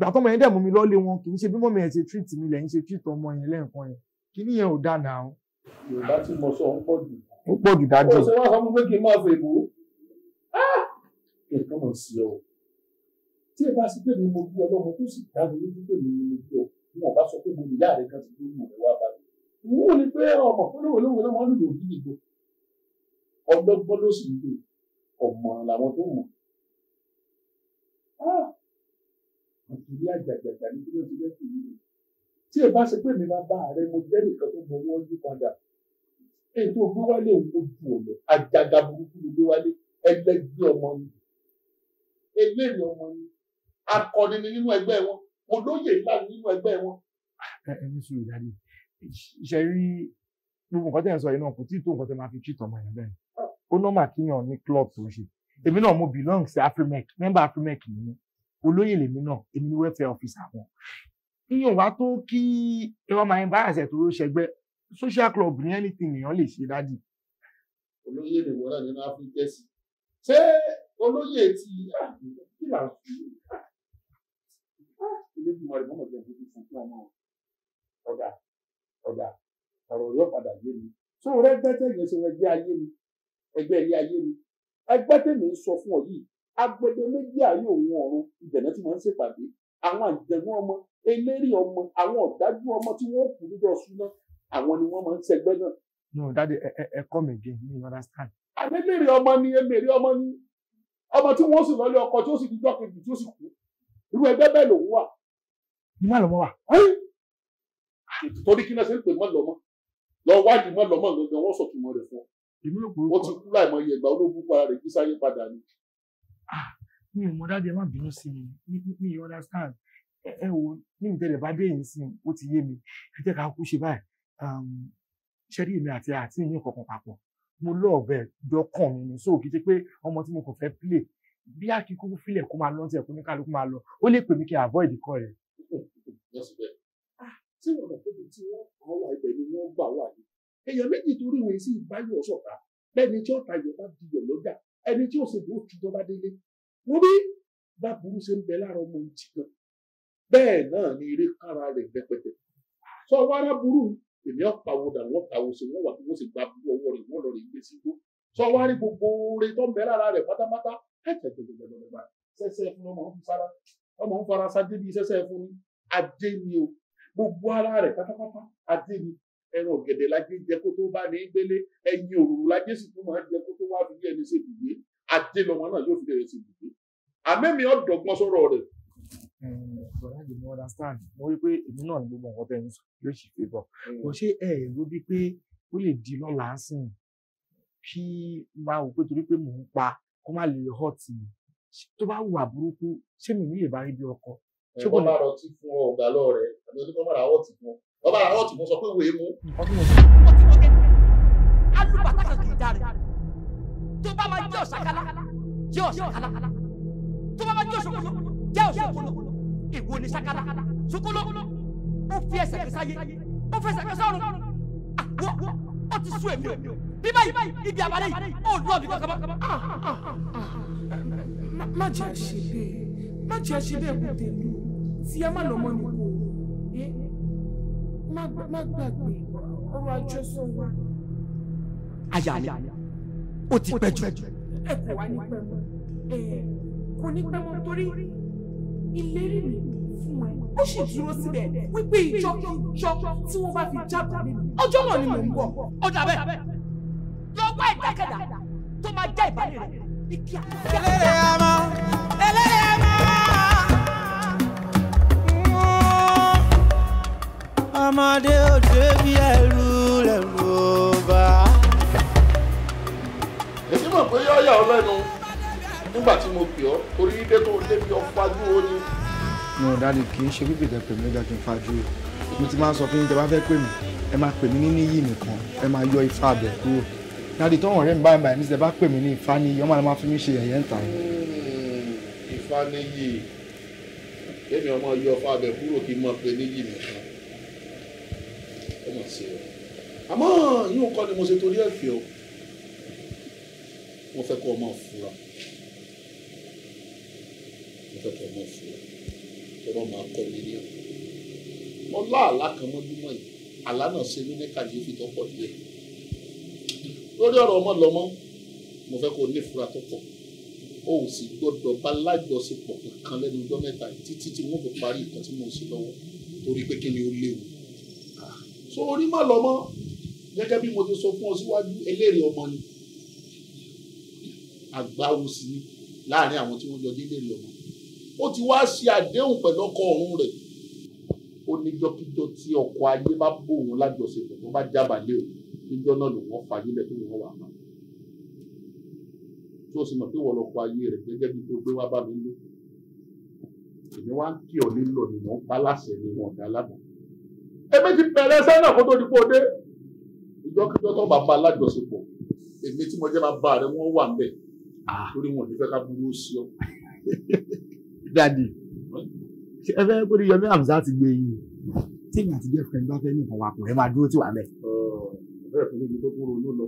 gbà tọ́mọ yẹn dẹ̀ mú mi lọ́lé wọn kì í ṣe bí mọ́mí yẹn ṣe treat mi lẹ́yìn ṣe treat ọmọ yẹn lẹ́ẹ̀kan yẹn kí ni yẹn ò dáa náà. yorùbá tí mo sọ ń pọ̀ jù. ó pọ̀ jù dájú. ó sọ wá sọ fún pé kí n máa fò èbó. nǹkan ah! mọ̀ sí ọ. tí ẹ bá sì pé mi mo bí ọlọ́mọ tó sì dá mi lójú pé mi mo bí ọ ni wọn bá sọ pé mo ìyá rẹ kan ti tó mọ̀ wá bá wọ́n ní pé ọmọ olówó olówó àtúndí àjàjàjà ní kí ló ti lẹ́sìn yìí tí ẹ bá ṣe pé mi máa bá ààrẹ mo jẹ́ nìkan tó mọ owó ọdún padà èyí tó gbé wálé òun kò ju ọ̀lọ́ àjàgà burúkú ló gbé wálé ẹlẹ́gbẹ́ ọmọ ni eléyìí ọmọ ni akọni ni nínú ẹgbẹ́ wọn olóyè ńlá ni nínú ẹgbẹ́ wọn. ẹ ẹ ní sùúrù dáadé ṣe rí gbogbo nǹkan tẹ̀ ń sọ yìí náà kò tí ì tó nǹkan tẹ̀ máa fi cheat ọmọ yẹn bẹ́ẹ̀ ah. ó nọ́mà kíyàn ní club tó ṣe èmi náà mo belong sí afrimec member afrimec nìyẹn olóyè lèmi náà èmi ni welfare officer wọn ìyẹn wá tó kí ẹ wá máa ń bá àṣẹ tó ṣẹgbẹ́ social club ní anything èèyàn lè ṣe dádì. olóyè lè wọ́n náà nínú áfíríkẹ́sì ṣé olóyè ti àgbẹ̀ ọ̀dà ọ̀dà ọ̀rọ̀ yóò padà yé mi tó rẹ́gbẹ́tẹ̀ yẹn ṣe ẹgbẹ́ ayé mi ẹgbẹ́ ilé ayé mi ẹgbẹ́ tèmi ń sọ fún ọ yìí agbede méjì ayé òun ọ̀run ibẹ̀ náà ti máa ń ṣèpàdé àwọn àjẹgún ọmọ eléré ọmọ àwọn ọ̀dájú ọmọ tí wọ́n kù níjọ súná àwọn ni wọ́n máa ń ṣẹgbẹ́ náà. no dadi ẹ ẹ come again me understand. àlélèrè ọmọ ni emèrè ọmọ ni ọmọ tí wọ́n sì lọ́lé ọkọ tí ó sì di jọ́ kejì tí ó sì kú irú ẹgbẹ́ bẹ́ẹ̀ lòun wà. ni má lọ́mọ wà. torí kí náà ṣe ń pè mọ́ lọ́mọ lọ wádìí mọ́ lọ́mọ gangan wọ́n sọ tùmọ̀ rẹ̀ fún ọ. èmi ò kúrò kọ́ ó ti kú láìmọye ìgbà olóògùn para rẹ̀ kí sáyé padà ni. Ah, mi ò mọ dáadé ẹ má bínú sí mi mi ì understand ẹ wo níbi tẹ́lẹ̀ bá dé yìí sí ó ti yé mi ẹ jẹ́ ká kú ṣe báyìí ṣe rí èmi àti àti ìyín kankan papọ̀ mo lọ́ọ̀bẹ dọ́kàn mi ni so kì í ṣe pé ọmọ tí mo kàn fẹ́ play bí akíkú filẹ̀ kó máa lọ tí ẹ̀kọ́ ní kálukú máa lọ ó lè pè mí kí n avoid kọ́ rẹ̀. tí wọn kò tóbi tí wọn kọ wà ibẹ̀ ni wọn gbà wà ní èèyàn méjì torí wọn sí ìbáyọ ọsọta bẹ́ẹ̀ni tí ọta yọ bá di yọ lọjà ẹni tí òṣèlú ó tùjọba délé wọ́n bí bá burú ṣe ń bẹ láàárọ̀ ọmọ ìtì gan bẹ́ẹ̀ náà ni eré kára rẹ̀ rẹpẹtẹ sọ wàrà burú èmi ọ̀pàwọ̀dà wọ́n tàwọn ṣe wọ́n wà kí wọ́n sì gba burú ọwọ́ rẹ̀ wọ́n lọ rẹ̀ gbé sí igbó sọ wàrí gbogbo oore tó ń bẹ lára rẹ̀ pátápátá ẹ̀jẹ̀ tó gbogbo ẹ̀jẹ̀ sẹ́sẹ́ fún ọmọ ń fara ọmọ ń fara sá débi sẹ́sẹ́ fún adé ni o gbogbo ara rẹ̀ pátápátá adé ni ẹran ọ̀gẹ̀dẹ̀ lajẹ́ jẹ kó tó bá ní gbélé bí ẹni ṣe ibùgbé ajé lọmọ náà yóò fi bẹ̀rẹ̀ sí ibùgbé àmẹ́mi ọ̀dọ́gbọ́n sọ̀rọ̀ rẹ̀. bọ̀dá yìí mo understand mo rí i pé èmi náà ní gbogbo nǹkan bẹ́ẹ̀ ní yóò sì fi bọ̀ kò ṣe ẹ ló bí pé ó lè di lọ́la sìn kí máa wò pé torí pé mò ń pa kó má lè hot mi tó bá wà burúkú ṣé mi ní lè bá rí bí ọkọ. ẹ kọ́ bá rọ fún ọ̀gá lọ rẹ àbí oníkọ́ bá fún ọ ọba àwọn ọ̀tún mo sọ pé wèé mú. ọtí mo sọ. ọtí mo kẹ́kẹ́ alúbàtà kìí tó bá máa sakala. ọ̀sàkálá jẹ́ ọ̀sàkálá tó bá máa jẹ́ òṣòkòló jẹ́ òṣòkòló èwo ni sàkálá ṣòkòló ó fi ẹsẹ̀ kẹsà yé ó fi ẹsẹ̀ kẹsà ọ̀run àwọ̀ ah, ó ti sún èmi o bí báyìí ibi àbálẹ̀ yìí ó lọ́ọ̀ bí kankan bá. Ah, ah, má jẹ́ àṣẹ bẹ́ẹ̀ má jẹ́ àṣẹ bẹ́ẹ̀ kò tẹ̀lé tí ẹ má lọ mọ́ ni kò má gbàgbé ọ̀rọ̀ àjọsọ wa. àyà ó ti pẹ́ jù. ẹ kò wá ní pẹ́ mọ́ ẹ kò ní pẹ́ mọ́ torí ìlérí mi fún ẹ ó sì dúró síbẹ̀ wípé ìjọ ìjọ tí wọ́n bá fi jábọ̀ nínú ọjọ́ náà ni mò ń bọ̀. ó dà lọ wá ìdákẹ́dà tó máa já ìbálẹ̀ rẹ̀ ní kíá. eléré a máa eléré a máa. ọmọdé ò débi ẹrù. pé yóò yà ọ́ lẹ́nu nígbà tí mo pè ọ́ torí ilé tó lé mi ọ fajú ó ní. mi ò dáadé kì í ṣe pípé tẹ pè mí lọ́jà kí n fajú o mo ti máa ń sọ fún yín tẹ bá fẹ́ pè mí ẹ máa pè mí ní níyì nìkan ẹ máa yọ ifá abẹ kúrò dáadé tó ọ̀rẹ́ mi báyìí báyìí ní tẹ bá pè mí ní ifá níyì ọmọ àlọ́ máa fi mí ṣe yẹ̀yẹ́ ń ta. Hmm, ifá níyì èmi ọmọ yọ ifá abẹ kúrò kí n máa pè níyì nìkan ọmọ sí i àmọ́ yín kọ́ ni mo ṣe torí ẹ̀ fi ọ́ wọ́n fẹ́ kó ọmọ fura wọ́n fẹ́ kó ọmọ fura kó ọmọ máa kọ́ mi ní ọ̀hún. mo lá àlá kan mọ́júmọ́ yìí àlá náà ṣe mí ní kàyéfì tó pọ̀ díẹ̀ lórí ọ̀rọ̀ ọmọ lọ́mọ́ mo fẹ́ kó ní fura tó pọ̀ o ò sì gbọ́dọ̀ bá lájọṣepọ̀ kankan lẹ́nu ọjọ́ mẹ́ta títí tí wọ́n fi parí ìtàn tí mo ń ṣe lọ́wọ́ torí pé kí ni ó léwu. Ah, so orí má lọ mọ́ gẹ́gẹ́ bí mo ti sọ fún ọ síwájú eléèrè ọmọ ni àgbáwo sí ni láàrin àwọn tí wọ́n jọ délé rẹ̀ ọmọ ó ti wá ṣe àdéhùn pẹ̀lú ọkọ ọ̀run rẹ̀ ó ní jọ́kíjọ́ tí ọkọ ayé bá bò wọ́n lájọṣepọ̀ tó bá jábàlẹ̀ o níjọ́ náà ló wọ́n fàyè lẹ̀ tó wọ́n wà má tí ó sì mọ̀ pé wọ́n lọ́kọ ayé rẹ̀ gẹ́gẹ́ bí tó gbé wá bá mi lé èmi wá ń kí ọ nílò ni mò ń pa láṣẹ ni wọn ọ̀gá alábà èmi ti bẹ̀rẹ̀ sẹ́nà kó tó di pé o dé ìjọ́kíjọ́ tó bá bá lájọṣepọ̀ èmi tí mo jẹ́ bá bá rẹ̀ wọ́n wà ń bẹ̀ Ah. torí wọn ò ní fẹ́ ká burú sí ọ. dadi ẹ fẹ́ kó ní Yọmí Hamza ti gbé yín tèmi àti jẹ́ fẹ́ẹ́ bá fẹ́ ní ìkànwá kùn ẹ máa dúró tì wá mẹ́. bẹ́ẹ̀ fún mi tó kúrò ló lọ.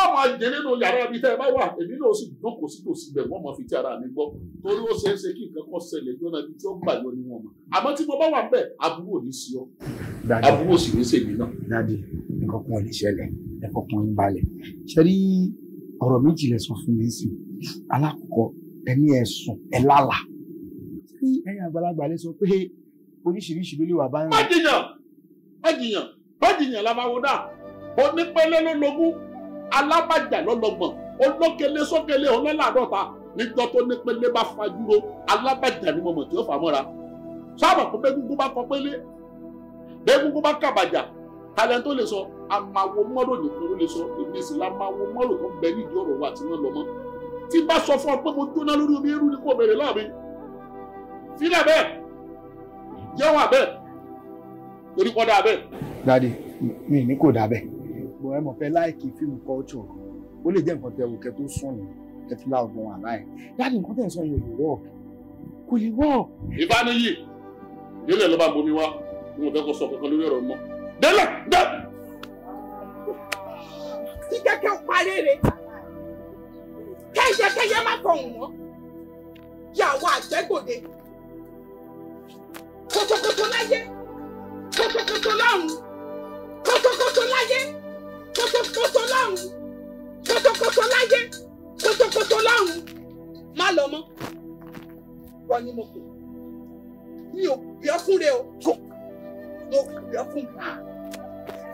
ọmọ jẹ nínú yàrá ibi tẹ ẹ bá wà èmi náà sì jókòó sí tòsí bẹ wọn mọ fi ti ara mi gbọ́ torí ó ṣeé ṣe kí nǹkan kan ṣẹlẹ̀ jọna ibi tí ó gbà yọ ni wọn mọ àmọ́ tí mo bá wà bẹ́ẹ̀ aburú ò ní sí ọ aburú ò sì ní sèmi náà. dadi nǹkan kan ò ní ṣẹlẹ̀ ẹ fọkàn yín balẹ̀ ṣe ọ̀rọ̀ méjì lẹ sọ fún mi sí alákọ̀ọ́ ẹni ẹ̀sùn ẹ̀ lálà tí ẹ̀yin àgbàlagbà lè sọ pé oríṣiríṣi ló lè wà bá ń rìn. bájìyàn bájìyàn bájìyàn la máa wo náà onípẹ́lẹ́ ló lógún alábàjá ló lọ́gbọ̀n olókele sókele ọlọ́làdọ́ta níjọ tó nípẹ́lẹ́ bá fajúro alábàjá ni mo mọ̀ tí ó fà mọ́ra sábà kó bẹ́ẹ̀ bá kọ pélé bẹ́ẹ̀ bá kàbàjà talent tó lè sọ amawo mọ́rò nìkan ló lè sọ èmi sì la máa wo mọ́rò tó bẹ nídìí ọ̀rọ̀ wa tí wọ́n lọ mọ́ tí bá sọ fún ọ pé mo jóná lórí omi eérú ni kò béèrè láàmì fílẹ̀ bẹ́ẹ̀ jẹ́wọ́ àbẹ́ torí kọ́ dáa bẹ́ẹ̀. dadi mi ni kò dáa bẹ́ẹ̀. bọ̀ ẹ mọ̀ fẹ́ láìkí fíìmù culture ó lè jẹ́ nǹkan tẹ òkè tó sùn ní ẹtúlá ọgbọ̀n àlá ẹ̀ dadi nǹkan tẹ̀ ń sọ yẹn ò lè wọ̀ kò lè wọ̀. ìbáníyì délẹ̀ ló bomi wá mo fẹ́ kó sọ kankan lórí ọ̀rọ̀ mọ́ délẹ̀ dé. ti jẹ́ kí n parí rẹ̀ kẹ́yẹ kẹ́yẹ má fọ̀hún mọ́ yàwó àjẹgbòde kótókótó láyé kótókótó lọ́run kótókótó láyé kótókótó lọ́run kótókótó láyé kótókótó lọ́run má lọ mọ́ wọ́n ni mo pè ní òbí ọkùnrin o mo kìlọ̀ fún wa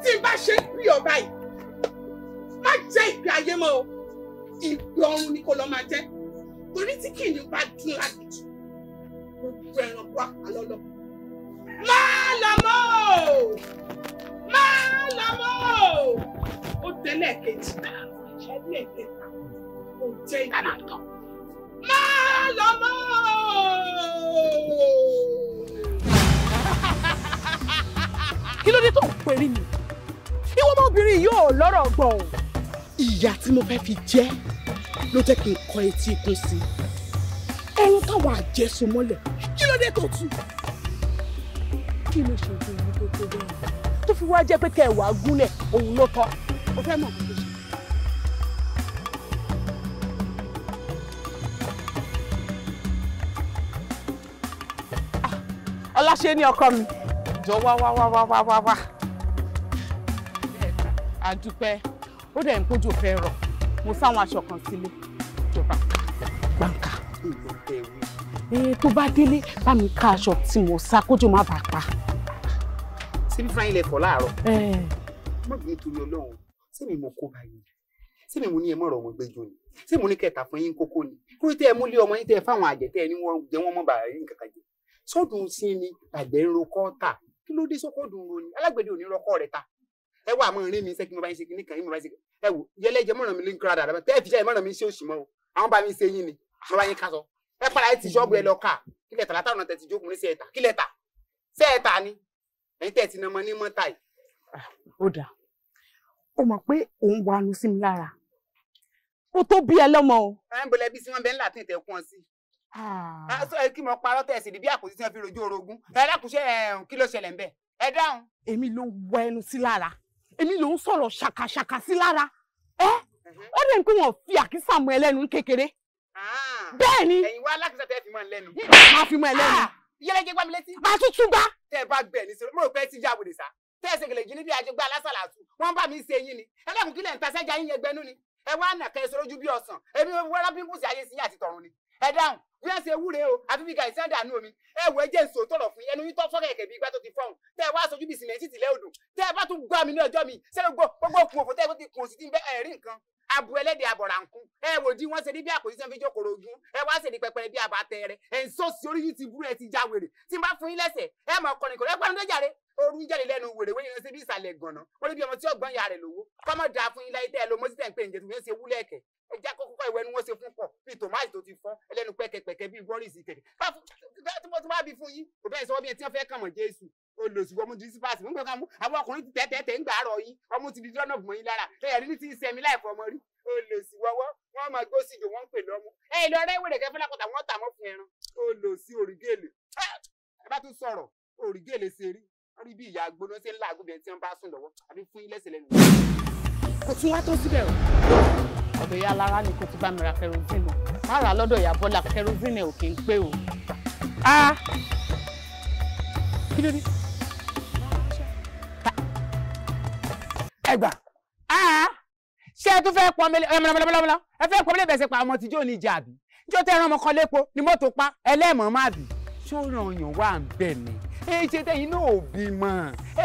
tí n bá ṣe ń pè ọ́ báyìí má jẹ́ ìgbé ayé mọ́ o ìgbé ọrùn ni kò lọ́ máa jẹ́ torí tí kìnìún bá dún lágbèjì gbogbo ẹranko àkàlọ́lọ́ má lọ mọ́ o má lọ mọ́ o ó tẹ́lẹ̀ kejì ẹ̀ẹ́dẹ̀ kẹta ó jẹ́ ìgbà má lọ mọ́ o. kí ló dé tó ń pè rí mi ìwọ ọmọbìnrin yóò lọ́rọ̀ gbọ̀ o. ìyá tí mo fẹ́ fi jẹ́ ló jẹ́ kí n kọ etí ikún sí i ẹran táwọn àjẹsùn mọ́lẹ̀ kí ló dé tó tú. kí ló ṣe ojú ìlú tó tó bẹ́ẹ̀ tó fi wá jẹ́ pé kẹ́ gúnlẹ̀ òun ló tọ́ o fẹ́ mọ̀ kó ṣe. Ah, ọláṣẹ́ ni ọkọ mi jọ wá wá wá wá wá wá wá. a dúpẹ́ ó dẹ̀ ń kójú fẹ́ rọ̀ mo sáwọn aṣọ kan sílé ìjọba gbàǹkà. tó bá délé bá mi ká aṣọ tí mo sá kójú má bàa pa. síbi fúnra ilẹ̀ kọ̀ láàárọ̀. má gbé torí ọlọ́run sí mi mo kó báyìí sí mi mo ní ẹ mọ̀rọ̀ ọmọ gbẹ́jọ ni sí mo ní kẹta fún yín kókó ni kúrò tẹ ẹ mú lé ọmọ yín tẹ fáwọn àjẹtẹ ẹ ní wọn jẹ wọn mọ bàrà yín kankan jẹ sọdún sí ni àgbẹ̀ ń ro kọ́ńtà kí ló dé sóko dùn ro ni alágbèdè ò ní rọkọ rẹ ta ẹ wà mọ rin mi sẹ kí mo bá yín ṣe kíní kan yín mo bá yín ṣe ẹ wò yẹlẹjẹ mọ̀ràn mi ló ń kíra dàda tẹ́ ẹ fi jáde mọ̀ràn mi ṣe òṣì mọ́ o àwọn bá mi ṣe yín ni mo bá yín ká sọ ẹ para ẹ ti ṣọ́ọ̀bù ẹ lọ ká kílẹ̀ tà látàrún tẹ̀ ti jókòó ní sí ẹ̀ta kílẹ̀ tà sí ẹ̀ta ni ẹ̀yin tẹ̀ ti nà mọ ní mọ́tà yìí. Ah, ó dà ó mọ̀ pé òun wà nù sí mi lára ó tó bí ẹ lọ́mọ o. ẹ ń bọ̀lẹ̀ bí sí wọn bẹ́ẹ̀ ńlá tẹ̀ tẹ̀ kún ọ sí i aṣọ ah. yìí ah, kí mo parọ́ tẹ̀sí ní bí àpótí tí wọ́n fi rojú orogún ẹ dákúnṣe ẹ̀hún kí ló ṣẹlẹ̀ ń bẹ̀ ẹ dáhùn. èmi ló ń wọ ẹnu sí lára èmi ló ń sọ̀rọ̀ ṣàkàṣàkà sí lára ẹ mhm. ó dẹ̀ ń pé wọ́n fi àkísà mọ́ ẹlẹ́nu kékeré. Ah. bẹ́ẹ̀ ni ẹ̀yin wá alákìsà tẹ́ fi mọ́ ẹlẹ́nu. máa fi mọ́ ẹlẹ́nu. yẹlẹjẹ gbá mi létí. máa tún tún gbá. tẹ ẹ bá gbẹ ní sọ mo rò pé ẹ ti já àbòdè sá tẹ ẹ ṣèkèlè jí níbi àjẹgbá alásàlàtú wọn bá mi ṣe yín ni ẹlẹ́kùn kílẹ̀ ń ta sẹ́jà yín yẹn gbẹnú ni ẹ wá nàkẹ́ sọ́rọ́jú bí ọ̀sán èmi wọ́n rábíngùsì ayé sí yín àti tọ̀run ni ẹ dáhùn bí wọ́n ṣe wúre o àfi bí kàìsí àdánù omi ẹ wọ ẹjẹ èso tọrọ fún ẹnu yín tó fọ́kẹ́ kẹ̀kẹ́ bí igbá tó ti fọ́hùn tẹ́ ẹ wá aṣojú bìsìn lẹ́yìn títí lẹ́ọ̀dùn tẹ́ ẹ bá tún gbá mi ní ọjọ́ mi sẹ́nu gbogbo òkun òfò tẹ́ ẹ ti kùn sí ti ń bẹ ẹ̀rí nǹkan abu ẹlẹ́dẹ̀ àbọ̀ràǹkún ẹ wò di wọ́n ṣe ní bí àpòjù sẹ́ńfẹ́ jókòrò ogun ẹ wá ṣe ní pẹpẹrẹ bí àbàtẹ rẹ ẹ ń sọ́ọ̀sì orí yìí ti burú ẹ ti já wèrè tí n bá fún yín lẹ́sẹ̀ ẹ mọ̀ ọkọ nìkan ẹ gbọ́dọ̀ dé jàre oru ń jáde lẹ́nu wèrè wọ́n yẹn ṣe bí ìsàlẹ̀ gànà wọ́n lé bí ọmọ tí ọgbọ́n ìyá rẹ̀ lówó kọ́mọ̀ dáa fún yín láyé tẹ́ ẹ lo mọ́sítẹ̀ ń pè ǹjẹ́ tó fi ń ṣe wúlẹ̀ ẹ̀kẹ́ ẹja kọ́kọ́ ìwẹ́ ni wọ́n ṣe fún pọ̀ bíi tòmáàtì tó ti fọ́ ẹlẹ́nu pẹ́kẹ́pẹ́kẹ́ bíi bọ́rìsì kẹ̀kẹ́ tí mo ti máa bí fún yín kò bẹ́ẹ̀ sọ bí ẹ ti fẹ́ kàn mọ́ Jésù olùsùgbọ́n mu disipasi nígbà kan mú àwọn ọkùnrin ti tẹ́tẹ́tẹ́ ń gbàárọ̀ yín ọmú ti di dọ́nà mọ́ yín lára ẹ̀rí ní ti ń sẹ́mi láìpọ̀ ọmọ rí olùsìwọ́wọ́ wọ́n máa gbó síjò wọ́n ń pè lọ́mú ẹ lọ rẹ́ wèrè kẹfẹ́ lákọ̀tà wọ́n tà mọ́ fún ẹran olùsí òrìgèlè ẹ bá tún sọ̀rọ̀ òrìgèlè ṣe rí rí bí ìyá gbóná ṣe ń láàgùn bẹ́ẹ̀ tí wọ́n bá sùn lọ́wọ́ àbí fún ilé ìṣẹ̀lẹ̀ nù. kò tún wá tó síbẹ̀ o ọ̀dọ̀ ìyá alára ni kò ti bá mi ra kerosene o má rà lọ́dọ̀ ìyá Bọ́lá kerosene ò kì í pé o. kí ló dé. ẹgbà ṣé ẹ tún fẹ́ pọn mi lọ́mọlọ́mọlọ́mọlọ́ ẹ fẹ́ pọn mi lẹ́bẹ̀ẹ́sẹ̀ pa ọmọ tíjọ́ ní ìjà àbí níjọ́ ẹran ọmọ kan lépo ni mọ́tò pa ẹlẹ́mọ̀ má bì ṣó ràn wà ń bẹ̀ ni ẹ ṣe tẹ́yìn náà ò bímọ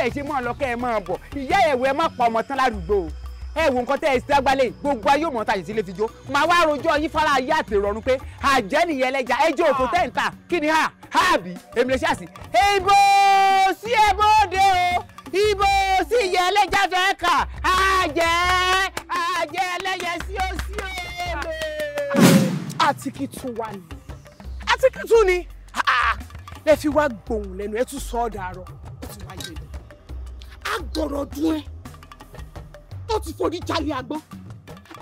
ẹ ṣe mọ́ ọ lọ ẹ máa bọ̀ ìyá ẹ̀wẹ̀ má pa ọmọ tán ládùúgbò ẹ wo nǹkan tẹ́ ẹ sí agbálẹ̀ gbogbo ayé òmò tàyè sílé fijó màá wá rojọ́ yín fara ayé àtẹ̀rọ̀rùn pé àjẹ́ nìyẹn ẹlẹ́jà ẹjọ́ òfò tẹ́ ń tà kí ni ha ha bí èmi lè ṣàṣì. ìbò sí ẹbọdẹ o ìbò sí ìyẹn ẹlẹ́jà fẹ́ kà àjẹ́ àjẹ́ ẹlẹ́yẹ sí ó sí èlò. àtìkìtù wa ni àtìkìtù ni lẹ fi wá gbòhùn lẹ́nu ẹ tún sọ ọ dàrọ ó ti wá yẹ mi àgọrọ dún ẹ ó ti forí jalè àgbọn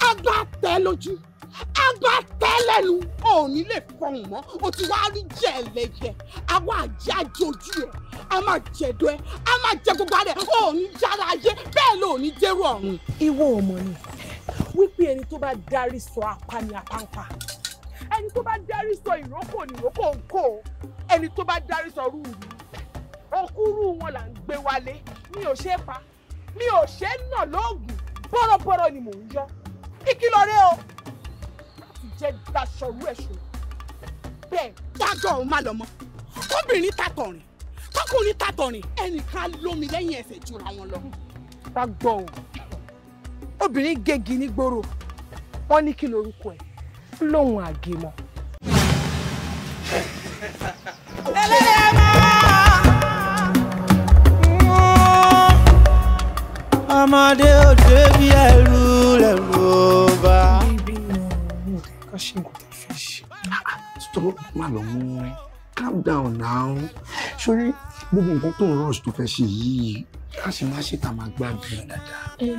àgbà tẹ lójú àgbà tẹ lẹ́nu òní lè fọhùn mọ́ o ti wá rí jẹ̀lẹ̀jẹ̀ àwọn àjẹ́ àjòjú ẹ̀ a máa jẹ̀dọ̀ ẹ̀ a máa jẹ gbogbo rẹ̀ òní yára ayé bẹ́ẹ̀ ló ní dérò ọ̀run. ìwọ ọmọ ni wípé ẹni tó bá darí sọ apá ni apá ń pa ẹni tó bá darí sọ ìrókò ni ìrókò ń ẹni tó bá darí sọ rúurú ọkùnrin wọn là ń gbé wálé ní òṣèpá mi ò ṣe é nà lóògùn bọ́rọ̀bọ́rọ̀ ni mò ń yọ ìkìlọ̀ rẹ o láti jẹ́ daṣọrú ẹ̀ṣọ́ bẹ́ẹ̀. dájọ́ òun má lọ mọ́ kóbìnrin ta tọ̀rìn kọkùnrin ẹnìkan lómi lẹ́yìn ẹsẹ̀ jura wọn lọ. ta gbọ́ obìnrin gègì ní gbòòrò wọn ní kí lorúkọ ẹ lóhun àgèmọ. ẹlẹ́yàmẹ́. ọmọdé ò débi ẹrú lẹ́rù bá. ká ṣe nǹkan tó fẹ́ ṣe. stop má lọ mú un calm down now sórí gbogbo nǹkan tó ń rush tó fẹ́ ṣe yìí ká sì má ṣe tá a máa gbàgbé dáadáa.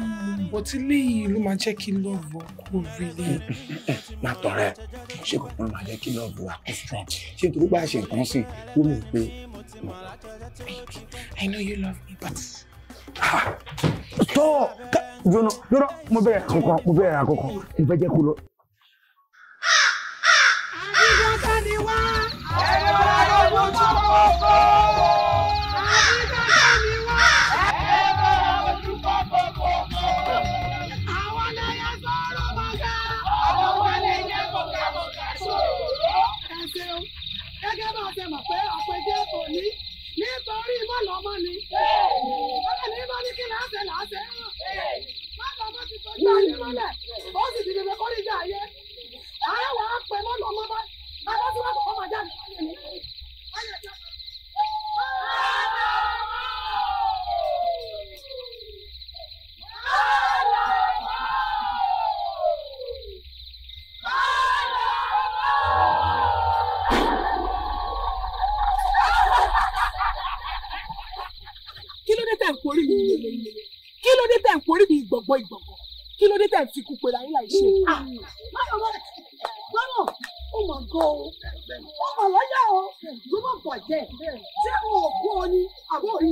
bọ́tí léyìí ló máa jẹ́ kí lọ́ọ̀bù kó rí má tọrẹ ṣé kò tán máa jẹ́ kí lọ́ọ̀bù wa strong ṣé nítorí bá a ṣe nǹkan sìn ló mọ̀ pé. I know you love me but tọ́ jọ̀nà jọ̀nà mo bẹ̀rẹ̀ kankan mo bẹ̀rẹ̀ kankan mo fẹ́ jẹ́ kó lọ. àbíkọ́tà gẹ́gẹ́ bá a ṣe mọ̀ pé ọ̀pẹ̀jẹ̀ kò ní nítorí mọ̀lọ́mọ́ ni ní kí là á ṣe là á ṣe é má lọ bá ti tọ́jú ayé mọ́lẹ̀ ó sì ti dìbò kó níjà ayé ààrẹ wàá pẹ mọ́ lọ mọ́ bá alásùwàkọ̀ ọmọ jáde láyé mi. tẹ̀ ń porí mi yẹlẹyẹlẹ kí ló dé tẹ̀ ń porí mi ìgbọ̀gbọ̀ ìgbọ̀gbọ̀ kí ló dé tẹ̀ ń fi kú láyé láì ṣe. Ah, báyọ̀ bá gbọ́dọ̀ ó mọ̀ gan o ó mọ̀ lọ́yà o ló mọ̀ bọ̀ jẹ́ ò kú ọ ní àbọ̀ òrí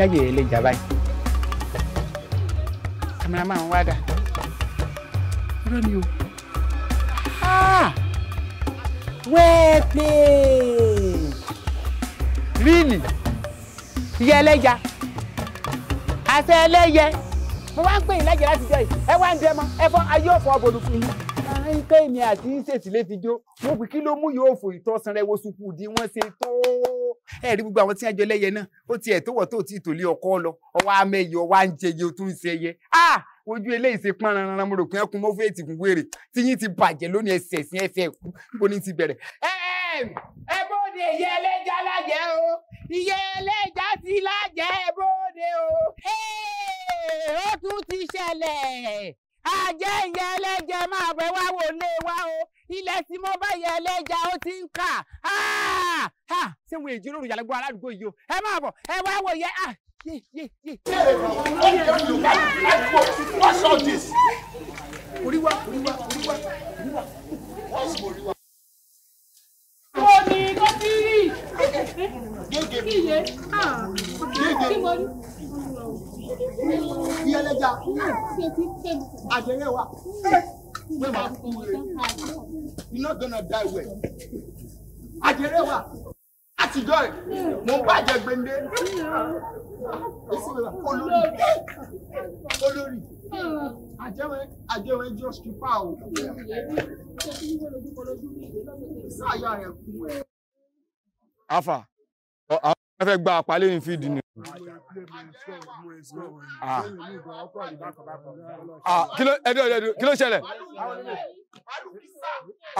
ayé ẹ lè jà báyìí kàmínà wá dà irọ́ ni o ah! well played really ìyá ẹlẹ́ja àṣẹ ẹlẹ́yẹ mo wá ń pè yín lẹ́jẹ̀ láti jẹ́ yìí ẹ wá ń dẹ́mọ ẹ fọ́ ayé ọ̀fọ̀ ọ̀bọ̀dù fún yín. káńkà èmi àti ṣèṣì lè fi jó mo pè kí ló mú yóò fò ìtọ́sán rẹ wo sùkúù di wọ́n ṣe tó ẹ̀rí gbogbo àwọn tí wọ́n jọ lẹ́yẹ náà tiẹ̀ tó wọ̀ tó ti tòlé ọkọ lọ ọwọ́ amẹ́yẹ ọwọ́ àǹjẹyẹ tó ń ṣẹyẹ ojú eléyìí ṣe pọn ranran mo rò pé ẹkún mọ́fẹ́ ètì kún wèrè tí yín ti bàjẹ́ lónìí ẹsẹ̀ sí ẹsẹ̀ kú níbo ni ti bẹ̀rẹ̀. ẹ ẹ bóde iye ẹlẹ́jà lájẹ́ o iye ẹlẹ́jà ti lájẹ́ bóde o ó tún ti ṣẹlẹ̀ àjẹ́ ìyá ẹlẹ́jẹ̀ máa bẹ̀ wá wò lé wa o ilẹ̀ tí mo bá yẹ ẹlẹ́jà ó ti ń kà á ah! ah! ṣé wọn èjì olóòrùn yàrá gbọ́ aládùúgbò yìí o ẹ máa bọ̀ ẹ wá wò ah! yẹ á. What's all this? Oríwá, oríwá, oríwá, oríwá. What's oríwá? Mo ní kó ti rí. Gègé. Kí ni? Kí mo ní? iyẹlẹja àjẹrẹ wa pé màá kú rẹ you no gonna die well àjẹrẹ wa àtijọ́ ẹ̀ mò ń bàjẹ́ gbende olórí olórí àjẹwẹ àjẹwẹ jọ skipa o sáyà rẹ kú ẹ. afa ẹ fẹ́ gba àpálẹ́ ní fídì ni. Ah, kí ló ẹdí ọdẹ kí ló ṣẹlẹ̀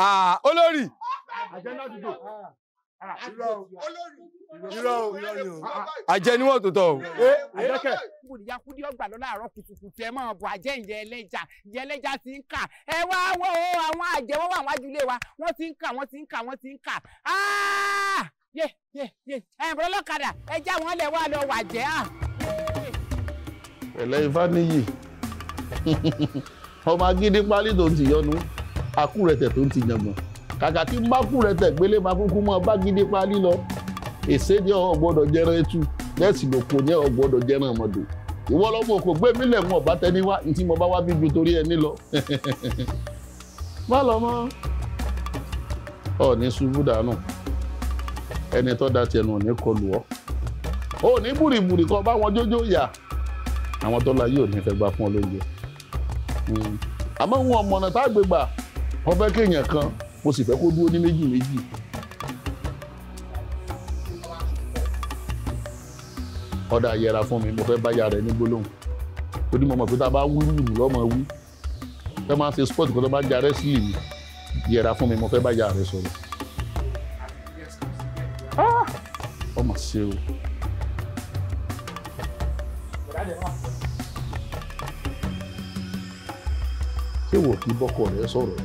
ah, olórí àjẹ ah, ni wọn tó tọ o. àjẹkẹ. kùdìyàkùdì ọgbà lọ láàárọ̀ kùtùkùtù ẹ máa bọ àjẹ ìyẹ ẹlẹ́jà ìyẹ ẹlẹ́jà ti ń kà ẹ wá wọ àwọn àjẹ wọn wà wájú ilé wa wọ́n ti ń kà wọ́n ti ń kà wọ́n ti ń kà yé yé yé ẹ̀bùrọ̀ lọ́kadà ẹ já wọn lẹ̀ wá lọ wàjẹ́ à. Ah. pẹ̀lẹ́ ifá níyì ọmọ agídí pálí tó ń ti yọnu akúrẹ̀tẹ̀ tó ń ti yàngbọ̀n kàkà tí bá kúrẹ̀tẹ̀ gbélé máa kúkú mọ́ bá gídí pálí lọ èsè ní ọ̀hún gbọ́dọ̀ jẹran etu bẹ́ẹ̀sì lòkò ní ọ̀hún gbọ́dọ̀ jẹran ọmọdé ìwọ lọ́mọ kò gbé mílẹ̀ wọn ọ̀bá tẹni wá ní tí mo bá wá bíbi torí ẹni lọ má lọ mọ́ ọ̀ ní ṣubú dànù ẹni tó da tiẹ̀ nù ní kọlù ọ́ ò ní búrìbúrì kan bá wọn jójó yà àwọn tó la yóò ní fẹ́ gba fún ọ lóúnjẹ hmm. àmọ́ wọn ọmọ tá a gbé gbà wọ́n fẹ́ kéèyàn kan mo sì fẹ́ kó dúró ní méjì méjì. ọ̀dà yẹra fún mi mo fẹ́ bá yàrá ẹni gbólóhùn ó ní mo mọ̀ pé tá a bá wí lùlù lọ́mọ wí fẹ́ máa ṣe sport kan tó bá jarẹ́ sí ìlú yẹra fún mi mo fẹ́ bá yàrá ẹ sọ̀rọ̀ ọmọ Marcelo, o. ṣé wò kí bọ́kọ rẹ sọ̀rọ̀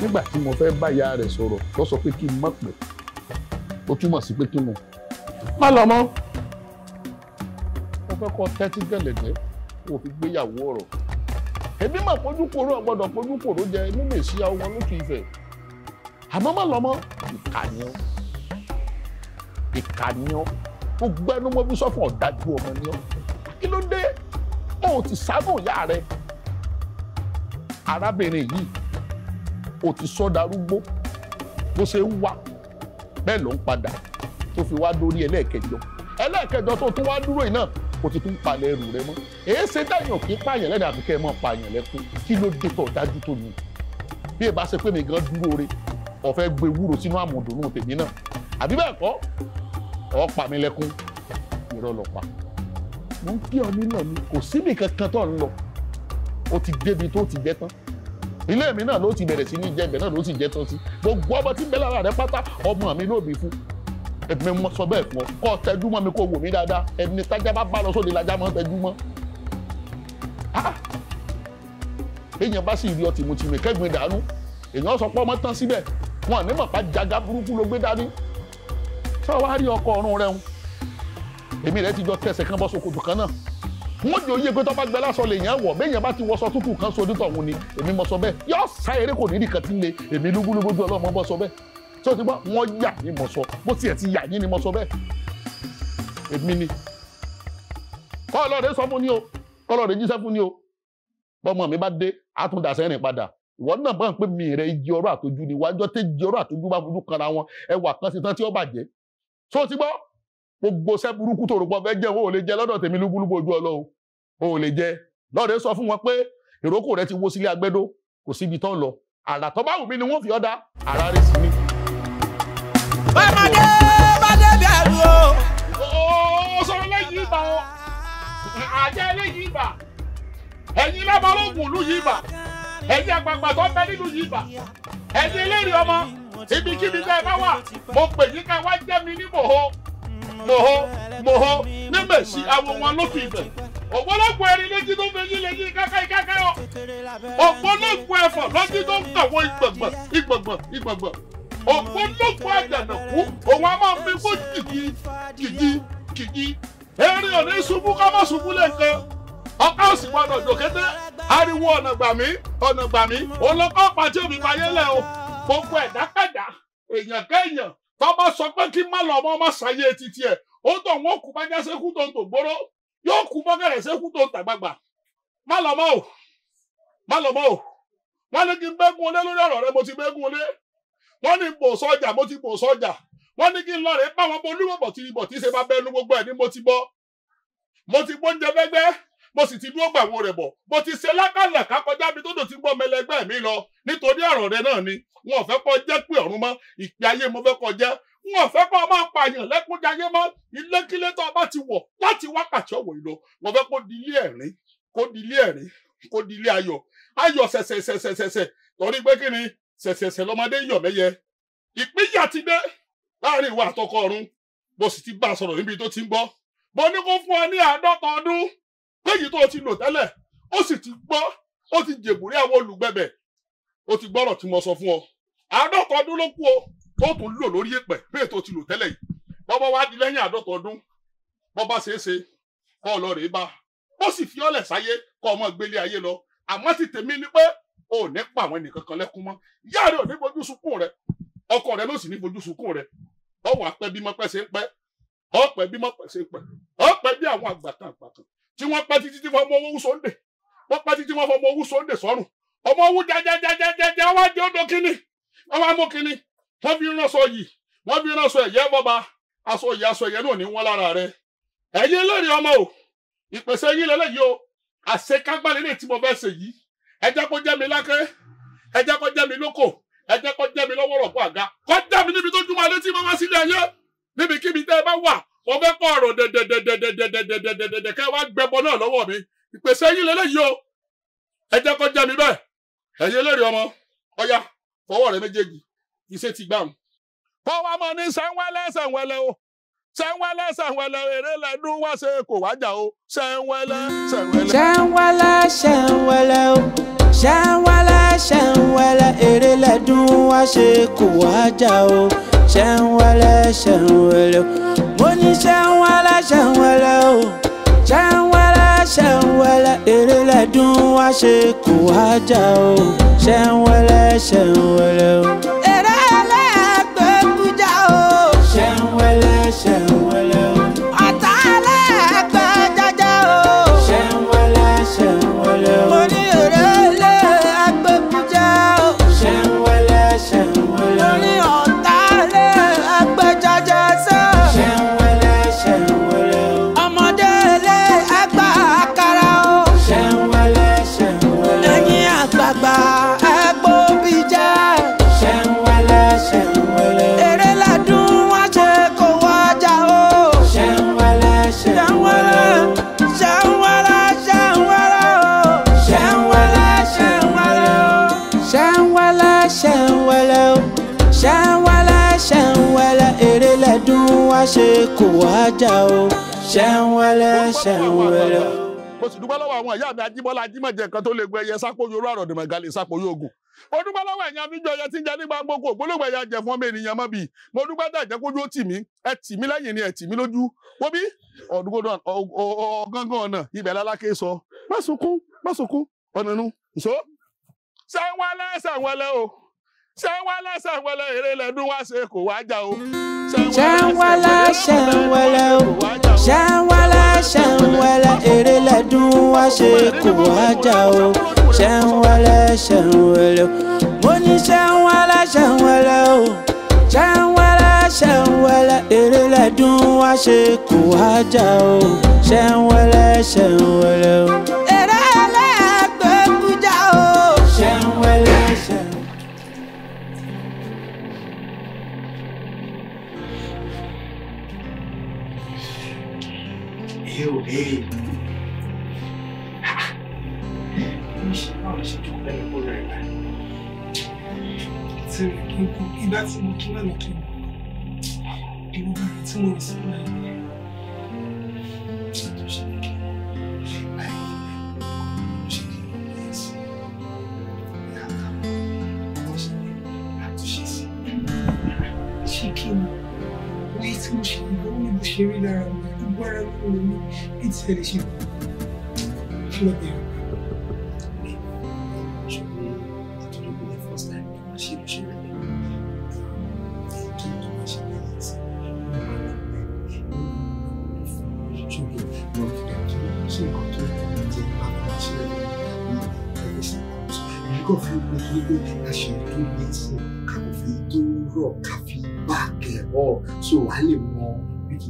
nígbà tí mo fẹ́ báyà rẹ̀ sọ̀rọ̀ lọ sọ pé kí n mọ̀ pé ó túmọ̀ sí pé kí n mọ̀ má lọ mọ́ mo fẹ́ kọ́ tẹ́tí gẹ̀lẹ́gẹ́ kó o fi gbéyàwó ọ̀rọ̀ èmi mà pójú kòró ọ̀gbọ́dọ̀ pójú kòró jẹ inú mi sí àwọn olókìí fẹ̀ àmọ́ má lọ mọ́ ìkànnì o ìka ni ọ́ tó gbẹ́nu mọ́bí sọ́fún ọ̀dájú ọmọ ni ọ́ kí ló dé o ò ti ṣàánú ìyá rẹ arábìnrin yìí o ti sọ darúgbó bó ṣe ń wá bẹ́ẹ̀ ló ń padà tó fi wá dórí ẹlẹ́ẹ̀kẹjọ ẹlẹ́ẹ̀kẹjọ tó tún wá dúró yìí náà o ti tún palẹ̀ ẹrù rẹ mọ́ èyí ṣe dáyàn kí pààyàn lẹ́nu àbí kẹ́ ẹ mọ́ pààyàn lẹ́kún kí ló dé tọ̀ dájú tó ni bí ẹ bá ṣe pé mi gan dúró re ọ̀fẹ́ gbé wúro sínú àmọ̀dùnú tèmi náà àbí bẹ́ẹ̀ kọ́ ọ̀ pa mí lẹ́kún irọ́ lọ pa mo ń kí ọ nínà ni kò síbi kankan tó ń lọ o ti débi tó ti jẹ tán ilé mi náà ló ti bẹ̀rẹ̀ sí ní jẹ́ ibẹ̀ náà ló ti jẹ́ tán sí gbogbo ọmọ tí ń bẹ lára rẹ pátá ọmọ mi ló bí fún ẹ̀mí mo sọ bẹ́ẹ̀ fún ọ kọ́ ọ tẹjú mọ́ mi kó wò mí dáadáa ẹni tájá bá bá lọ sóde lajá mọ́ tẹjú mọ́ èèyàn bá sì rí ọtí mo ti rìn kẹ́gbìn dànù èèyàn sọ pé ọmọ tán síbẹ̀ wọn àní mọ̀ pa jaga burúkú ló gbé dání sọ wá rí ọkọ ọ̀run rẹ̀ ń èmi rẹ̀ ti jọ tẹsẹ̀ kan bọ́ sókòtò kan náà wọ́n jẹ́ oyè pé tọ́ba gbẹ lásán lè yàn wọ̀ bẹ́ẹ̀ yẹn bá ti wọṣọ tútù kan sódì tọ̀hún ni èmi mọ̀ sọ bẹ́ẹ̀ yọ sá eré kò ní ìdí kan ti le èmi lúgúlúgú ju ọlọ́mọ bọ́ sọ bẹ́ẹ̀ tí o ti gbọ́ wọ́n yà ní mọ̀ sọ bó tiẹ̀ ti yà ní ni mọ̀ sọ bẹ́ẹ̀ èmi ni kọ́ ọlọ́ọ̀dẹ sọ fún ni o kọ́ ọlọ́ọ̀dẹ jíṣẹ́ fún ni o bọ́mọ mi bá dé àtúndàsẹ́rìn padà ìwọ náà bá ń pè mí rẹ igi ọ̀rọ̀ àtọjú ni wájọ tẹ igi ọ̀rọ̀ àtọjú bá fojú kanra wọn ẹwà kan sí tí ó bàjẹ́ so ti gbọ́ gbogbo ṣẹ́ burúkú tó rògbọ́n fẹ́ jẹ́ o ò lè jẹ lọ́dọ̀ tèmi lúgbúlúgbò ojú ọlọ́run o ò lè jẹ lọ́ọ̀dẹ sọ fún wọn pé ìrókò rẹ ti wó sílé agbẹ́dó kò síbi tán lọ àrà tó bá wù mí ni wọ́n fi ọ́ dá àrà rẹ̀ sí ni. bàmàdé bàdé bí àrùn o. ó sọ̀rọ̀ lẹ́yìn ìgbà o àjẹ́ lẹ́yìn ìgbà ẹ̀yin lábàárọ̀ ògùn ìlú yìí ìgbà ẹ̀yin àgbààgbà tó ń bẹ nínú yìí ìgbà ẹ̀yin eléèrè ọmọ ibikíbi tẹ́ ẹ bá wà mo pè yín ká wá jẹ́ mi ní mòho mòho mòho nígbèsí awo wọn lókè ibẹ̀ ògbólógbò erin lójú tó fẹ́ yín lẹ́yìn káká ìkáká ọ ògbólógbò ẹ̀fọ́ lójú tó ń tàwọ ìgbọ̀ngbọ̀n ìgbọ̀ngbọ̀n ìgbọ̀ngbọ̀n ògbólógbò àjànàkú òun a máa fi kó jìgì jìgì jìgì erin ò ní ṣubú ká má ṣubú lẹ́ẹ̀kan ọkọ òsì gbọ́dọ̀ jòkété ariwo ọ̀nà gbàmí ọ̀nà gbàmí olókọ́ pàjẹ́ mi payé lẹ́ o. gbogbo ẹ̀dákàdá èèyàn kẹ́yàn tó bá sọ pé kí má lọ ọmọ ọmọ sáyé títí ẹ̀ ó tọ̀ wọ́n kú bá já sékú tó ń tò gbóró yóò o má lọ mọ́ o wọ́n ní kí n bẹ́gun lórí ọ̀rọ̀ mo ti ní bò sọ́jà mo ti bò sọ́jà wọ́n ní kí n lọ bọ̀ tí tí ṣe bá bẹ́ẹ̀ gbogbo ẹ̀ mo sì ti dúró gbàwo rẹ̀ bọ̀ mo ti ṣe lákàlàkà kọjá mi tó dò ti gbọ́ mẹlẹgbẹ́ mi lọ nítorí ọ̀rọ̀ rẹ náà ni wọn ò fẹ́ kọ́ jẹ́ pé ọ̀run mọ́ ìpè ayé mo fẹ́ kọ́ jẹ́ wọn ò fẹ́ kọ́ ọ máa pààyàn lẹ́kúnjayé mọ́ ilékílé tó bá ti wọ̀ láti wákàtí ọ̀wọ̀ ìlò wọn fẹ́ kó di ilé ẹ̀rín kó di ilé ẹ̀rín kó di ilé ayọ̀ ayọ̀ sẹ̀sẹ̀sẹ̀sẹ̀sẹ̀ torí pé kí ni sẹ̀sẹ̀sẹ̀ lọ́mọdé yọ̀ mẹ́yẹ ìpínyà ti dé láàrin ìwà àtọkọ ọ̀run mo sì ti bá a sọ̀rọ̀ níbi tó ti ń bọ̀ mo ní kó fún ọ ní àádọ́ta ọdún léyìí tó o ti lò tẹ́lẹ̀ ó sì ti gbọ́ ó ti jègùrí àwọn olùgbẹ̀bẹ̀ ó ti gbọ́rọ̀ tí mo sọ fún ọ àádọ́ta ọdún ló kù o tó tún lò lórí èpẹ̀ bẹ́ẹ̀ tó ti lò tẹ́lẹ̀ yìí bọ́bá wá di lẹ́yìn àádọ́ta ọdún bọ́bá ṣeé ṣe kọ́ ọ lọ rèé bá ó sì fi ọ́lẹ̀ sáyé kọ́ ọmọ gbélé ayé lọ àmọ́ ti tèmi ni pé o ò ní pa àwọn ènìyàn kan lẹ́kún mọ́ ìyá rẹ ò ní fojú sunkún rẹ ṣe ń pẹ́ ọ̀pẹ́ bí àwọn àgbàtàn àgbàtàn tí wọ́n pa títí tí wọ́n mọ owó Sunday wọ́n pa títí wọ́n fọmọ owó Sunday sọ́run ọmọ owó jajajajajaja wá di odò kínní wọ́n wá mú kínní wọ́n fi ránṣọ yìí wọ́n fi ránṣọ ẹ̀yẹ́ bọ́ba aṣọ ìyá aṣọ ìyẹ́ náà ní wọ́n lára rẹ̀ ẹ̀yin eléèrè ọmọ o ìpèsè yín lẹ́lẹ́yìí o àṣekágbálẹ̀ lè tí mo fẹ́ ṣe yìí ẹ jẹ́ kó jẹ́ mi lákẹ́ ẹ jẹ́ kó jẹ́ mi lóko ẹ jẹ́ kó jẹ́ mi lọ́wọ́rọ̀ fún àga kó jẹ́ mi níbi tó dúnmọ́ létí mọ́ wá sílé ayé níbikíbi tẹ́ ẹ bá wà mo fẹ́ kọ́ ọ̀rọ̀ dẹ̀dẹ̀dẹ̀dẹ̀dẹ̀dẹ̀dẹ̀dẹ̀ kẹ́ wá gbẹbọ náà lọ́wọ́ mi ìpèsè yín lélẹ́yìí o ẹ jẹ́ kó jẹ́ mi bẹ́ẹ̀ ẹ̀yin eléèrè ọmọ ọya fọwọ́ rẹ méjèèjì ìṣe ti gbà mú. kọ́ wa ní sẹ́ńwẹ́lẹ́ sẹ́ńwẹ́lẹ́ o sẹ́ńwẹ́lẹ́ sẹ́ńwẹ́lẹ́ eré lẹ́dún wá ṣe kò o sẹ́ńwẹ́lẹ́ sẹ́ńwẹ́lẹ́. sẹ́ńwẹ́lẹ́ sẹ́ńwẹ́lẹ́ o sẹ́ńwẹ́lẹ́ sẹ́ńwẹ́lẹ́ eré ṣe ń wẹlẹ ṣe ń wẹlẹ o mo ní ṣe ń o ṣe ń wẹlẹ ṣe ń wẹlẹ èrè lẹ́dùn wá o ṣe ń o. jà o ṣẹ́ń wẹ́lẹ́ ṣẹ́ń wẹ́lẹ́. mo sì dúpẹ́ lọ́wọ́ àwọn ìyá mi ajíbọ́lá ajímọ̀jẹ̀ kan tó lè gbé ẹyẹ sápòyò rú àròdìmọ̀ ìgàlè sápòyò ogun mo dúpẹ́ lọ́wọ́ ẹ̀yin abíjọ ẹyẹ tí ń jẹ nígbà gbogbo ògbólógbò ẹ̀yà jẹ fún ọmọ ènìyàn mọ́ bíi mo dúpẹ́ dà jẹ́ kójú ó tì mí ẹ tì mí lẹ́yìn ni ẹ tì mí lójú wo bí ọ̀gángán ọ̀nà ibẹ̀ lálákè sọ má sunkún ọ̀nà nu nso. sẹ́wọ́lẹ́ sẹ́wọ́lẹ́ o sẹ́wọ́lẹ́ sẹ́wọ́lẹ́ eré lẹ́dún wá ṣe ṣàǹwálà ṣàǹwálà o ṣàǹwálà ṣàǹwálà èrè lẹ́dùn wá ṣe kò wájà o ṣàǹwálà ṣàǹwálà o mo ní ṣàǹwálà ṣàǹwálà o ṣàǹwálà ṣàǹwálà èrè lẹ́dùn wá ṣe kò wájà o ṣàǹwálà ṣàǹwálà o. Meu rei. Ìgbà tí mo kí náà kí ni, ìwọ̀n tí agbára lóru mi ní ti ẹ lè ṣe fún ọdẹ rẹ ṣùgbọ́n nítorí pé the first time tó máa ṣe ló ṣe rẹ lẹ́yìn tó máa ṣe lẹ́yìn tí mo máa lọ pẹ́ ṣùgbọ́n mo ti dẹ̀ tó máa ṣe nǹkan tó yẹ kí n máa ṣe lẹ́yìn tàbí ẹgbẹ́ sí kọ́ọ̀tù èmi so wàá lè mọ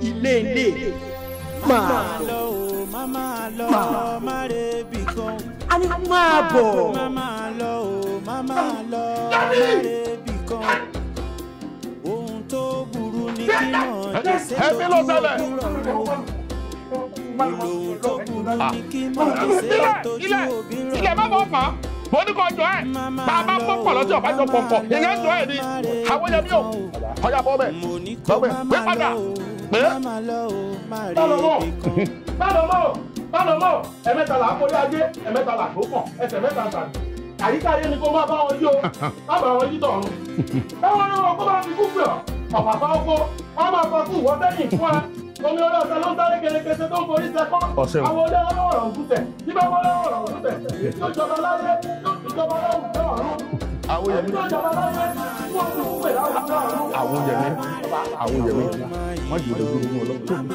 ilé ilé máa lọ máa lọ máa rebi kan. a ní máa bọ̀. máa lọ máa ah, lọ máa rebi kan. ohun tó burú ni kí mọ̀ jẹ́ sẹ́yìn tó burú rọ̀ ilẹ̀ ilẹ̀ má bọ̀ fà á bọ́dúkọ̀ ọjọ́ ẹ̀ bá a bá pọ̀ pọ̀ ìyẹn jọ ẹ̀ ni àwọn yẹn mi ọjà bọ́ bẹ̀ bọ́ bẹ̀ pé padà pé. bálọ̀mọ́ bálọ̀mọ́ bálọ̀mọ́ ẹ̀mẹ́ta là á kórè ajé ẹ̀mẹ́ta là tó kàn ẹsẹ̀ mẹ́ta sàn àyíká ayé ni kó má bá wọn yí o má bá wọn yí tọ̀run ẹ wọn ní wọn kó máa fi kú pè ọ ọ̀pàpá ọkọ wọn máa fa kú sẹ́yìn fún ẹ omi ọdọ ọsẹ ló ń sáré kẹrẹkẹsẹ tó ń forí sẹkọ àwọn olè ọlọ́rọ̀ òkútẹ bíbẹ wọlé ọ̀rọ̀ òkútẹ yóò jọba láyé yóò jọba láwùjọ ọ̀run. Àwòyẹmí Àwòyẹmí Àwòyẹmí má jù lójú ní ọlọ́run tó mi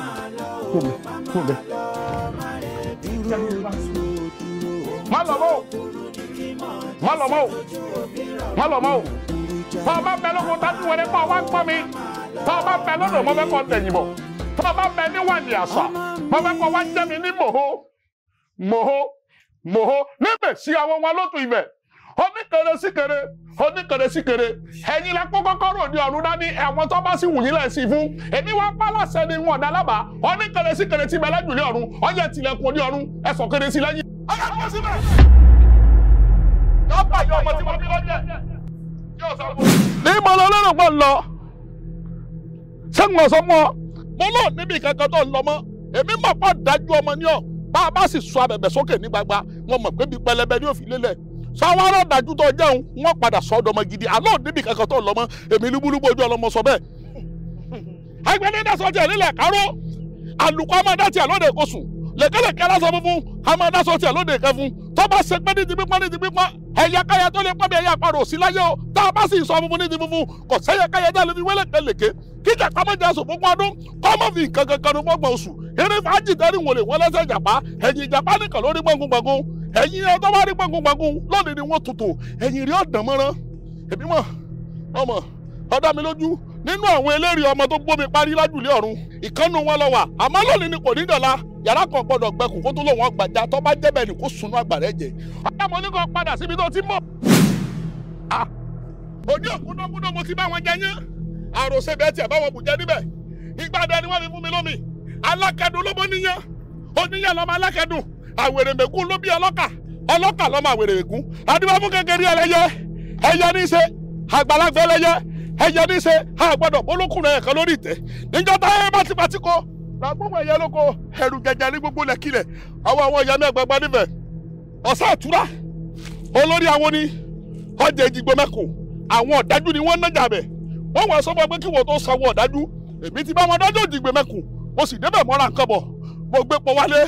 tó mi tó mi. Má lọ mọ́ o má lọ mọ́ o má lọ mọ́ o tọ́ ọ bá bẹ lóko tájú wẹrẹ kọ́ wá ń pọ́ mi tọ́ ọ bá bẹ lọ́dọ̀ mọ́ fẹ́ kọ́ tẹ̀yìn bọ̀ tọ́ ọ bá bẹ níwájú àṣà mọ́ fẹ́ kọ́ wá jẹ́ mi ní mòho mòho mòho níbẹ̀ sí àwọn wọn lótú ibẹ̀ oníkèrè síkèrè oníkèrè síkèrè ẹ̀yin la kọ́kọ́kọ́ rò ní ọ̀run dání ẹ̀wọ̀n tó bá sì wù yín lẹ́sìn fún èmi wá pálọ̀sẹ̀ ni wọn dálábà oníkèrè síkèrè ti bẹ̀rẹ̀ jù ní ọ̀run ọyẹ tilẹ̀kùn ní ọ̀run ẹ̀sọ̀ kéré sí lẹ́yìn. ọlọ́pàá síbẹ̀ yọ̀ọ́ bàyọ̀ ọmọ tí wọ́n fi lọ́jẹ̀ yóò sọ fún mi. ní ìmọ̀lẹ́ ọlọ́run pọ̀ lọ ṣé ń sọ mọ́ mo lọ níbi kankan tó ń lọ mọ́ èmi mọ̀ pọ̀ dájú ọmọ ní ọ bá a bá sì sọ abẹ̀bẹ̀ sókè ní gbagba wọn mọ̀ pé bí pẹlẹbẹ ni òfin lélẹ̀ sọ àwọn aládàájú tó jẹun wọn padà sọ ọdọmọ gidi àlọ́ níbi kankan tó lọ́mọ èmi lúbúlúbú ojú ọlọmọ sọ bẹ́ẹ̀. agbẹ́ni dasọ tiẹ̀ nílẹ̀ káró àlùkò amadá tiẹ̀ lóde kóṣù lẹ́kẹ́lẹ́kẹ́ lásọ funfun amadá sọ tiẹ̀ lóde kẹfun tó bá ṣe pé ní ti pípọ́n ní ti pípọ́n ẹ̀yàkáyà tó lè pọ́nmi ẹ̀yà àparò sí láyé o tá a bá sì sọ funfun ní ti funfun kò sẹ́yàkáyà tá a lè fi wẹ́lẹ̀kẹ́ lèké kíjà kọ́mọ́jà sùn fún ọdún kọ́mọ́ fi nǹkan kankan ní gbọ́ngbọ̀n oṣù eré fàájì tẹ́rì wọlé wọlé sẹ́jàpá ẹ̀yìn ìjàpá nìkan lórí gbọ̀ngbọ̀ngbọ̀ngbọ̀n ẹ̀yin ọ̀tọ́ bá rí gbọ̀ngbọ̀ngbọ̀ngbọ̀n lónìí ni wọ́n tutù ẹ̀yin rí ọ̀dàn mọ́rán èmi mọ̀ ọmọ ọ̀dà mi lójú nínú àwọn eléèrè ọmọ tó gbómi parí lájùlé ọ̀run ìkànnù wọn lọ wà àmọ́ lónìí ni kò ní dọ̀la yàrá kan gbọ́dọ̀ gbẹkù kó tó lòun ọgbàjà tó bá jẹ́bẹ̀ ni kó sunú àgbàrẹ́ jẹ. ọ̀dà mo ní kó padà síbi tó ti mọ̀. òní òkúndókúndó mo ti bá wọn jẹ yín àròsè bẹ́ẹ̀ tiẹ̀ báwọn bùjẹ́ níbẹ̀ ìgbàdàn ni wọ́n fi fún mi lómi alákẹ́dùn ló bó níyàn oníyàn lọ́mọ alákẹ́dùn àwèrèmẹ̀kún ló bí ọlọ́kà ọlọ́kà lọ́mọ àwèrèmẹ̀kún adébáfún kékeré ẹlẹ́yẹ ẹyẹ ní í ṣe ẹlẹ́yẹ ẹyẹ ní í àgbọ̀dọ̀ ha ẹ̀kan lórí ìtẹ́ níjọ́ táyé bátibátí kó làgbóhùn ẹ̀yẹ lóko ẹ̀rù jẹjẹ ní gbogbo lẹ́kílẹ̀ àwọn àwọn ìyá mẹ́gbẹ̀gbẹ́ níbẹ̀ ọ̀sá àtúrà olórí àwọn ni ọjà ìjìgbó mẹ́kùn àwọn ọ̀dájú ni wọ́n ń nájà bẹ̀ wọ́n wọ́n sọ pé kí wọ́n tó sanwó ọ̀dájú èmi ti bá wọn mo sì débẹ̀ mọ́ra nǹkan bọ̀ mo gbé pọ̀ wálé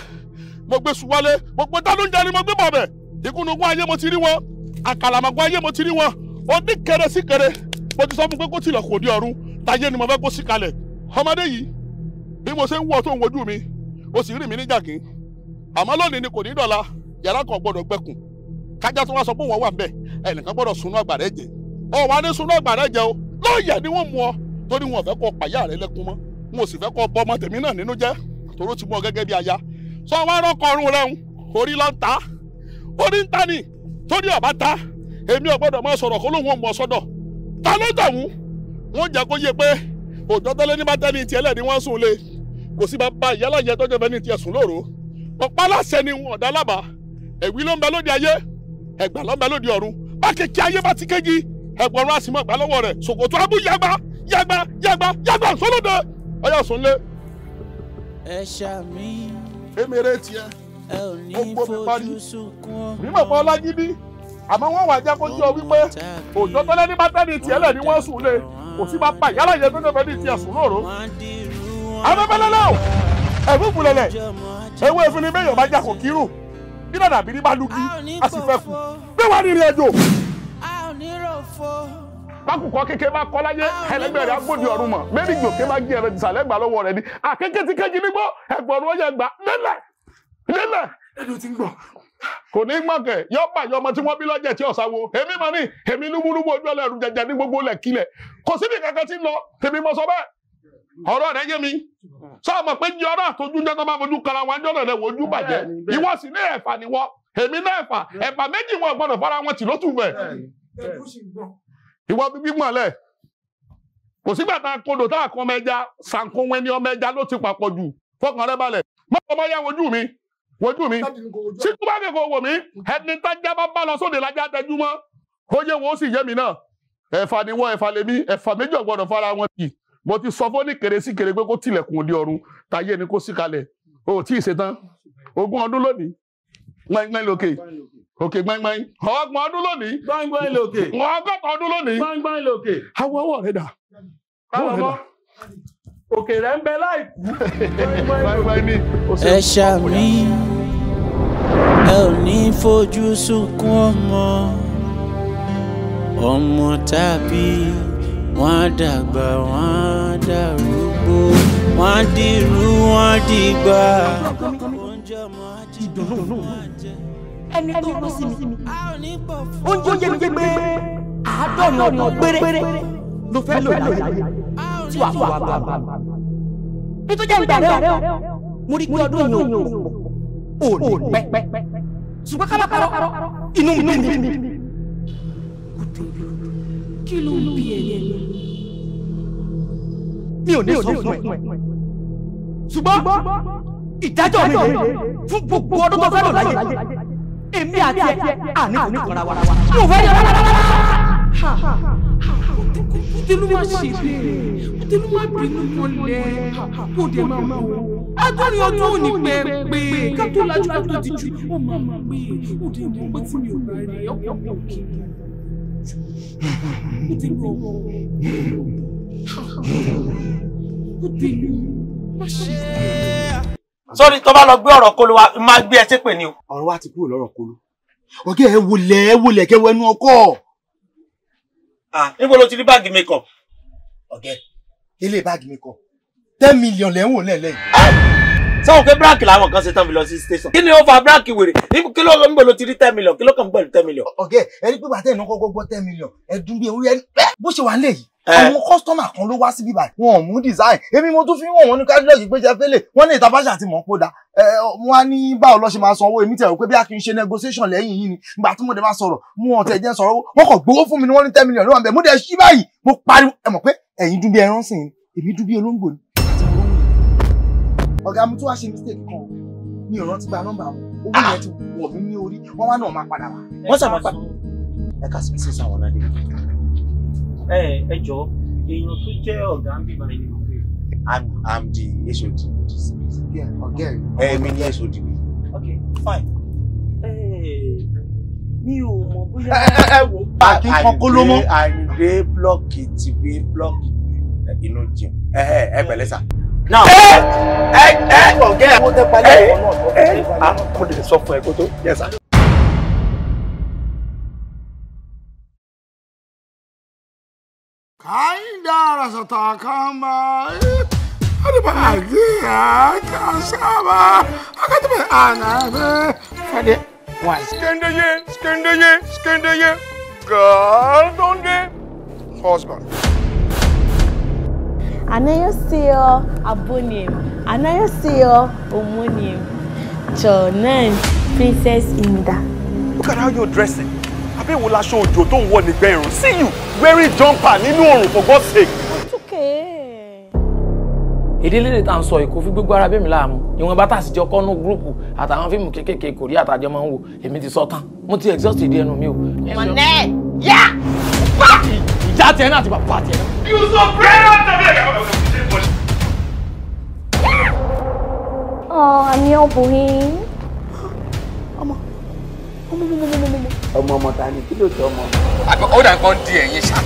mo gbé suwálé mo gbé dánújẹ ni mo gbé bàbẹ̀ ìkúnnugún ayé mo ti rí wọn àkàlàmàgbọ́ ayé mo ti rí wọn oníkẹrẹ síkẹrẹ mo ti sọ fún pé kó tilẹ̀ kò dé ọ̀run táyé ni mo fẹ́ kó sí kalẹ̀ ọmọdé yìí bí mo ṣe ń wọ̀ tó ń wojú mi o sì rí mi ní jàgín àmọ́ lónìí ni kò ní dọ̀la yàrá kan gbọ́dọ̀ gbẹkùn kájá tó wá sọ pé wọ́n wà bẹ́ẹ̀ ẹnìkan gbọ́dọ̀ sunú àgbàrẹ́ jẹ ọ wà ní sunú àgbàrẹ́ jẹ o lóòyà ni wọ́n mú ọ torí wọn fẹ́ kó pàyà rẹ lẹ́kún mọ́ wọn ò sì fẹ́ kó bọ́ ọmọ tèmi náà nínú jẹ́ toró ti mú ọ gẹ́gẹ́ bí aya sọ wá rọkọ ọrùn rẹ ń orí lọ ń ta orí ń ta ni torí ọba ta èmi ò gbọ́dọ̀ máa sọ̀rọ̀ kó lóun ò mọ sọ́dọ̀ ta ló dàwù wọn jẹ kó yé pé òjò tẹlẹ ní bàtẹ ní tiẹ̀ lẹ ni wọn sùn lé kò sí bàbá ìyálà yẹ tọjọ bẹ ní tiẹ̀ sùn lóru ọpá láṣẹ ni wọn ọdá lábàá èwì ló ń bẹ lóde ayé ẹgbà ló ń bẹ lóde ọ̀run bá kékeré ayé bá ti kéji ẹgbọrún àsìmọ ìgbà lọ́wọ́ rẹ ṣòkòtò abú yagba yagba yagba yagba sọlọdẹ ọyà sùn lé. ẹ ṣàmì emere tiẹ ó parí mímọ̀ pọ̀ lágídí àmọ́ wọ́n wà jẹ́ kojú ọ wípé òjò tọ́lẹ́ ní bátẹ́rì tiẹ̀ lẹ̀ ni wọ́n sùn lé kò sí bàbá yálà yẹn tó ní ní tiẹ̀ sùn lóru. abẹ́bẹ́lẹ́lẹ́ o ẹ̀fún ìfúnlẹ̀lẹ̀ ewé ìfúnni bẹ́yọ̀ bá jà kò kírù bí ní bá lugi a sì fẹ́ kú gbé wá ní ìrìn a ò ní rò fo bákùkọ kékeré bá kọ́ láyé oh, ẹlẹgbẹ́ rẹ̀ agbódi ọ̀run mọ̀ mẹ́rin gbòkè bá gé ẹ̀rọ ìsàlẹ̀ gbà lọ́wọ́ rẹ̀ ni àkékè tí kéjì ní gbọ́ ẹ̀gbọ́n wọn gbà lélẹ̀ lélẹ̀. ẹnu ti ń gbọ. kò ní gbọ̀kẹ̀ yọ bá yọ ọmọ tí wọ́n bí lọ́jẹ̀ tí ọ̀sà wo èmi mọ̀ ní èmi lúbúlúbú ojú ẹlẹ́rù jẹjẹ ní gbogbo lẹ̀ kílẹ̀ kò síbi kankan tí lọ tèmi mọ sọ bẹ́ẹ̀ ọ̀rọ̀ rẹ̀ yé mi sọ àmọ̀ pé jẹ́ ọ̀rọ̀ àtọ́jú jẹ́ tó bá fojú kara wọn jọ́rọ̀ rẹ̀ wojú bàjẹ́ ìwọ sì ní ẹ̀fà ni wọ́n èmi náà ẹ̀fà ẹ̀fà méjì wọn gbọ́dọ̀ fara wọn tì lótú bẹ̀ ìwọ bíbí gbọ̀nlẹ̀ kò sígbà tá a kodò tá a kan ọmọ ẹja sànkóhun ẹni ọmọ ẹja ló ti papọ̀ jù fọkàn rẹ balẹ̀ mọ́tò ọmọ yá wojú mi wojú mi síkú bá kẹ́kọ̀ọ́ wò mí ẹni tájá bá bá lọ sóde lájá tẹjú mọ́ ó yẹ wo ó sì yé mi náà ẹ̀fà ni wọ́n ẹ̀fà lèmi ẹ̀fà méjì ọ̀gbọ́dọ̀ fara wọn bì mo ti sọ fún ní kéré sí kéré pé kó tilẹ̀kùn òde ọ̀run tàyé ni kó sí kalẹ̀ o tí ì ṣetán ogún ọdún lónìí wọ́n ń òkè gbẹ́ngbẹ́ng ọgbọ̀n ọdún lónìí. gbẹ́ngbẹ́ng lòkè. ọgọ́ta ọdún lónìí. gbẹ́ngbẹ́ng lòkè. awọ ọwọ́ rẹ dà. báwo òkè rẹ ń bẹ láìkú. gbẹ́ngbẹ́ng ni. ẹ ṣàmì ẹ ò ní fojú sunkún ọmọ ọmọ tàbí wọn dàgbà wọn dàrúgbó wọn dìrú wọn dìgbà. ìdùnnú ẹni tó lọ sí mi oúnjẹ mi jẹ́ pé àádọ́rin ọdún péré ló fẹ́ lò láyé tí wàá fún wa bá bá mi nítorí ìgbà rẹ o mo rí pé ọdún yìí ò ò lè pẹ́ ṣùgbọ́n kábàkárọ̀ inú mi bí mi kí ló ń bí ẹyẹ mi ò ní sọ fún ẹ ṣùgbọ́n ìdájọ́ mi fún gbogbo ọdún tó fẹ́ lò láyé èmi àti ẹ àní kò ní kàn ra wa. mi ò fẹ́ yẹ rárá. Bùtẹ́lú máa ṣe bẹ́ẹ̀, Bùtẹ́lú máa bínú mọ́lẹ̀, kò dé máa mọ̀ wọ́n. Adúrin ọdún òní pẹ́ẹ́pẹ́, ká tó lajú ká tó dijú, ó máa mọ̀ pé ó dé mọ̀ pé tí mi ò bá rí ọkọ̀ mi ò kí n Bùtẹ́lú ọmọ Bùtẹ́lú má ṣe bẹ́ẹ̀ sórí tó bá lọ gbé ọ̀rọ̀ kolo wa máa gbé ẹ ṣépè ni o. ọ̀rọ̀ wa ti kúrò lọ́rọ̀ kolo ọ̀gá ẹ wọlé ẹ wọlé kẹ wẹnu ọkọ. níbo ló ti rí bag makeup. ọ̀gá ilé bag makeup ten million lẹ́hìn wò lẹ́lẹ́yìn. Ah! sọ́wọ́n pé bíráàkì làwọn kan ṣe tán fi lọ sí station kí ni ó fa bíráàkì wèrè kí ló ń gbèlò ti rí ten million kí ló kàn ń gbèlò ten million. ọ̀gẹ́ ẹ rí pé bàtẹ́ ìnáwó kọ́kọ́ gbọ́ ten million ẹ̀dùn bíi ewúrẹ́ bó ṣe wà ń lè yìí àwọn kọ́sítọ́mà kan ló wá síbí báyìí wọn ò mú design èmi mo tún fi wọ̀n wọn ní kádílọ́ọ̀gì pé jẹ́ fẹ́lẹ̀ wọ́n ní ìtafáṣà àti mọ̀ọ́pọ̀ dá wọn á ní báwo lọ́ọ́ ṣe máa sanwó èmi tẹ̀rọ pé bí a kì í ṣe negotiation lẹ́yìn yìí ni ìgbà tí mo dẹ̀ máa sọ̀rọ̀ mú wọn tẹ̀ jẹ́ sọ̀rọ̀ wọn kàn gbowó fún mi ni wọ́n ní ten million ló wà mo dẹ̀ ṣí báyìí mo pariwo ẹ mọ̀ pé ẹ̀yin dún ẹran sìn èmi dún olóńgbò ni ọ̀gá mi tó wá ṣe mistake kan mi ò rántí gba nọ́mbà wọn owó ah! yẹn ti wọ̀ mí ní orí wọ́n wá náà máa padà wá wọ́n sábà padà. ẹ kà sí mi sísan wọn ládé. ẹ ẹ jọ èèyàn tó jẹ́ ọ̀gá ń bíbá ẹni mọ̀ pé. i'm i'm the hod. ọ̀gá ẹ mi ní hod mi. okay fine. mi ò mọ bóyá. ẹ ẹ wo pàkí kan kó ló mọ. àyìndé blọọkì ti gbé blọọkì inú jìn ẹ ẹ sà now. ẹ ẹ ẹ ọgẹ ẹ ẹ ẹ a mo lè sọ fún ẹ kó tó yes sir. kàńdà rasata kan bá àgbẹ̀ àkàṣàbà akadìbò ànàfẹ́ fẹ́dẹ̀ wá. skendeye skendeye skendeye girl husband abunim. 안녕하세요 아버님 안녕하세요 어머님 princess Inda. Look at how you're dressing abẹ́ wo laṣọ òjò tó ń wọ nígbẹ́ irun see you wearing jumper nínú oòrùn for God's sake. it's okay. èdè lédè tá à ń sọ èkó fi gbogbo ara bẹ́ẹ̀ mi láàmú ìwọ̀n bá tàṣí jọ kọ́nú gúrúùpù àtàwọn fíìmù kéékèèké kòrí àtàjọ máa ń wò èmi ti sọ tán mo ti exhaust ìdí ẹnu mi o. mọ̀nẹ́ yá já tiẹ̀ náà àti bàbá tiẹ̀ náà. you so brave and brave. Oh, I'm your boy. Ọmọ, ọmọ, ọmọ, ọmọ, ọmọ. Ọmọ ọmọ ta ni kí ló tọ ọmọ? Àgbẹ̀ ó dàn kan di ẹ̀yin ṣá.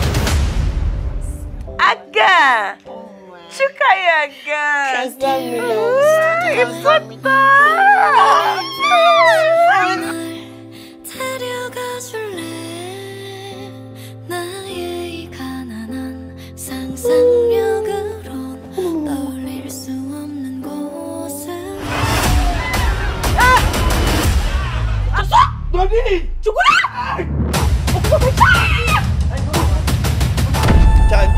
상력으론 떠올릴 수 없는 곳에 아! 아! 너니! 죽으라!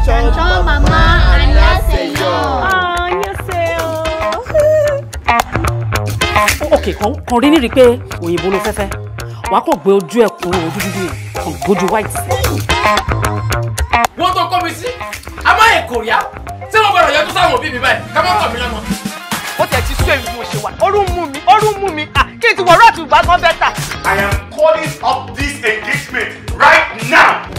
잔천 마마 안녕하세요 아, 안녕하세요 오케이 거린이 리페 오이 보는 세세 와코 보여줘야 고로 오주 w ọ n tó k ọ mi sí láì kò yá tí wọ́n gbọ́dọ̀ yọjú sáwọn òbí mi báyìí ká má pọ̀ mí lọ́mọ. ó tẹ̀ ti sún èmi bí mo ṣe wà ọrùn mú mi ọrùn mú mi ah, kí n ti wọ̀ àti ìgbà kan bẹ́tà. I am calling up this engagement right now.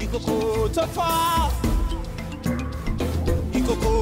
ìkòkò tó fà ìkòkò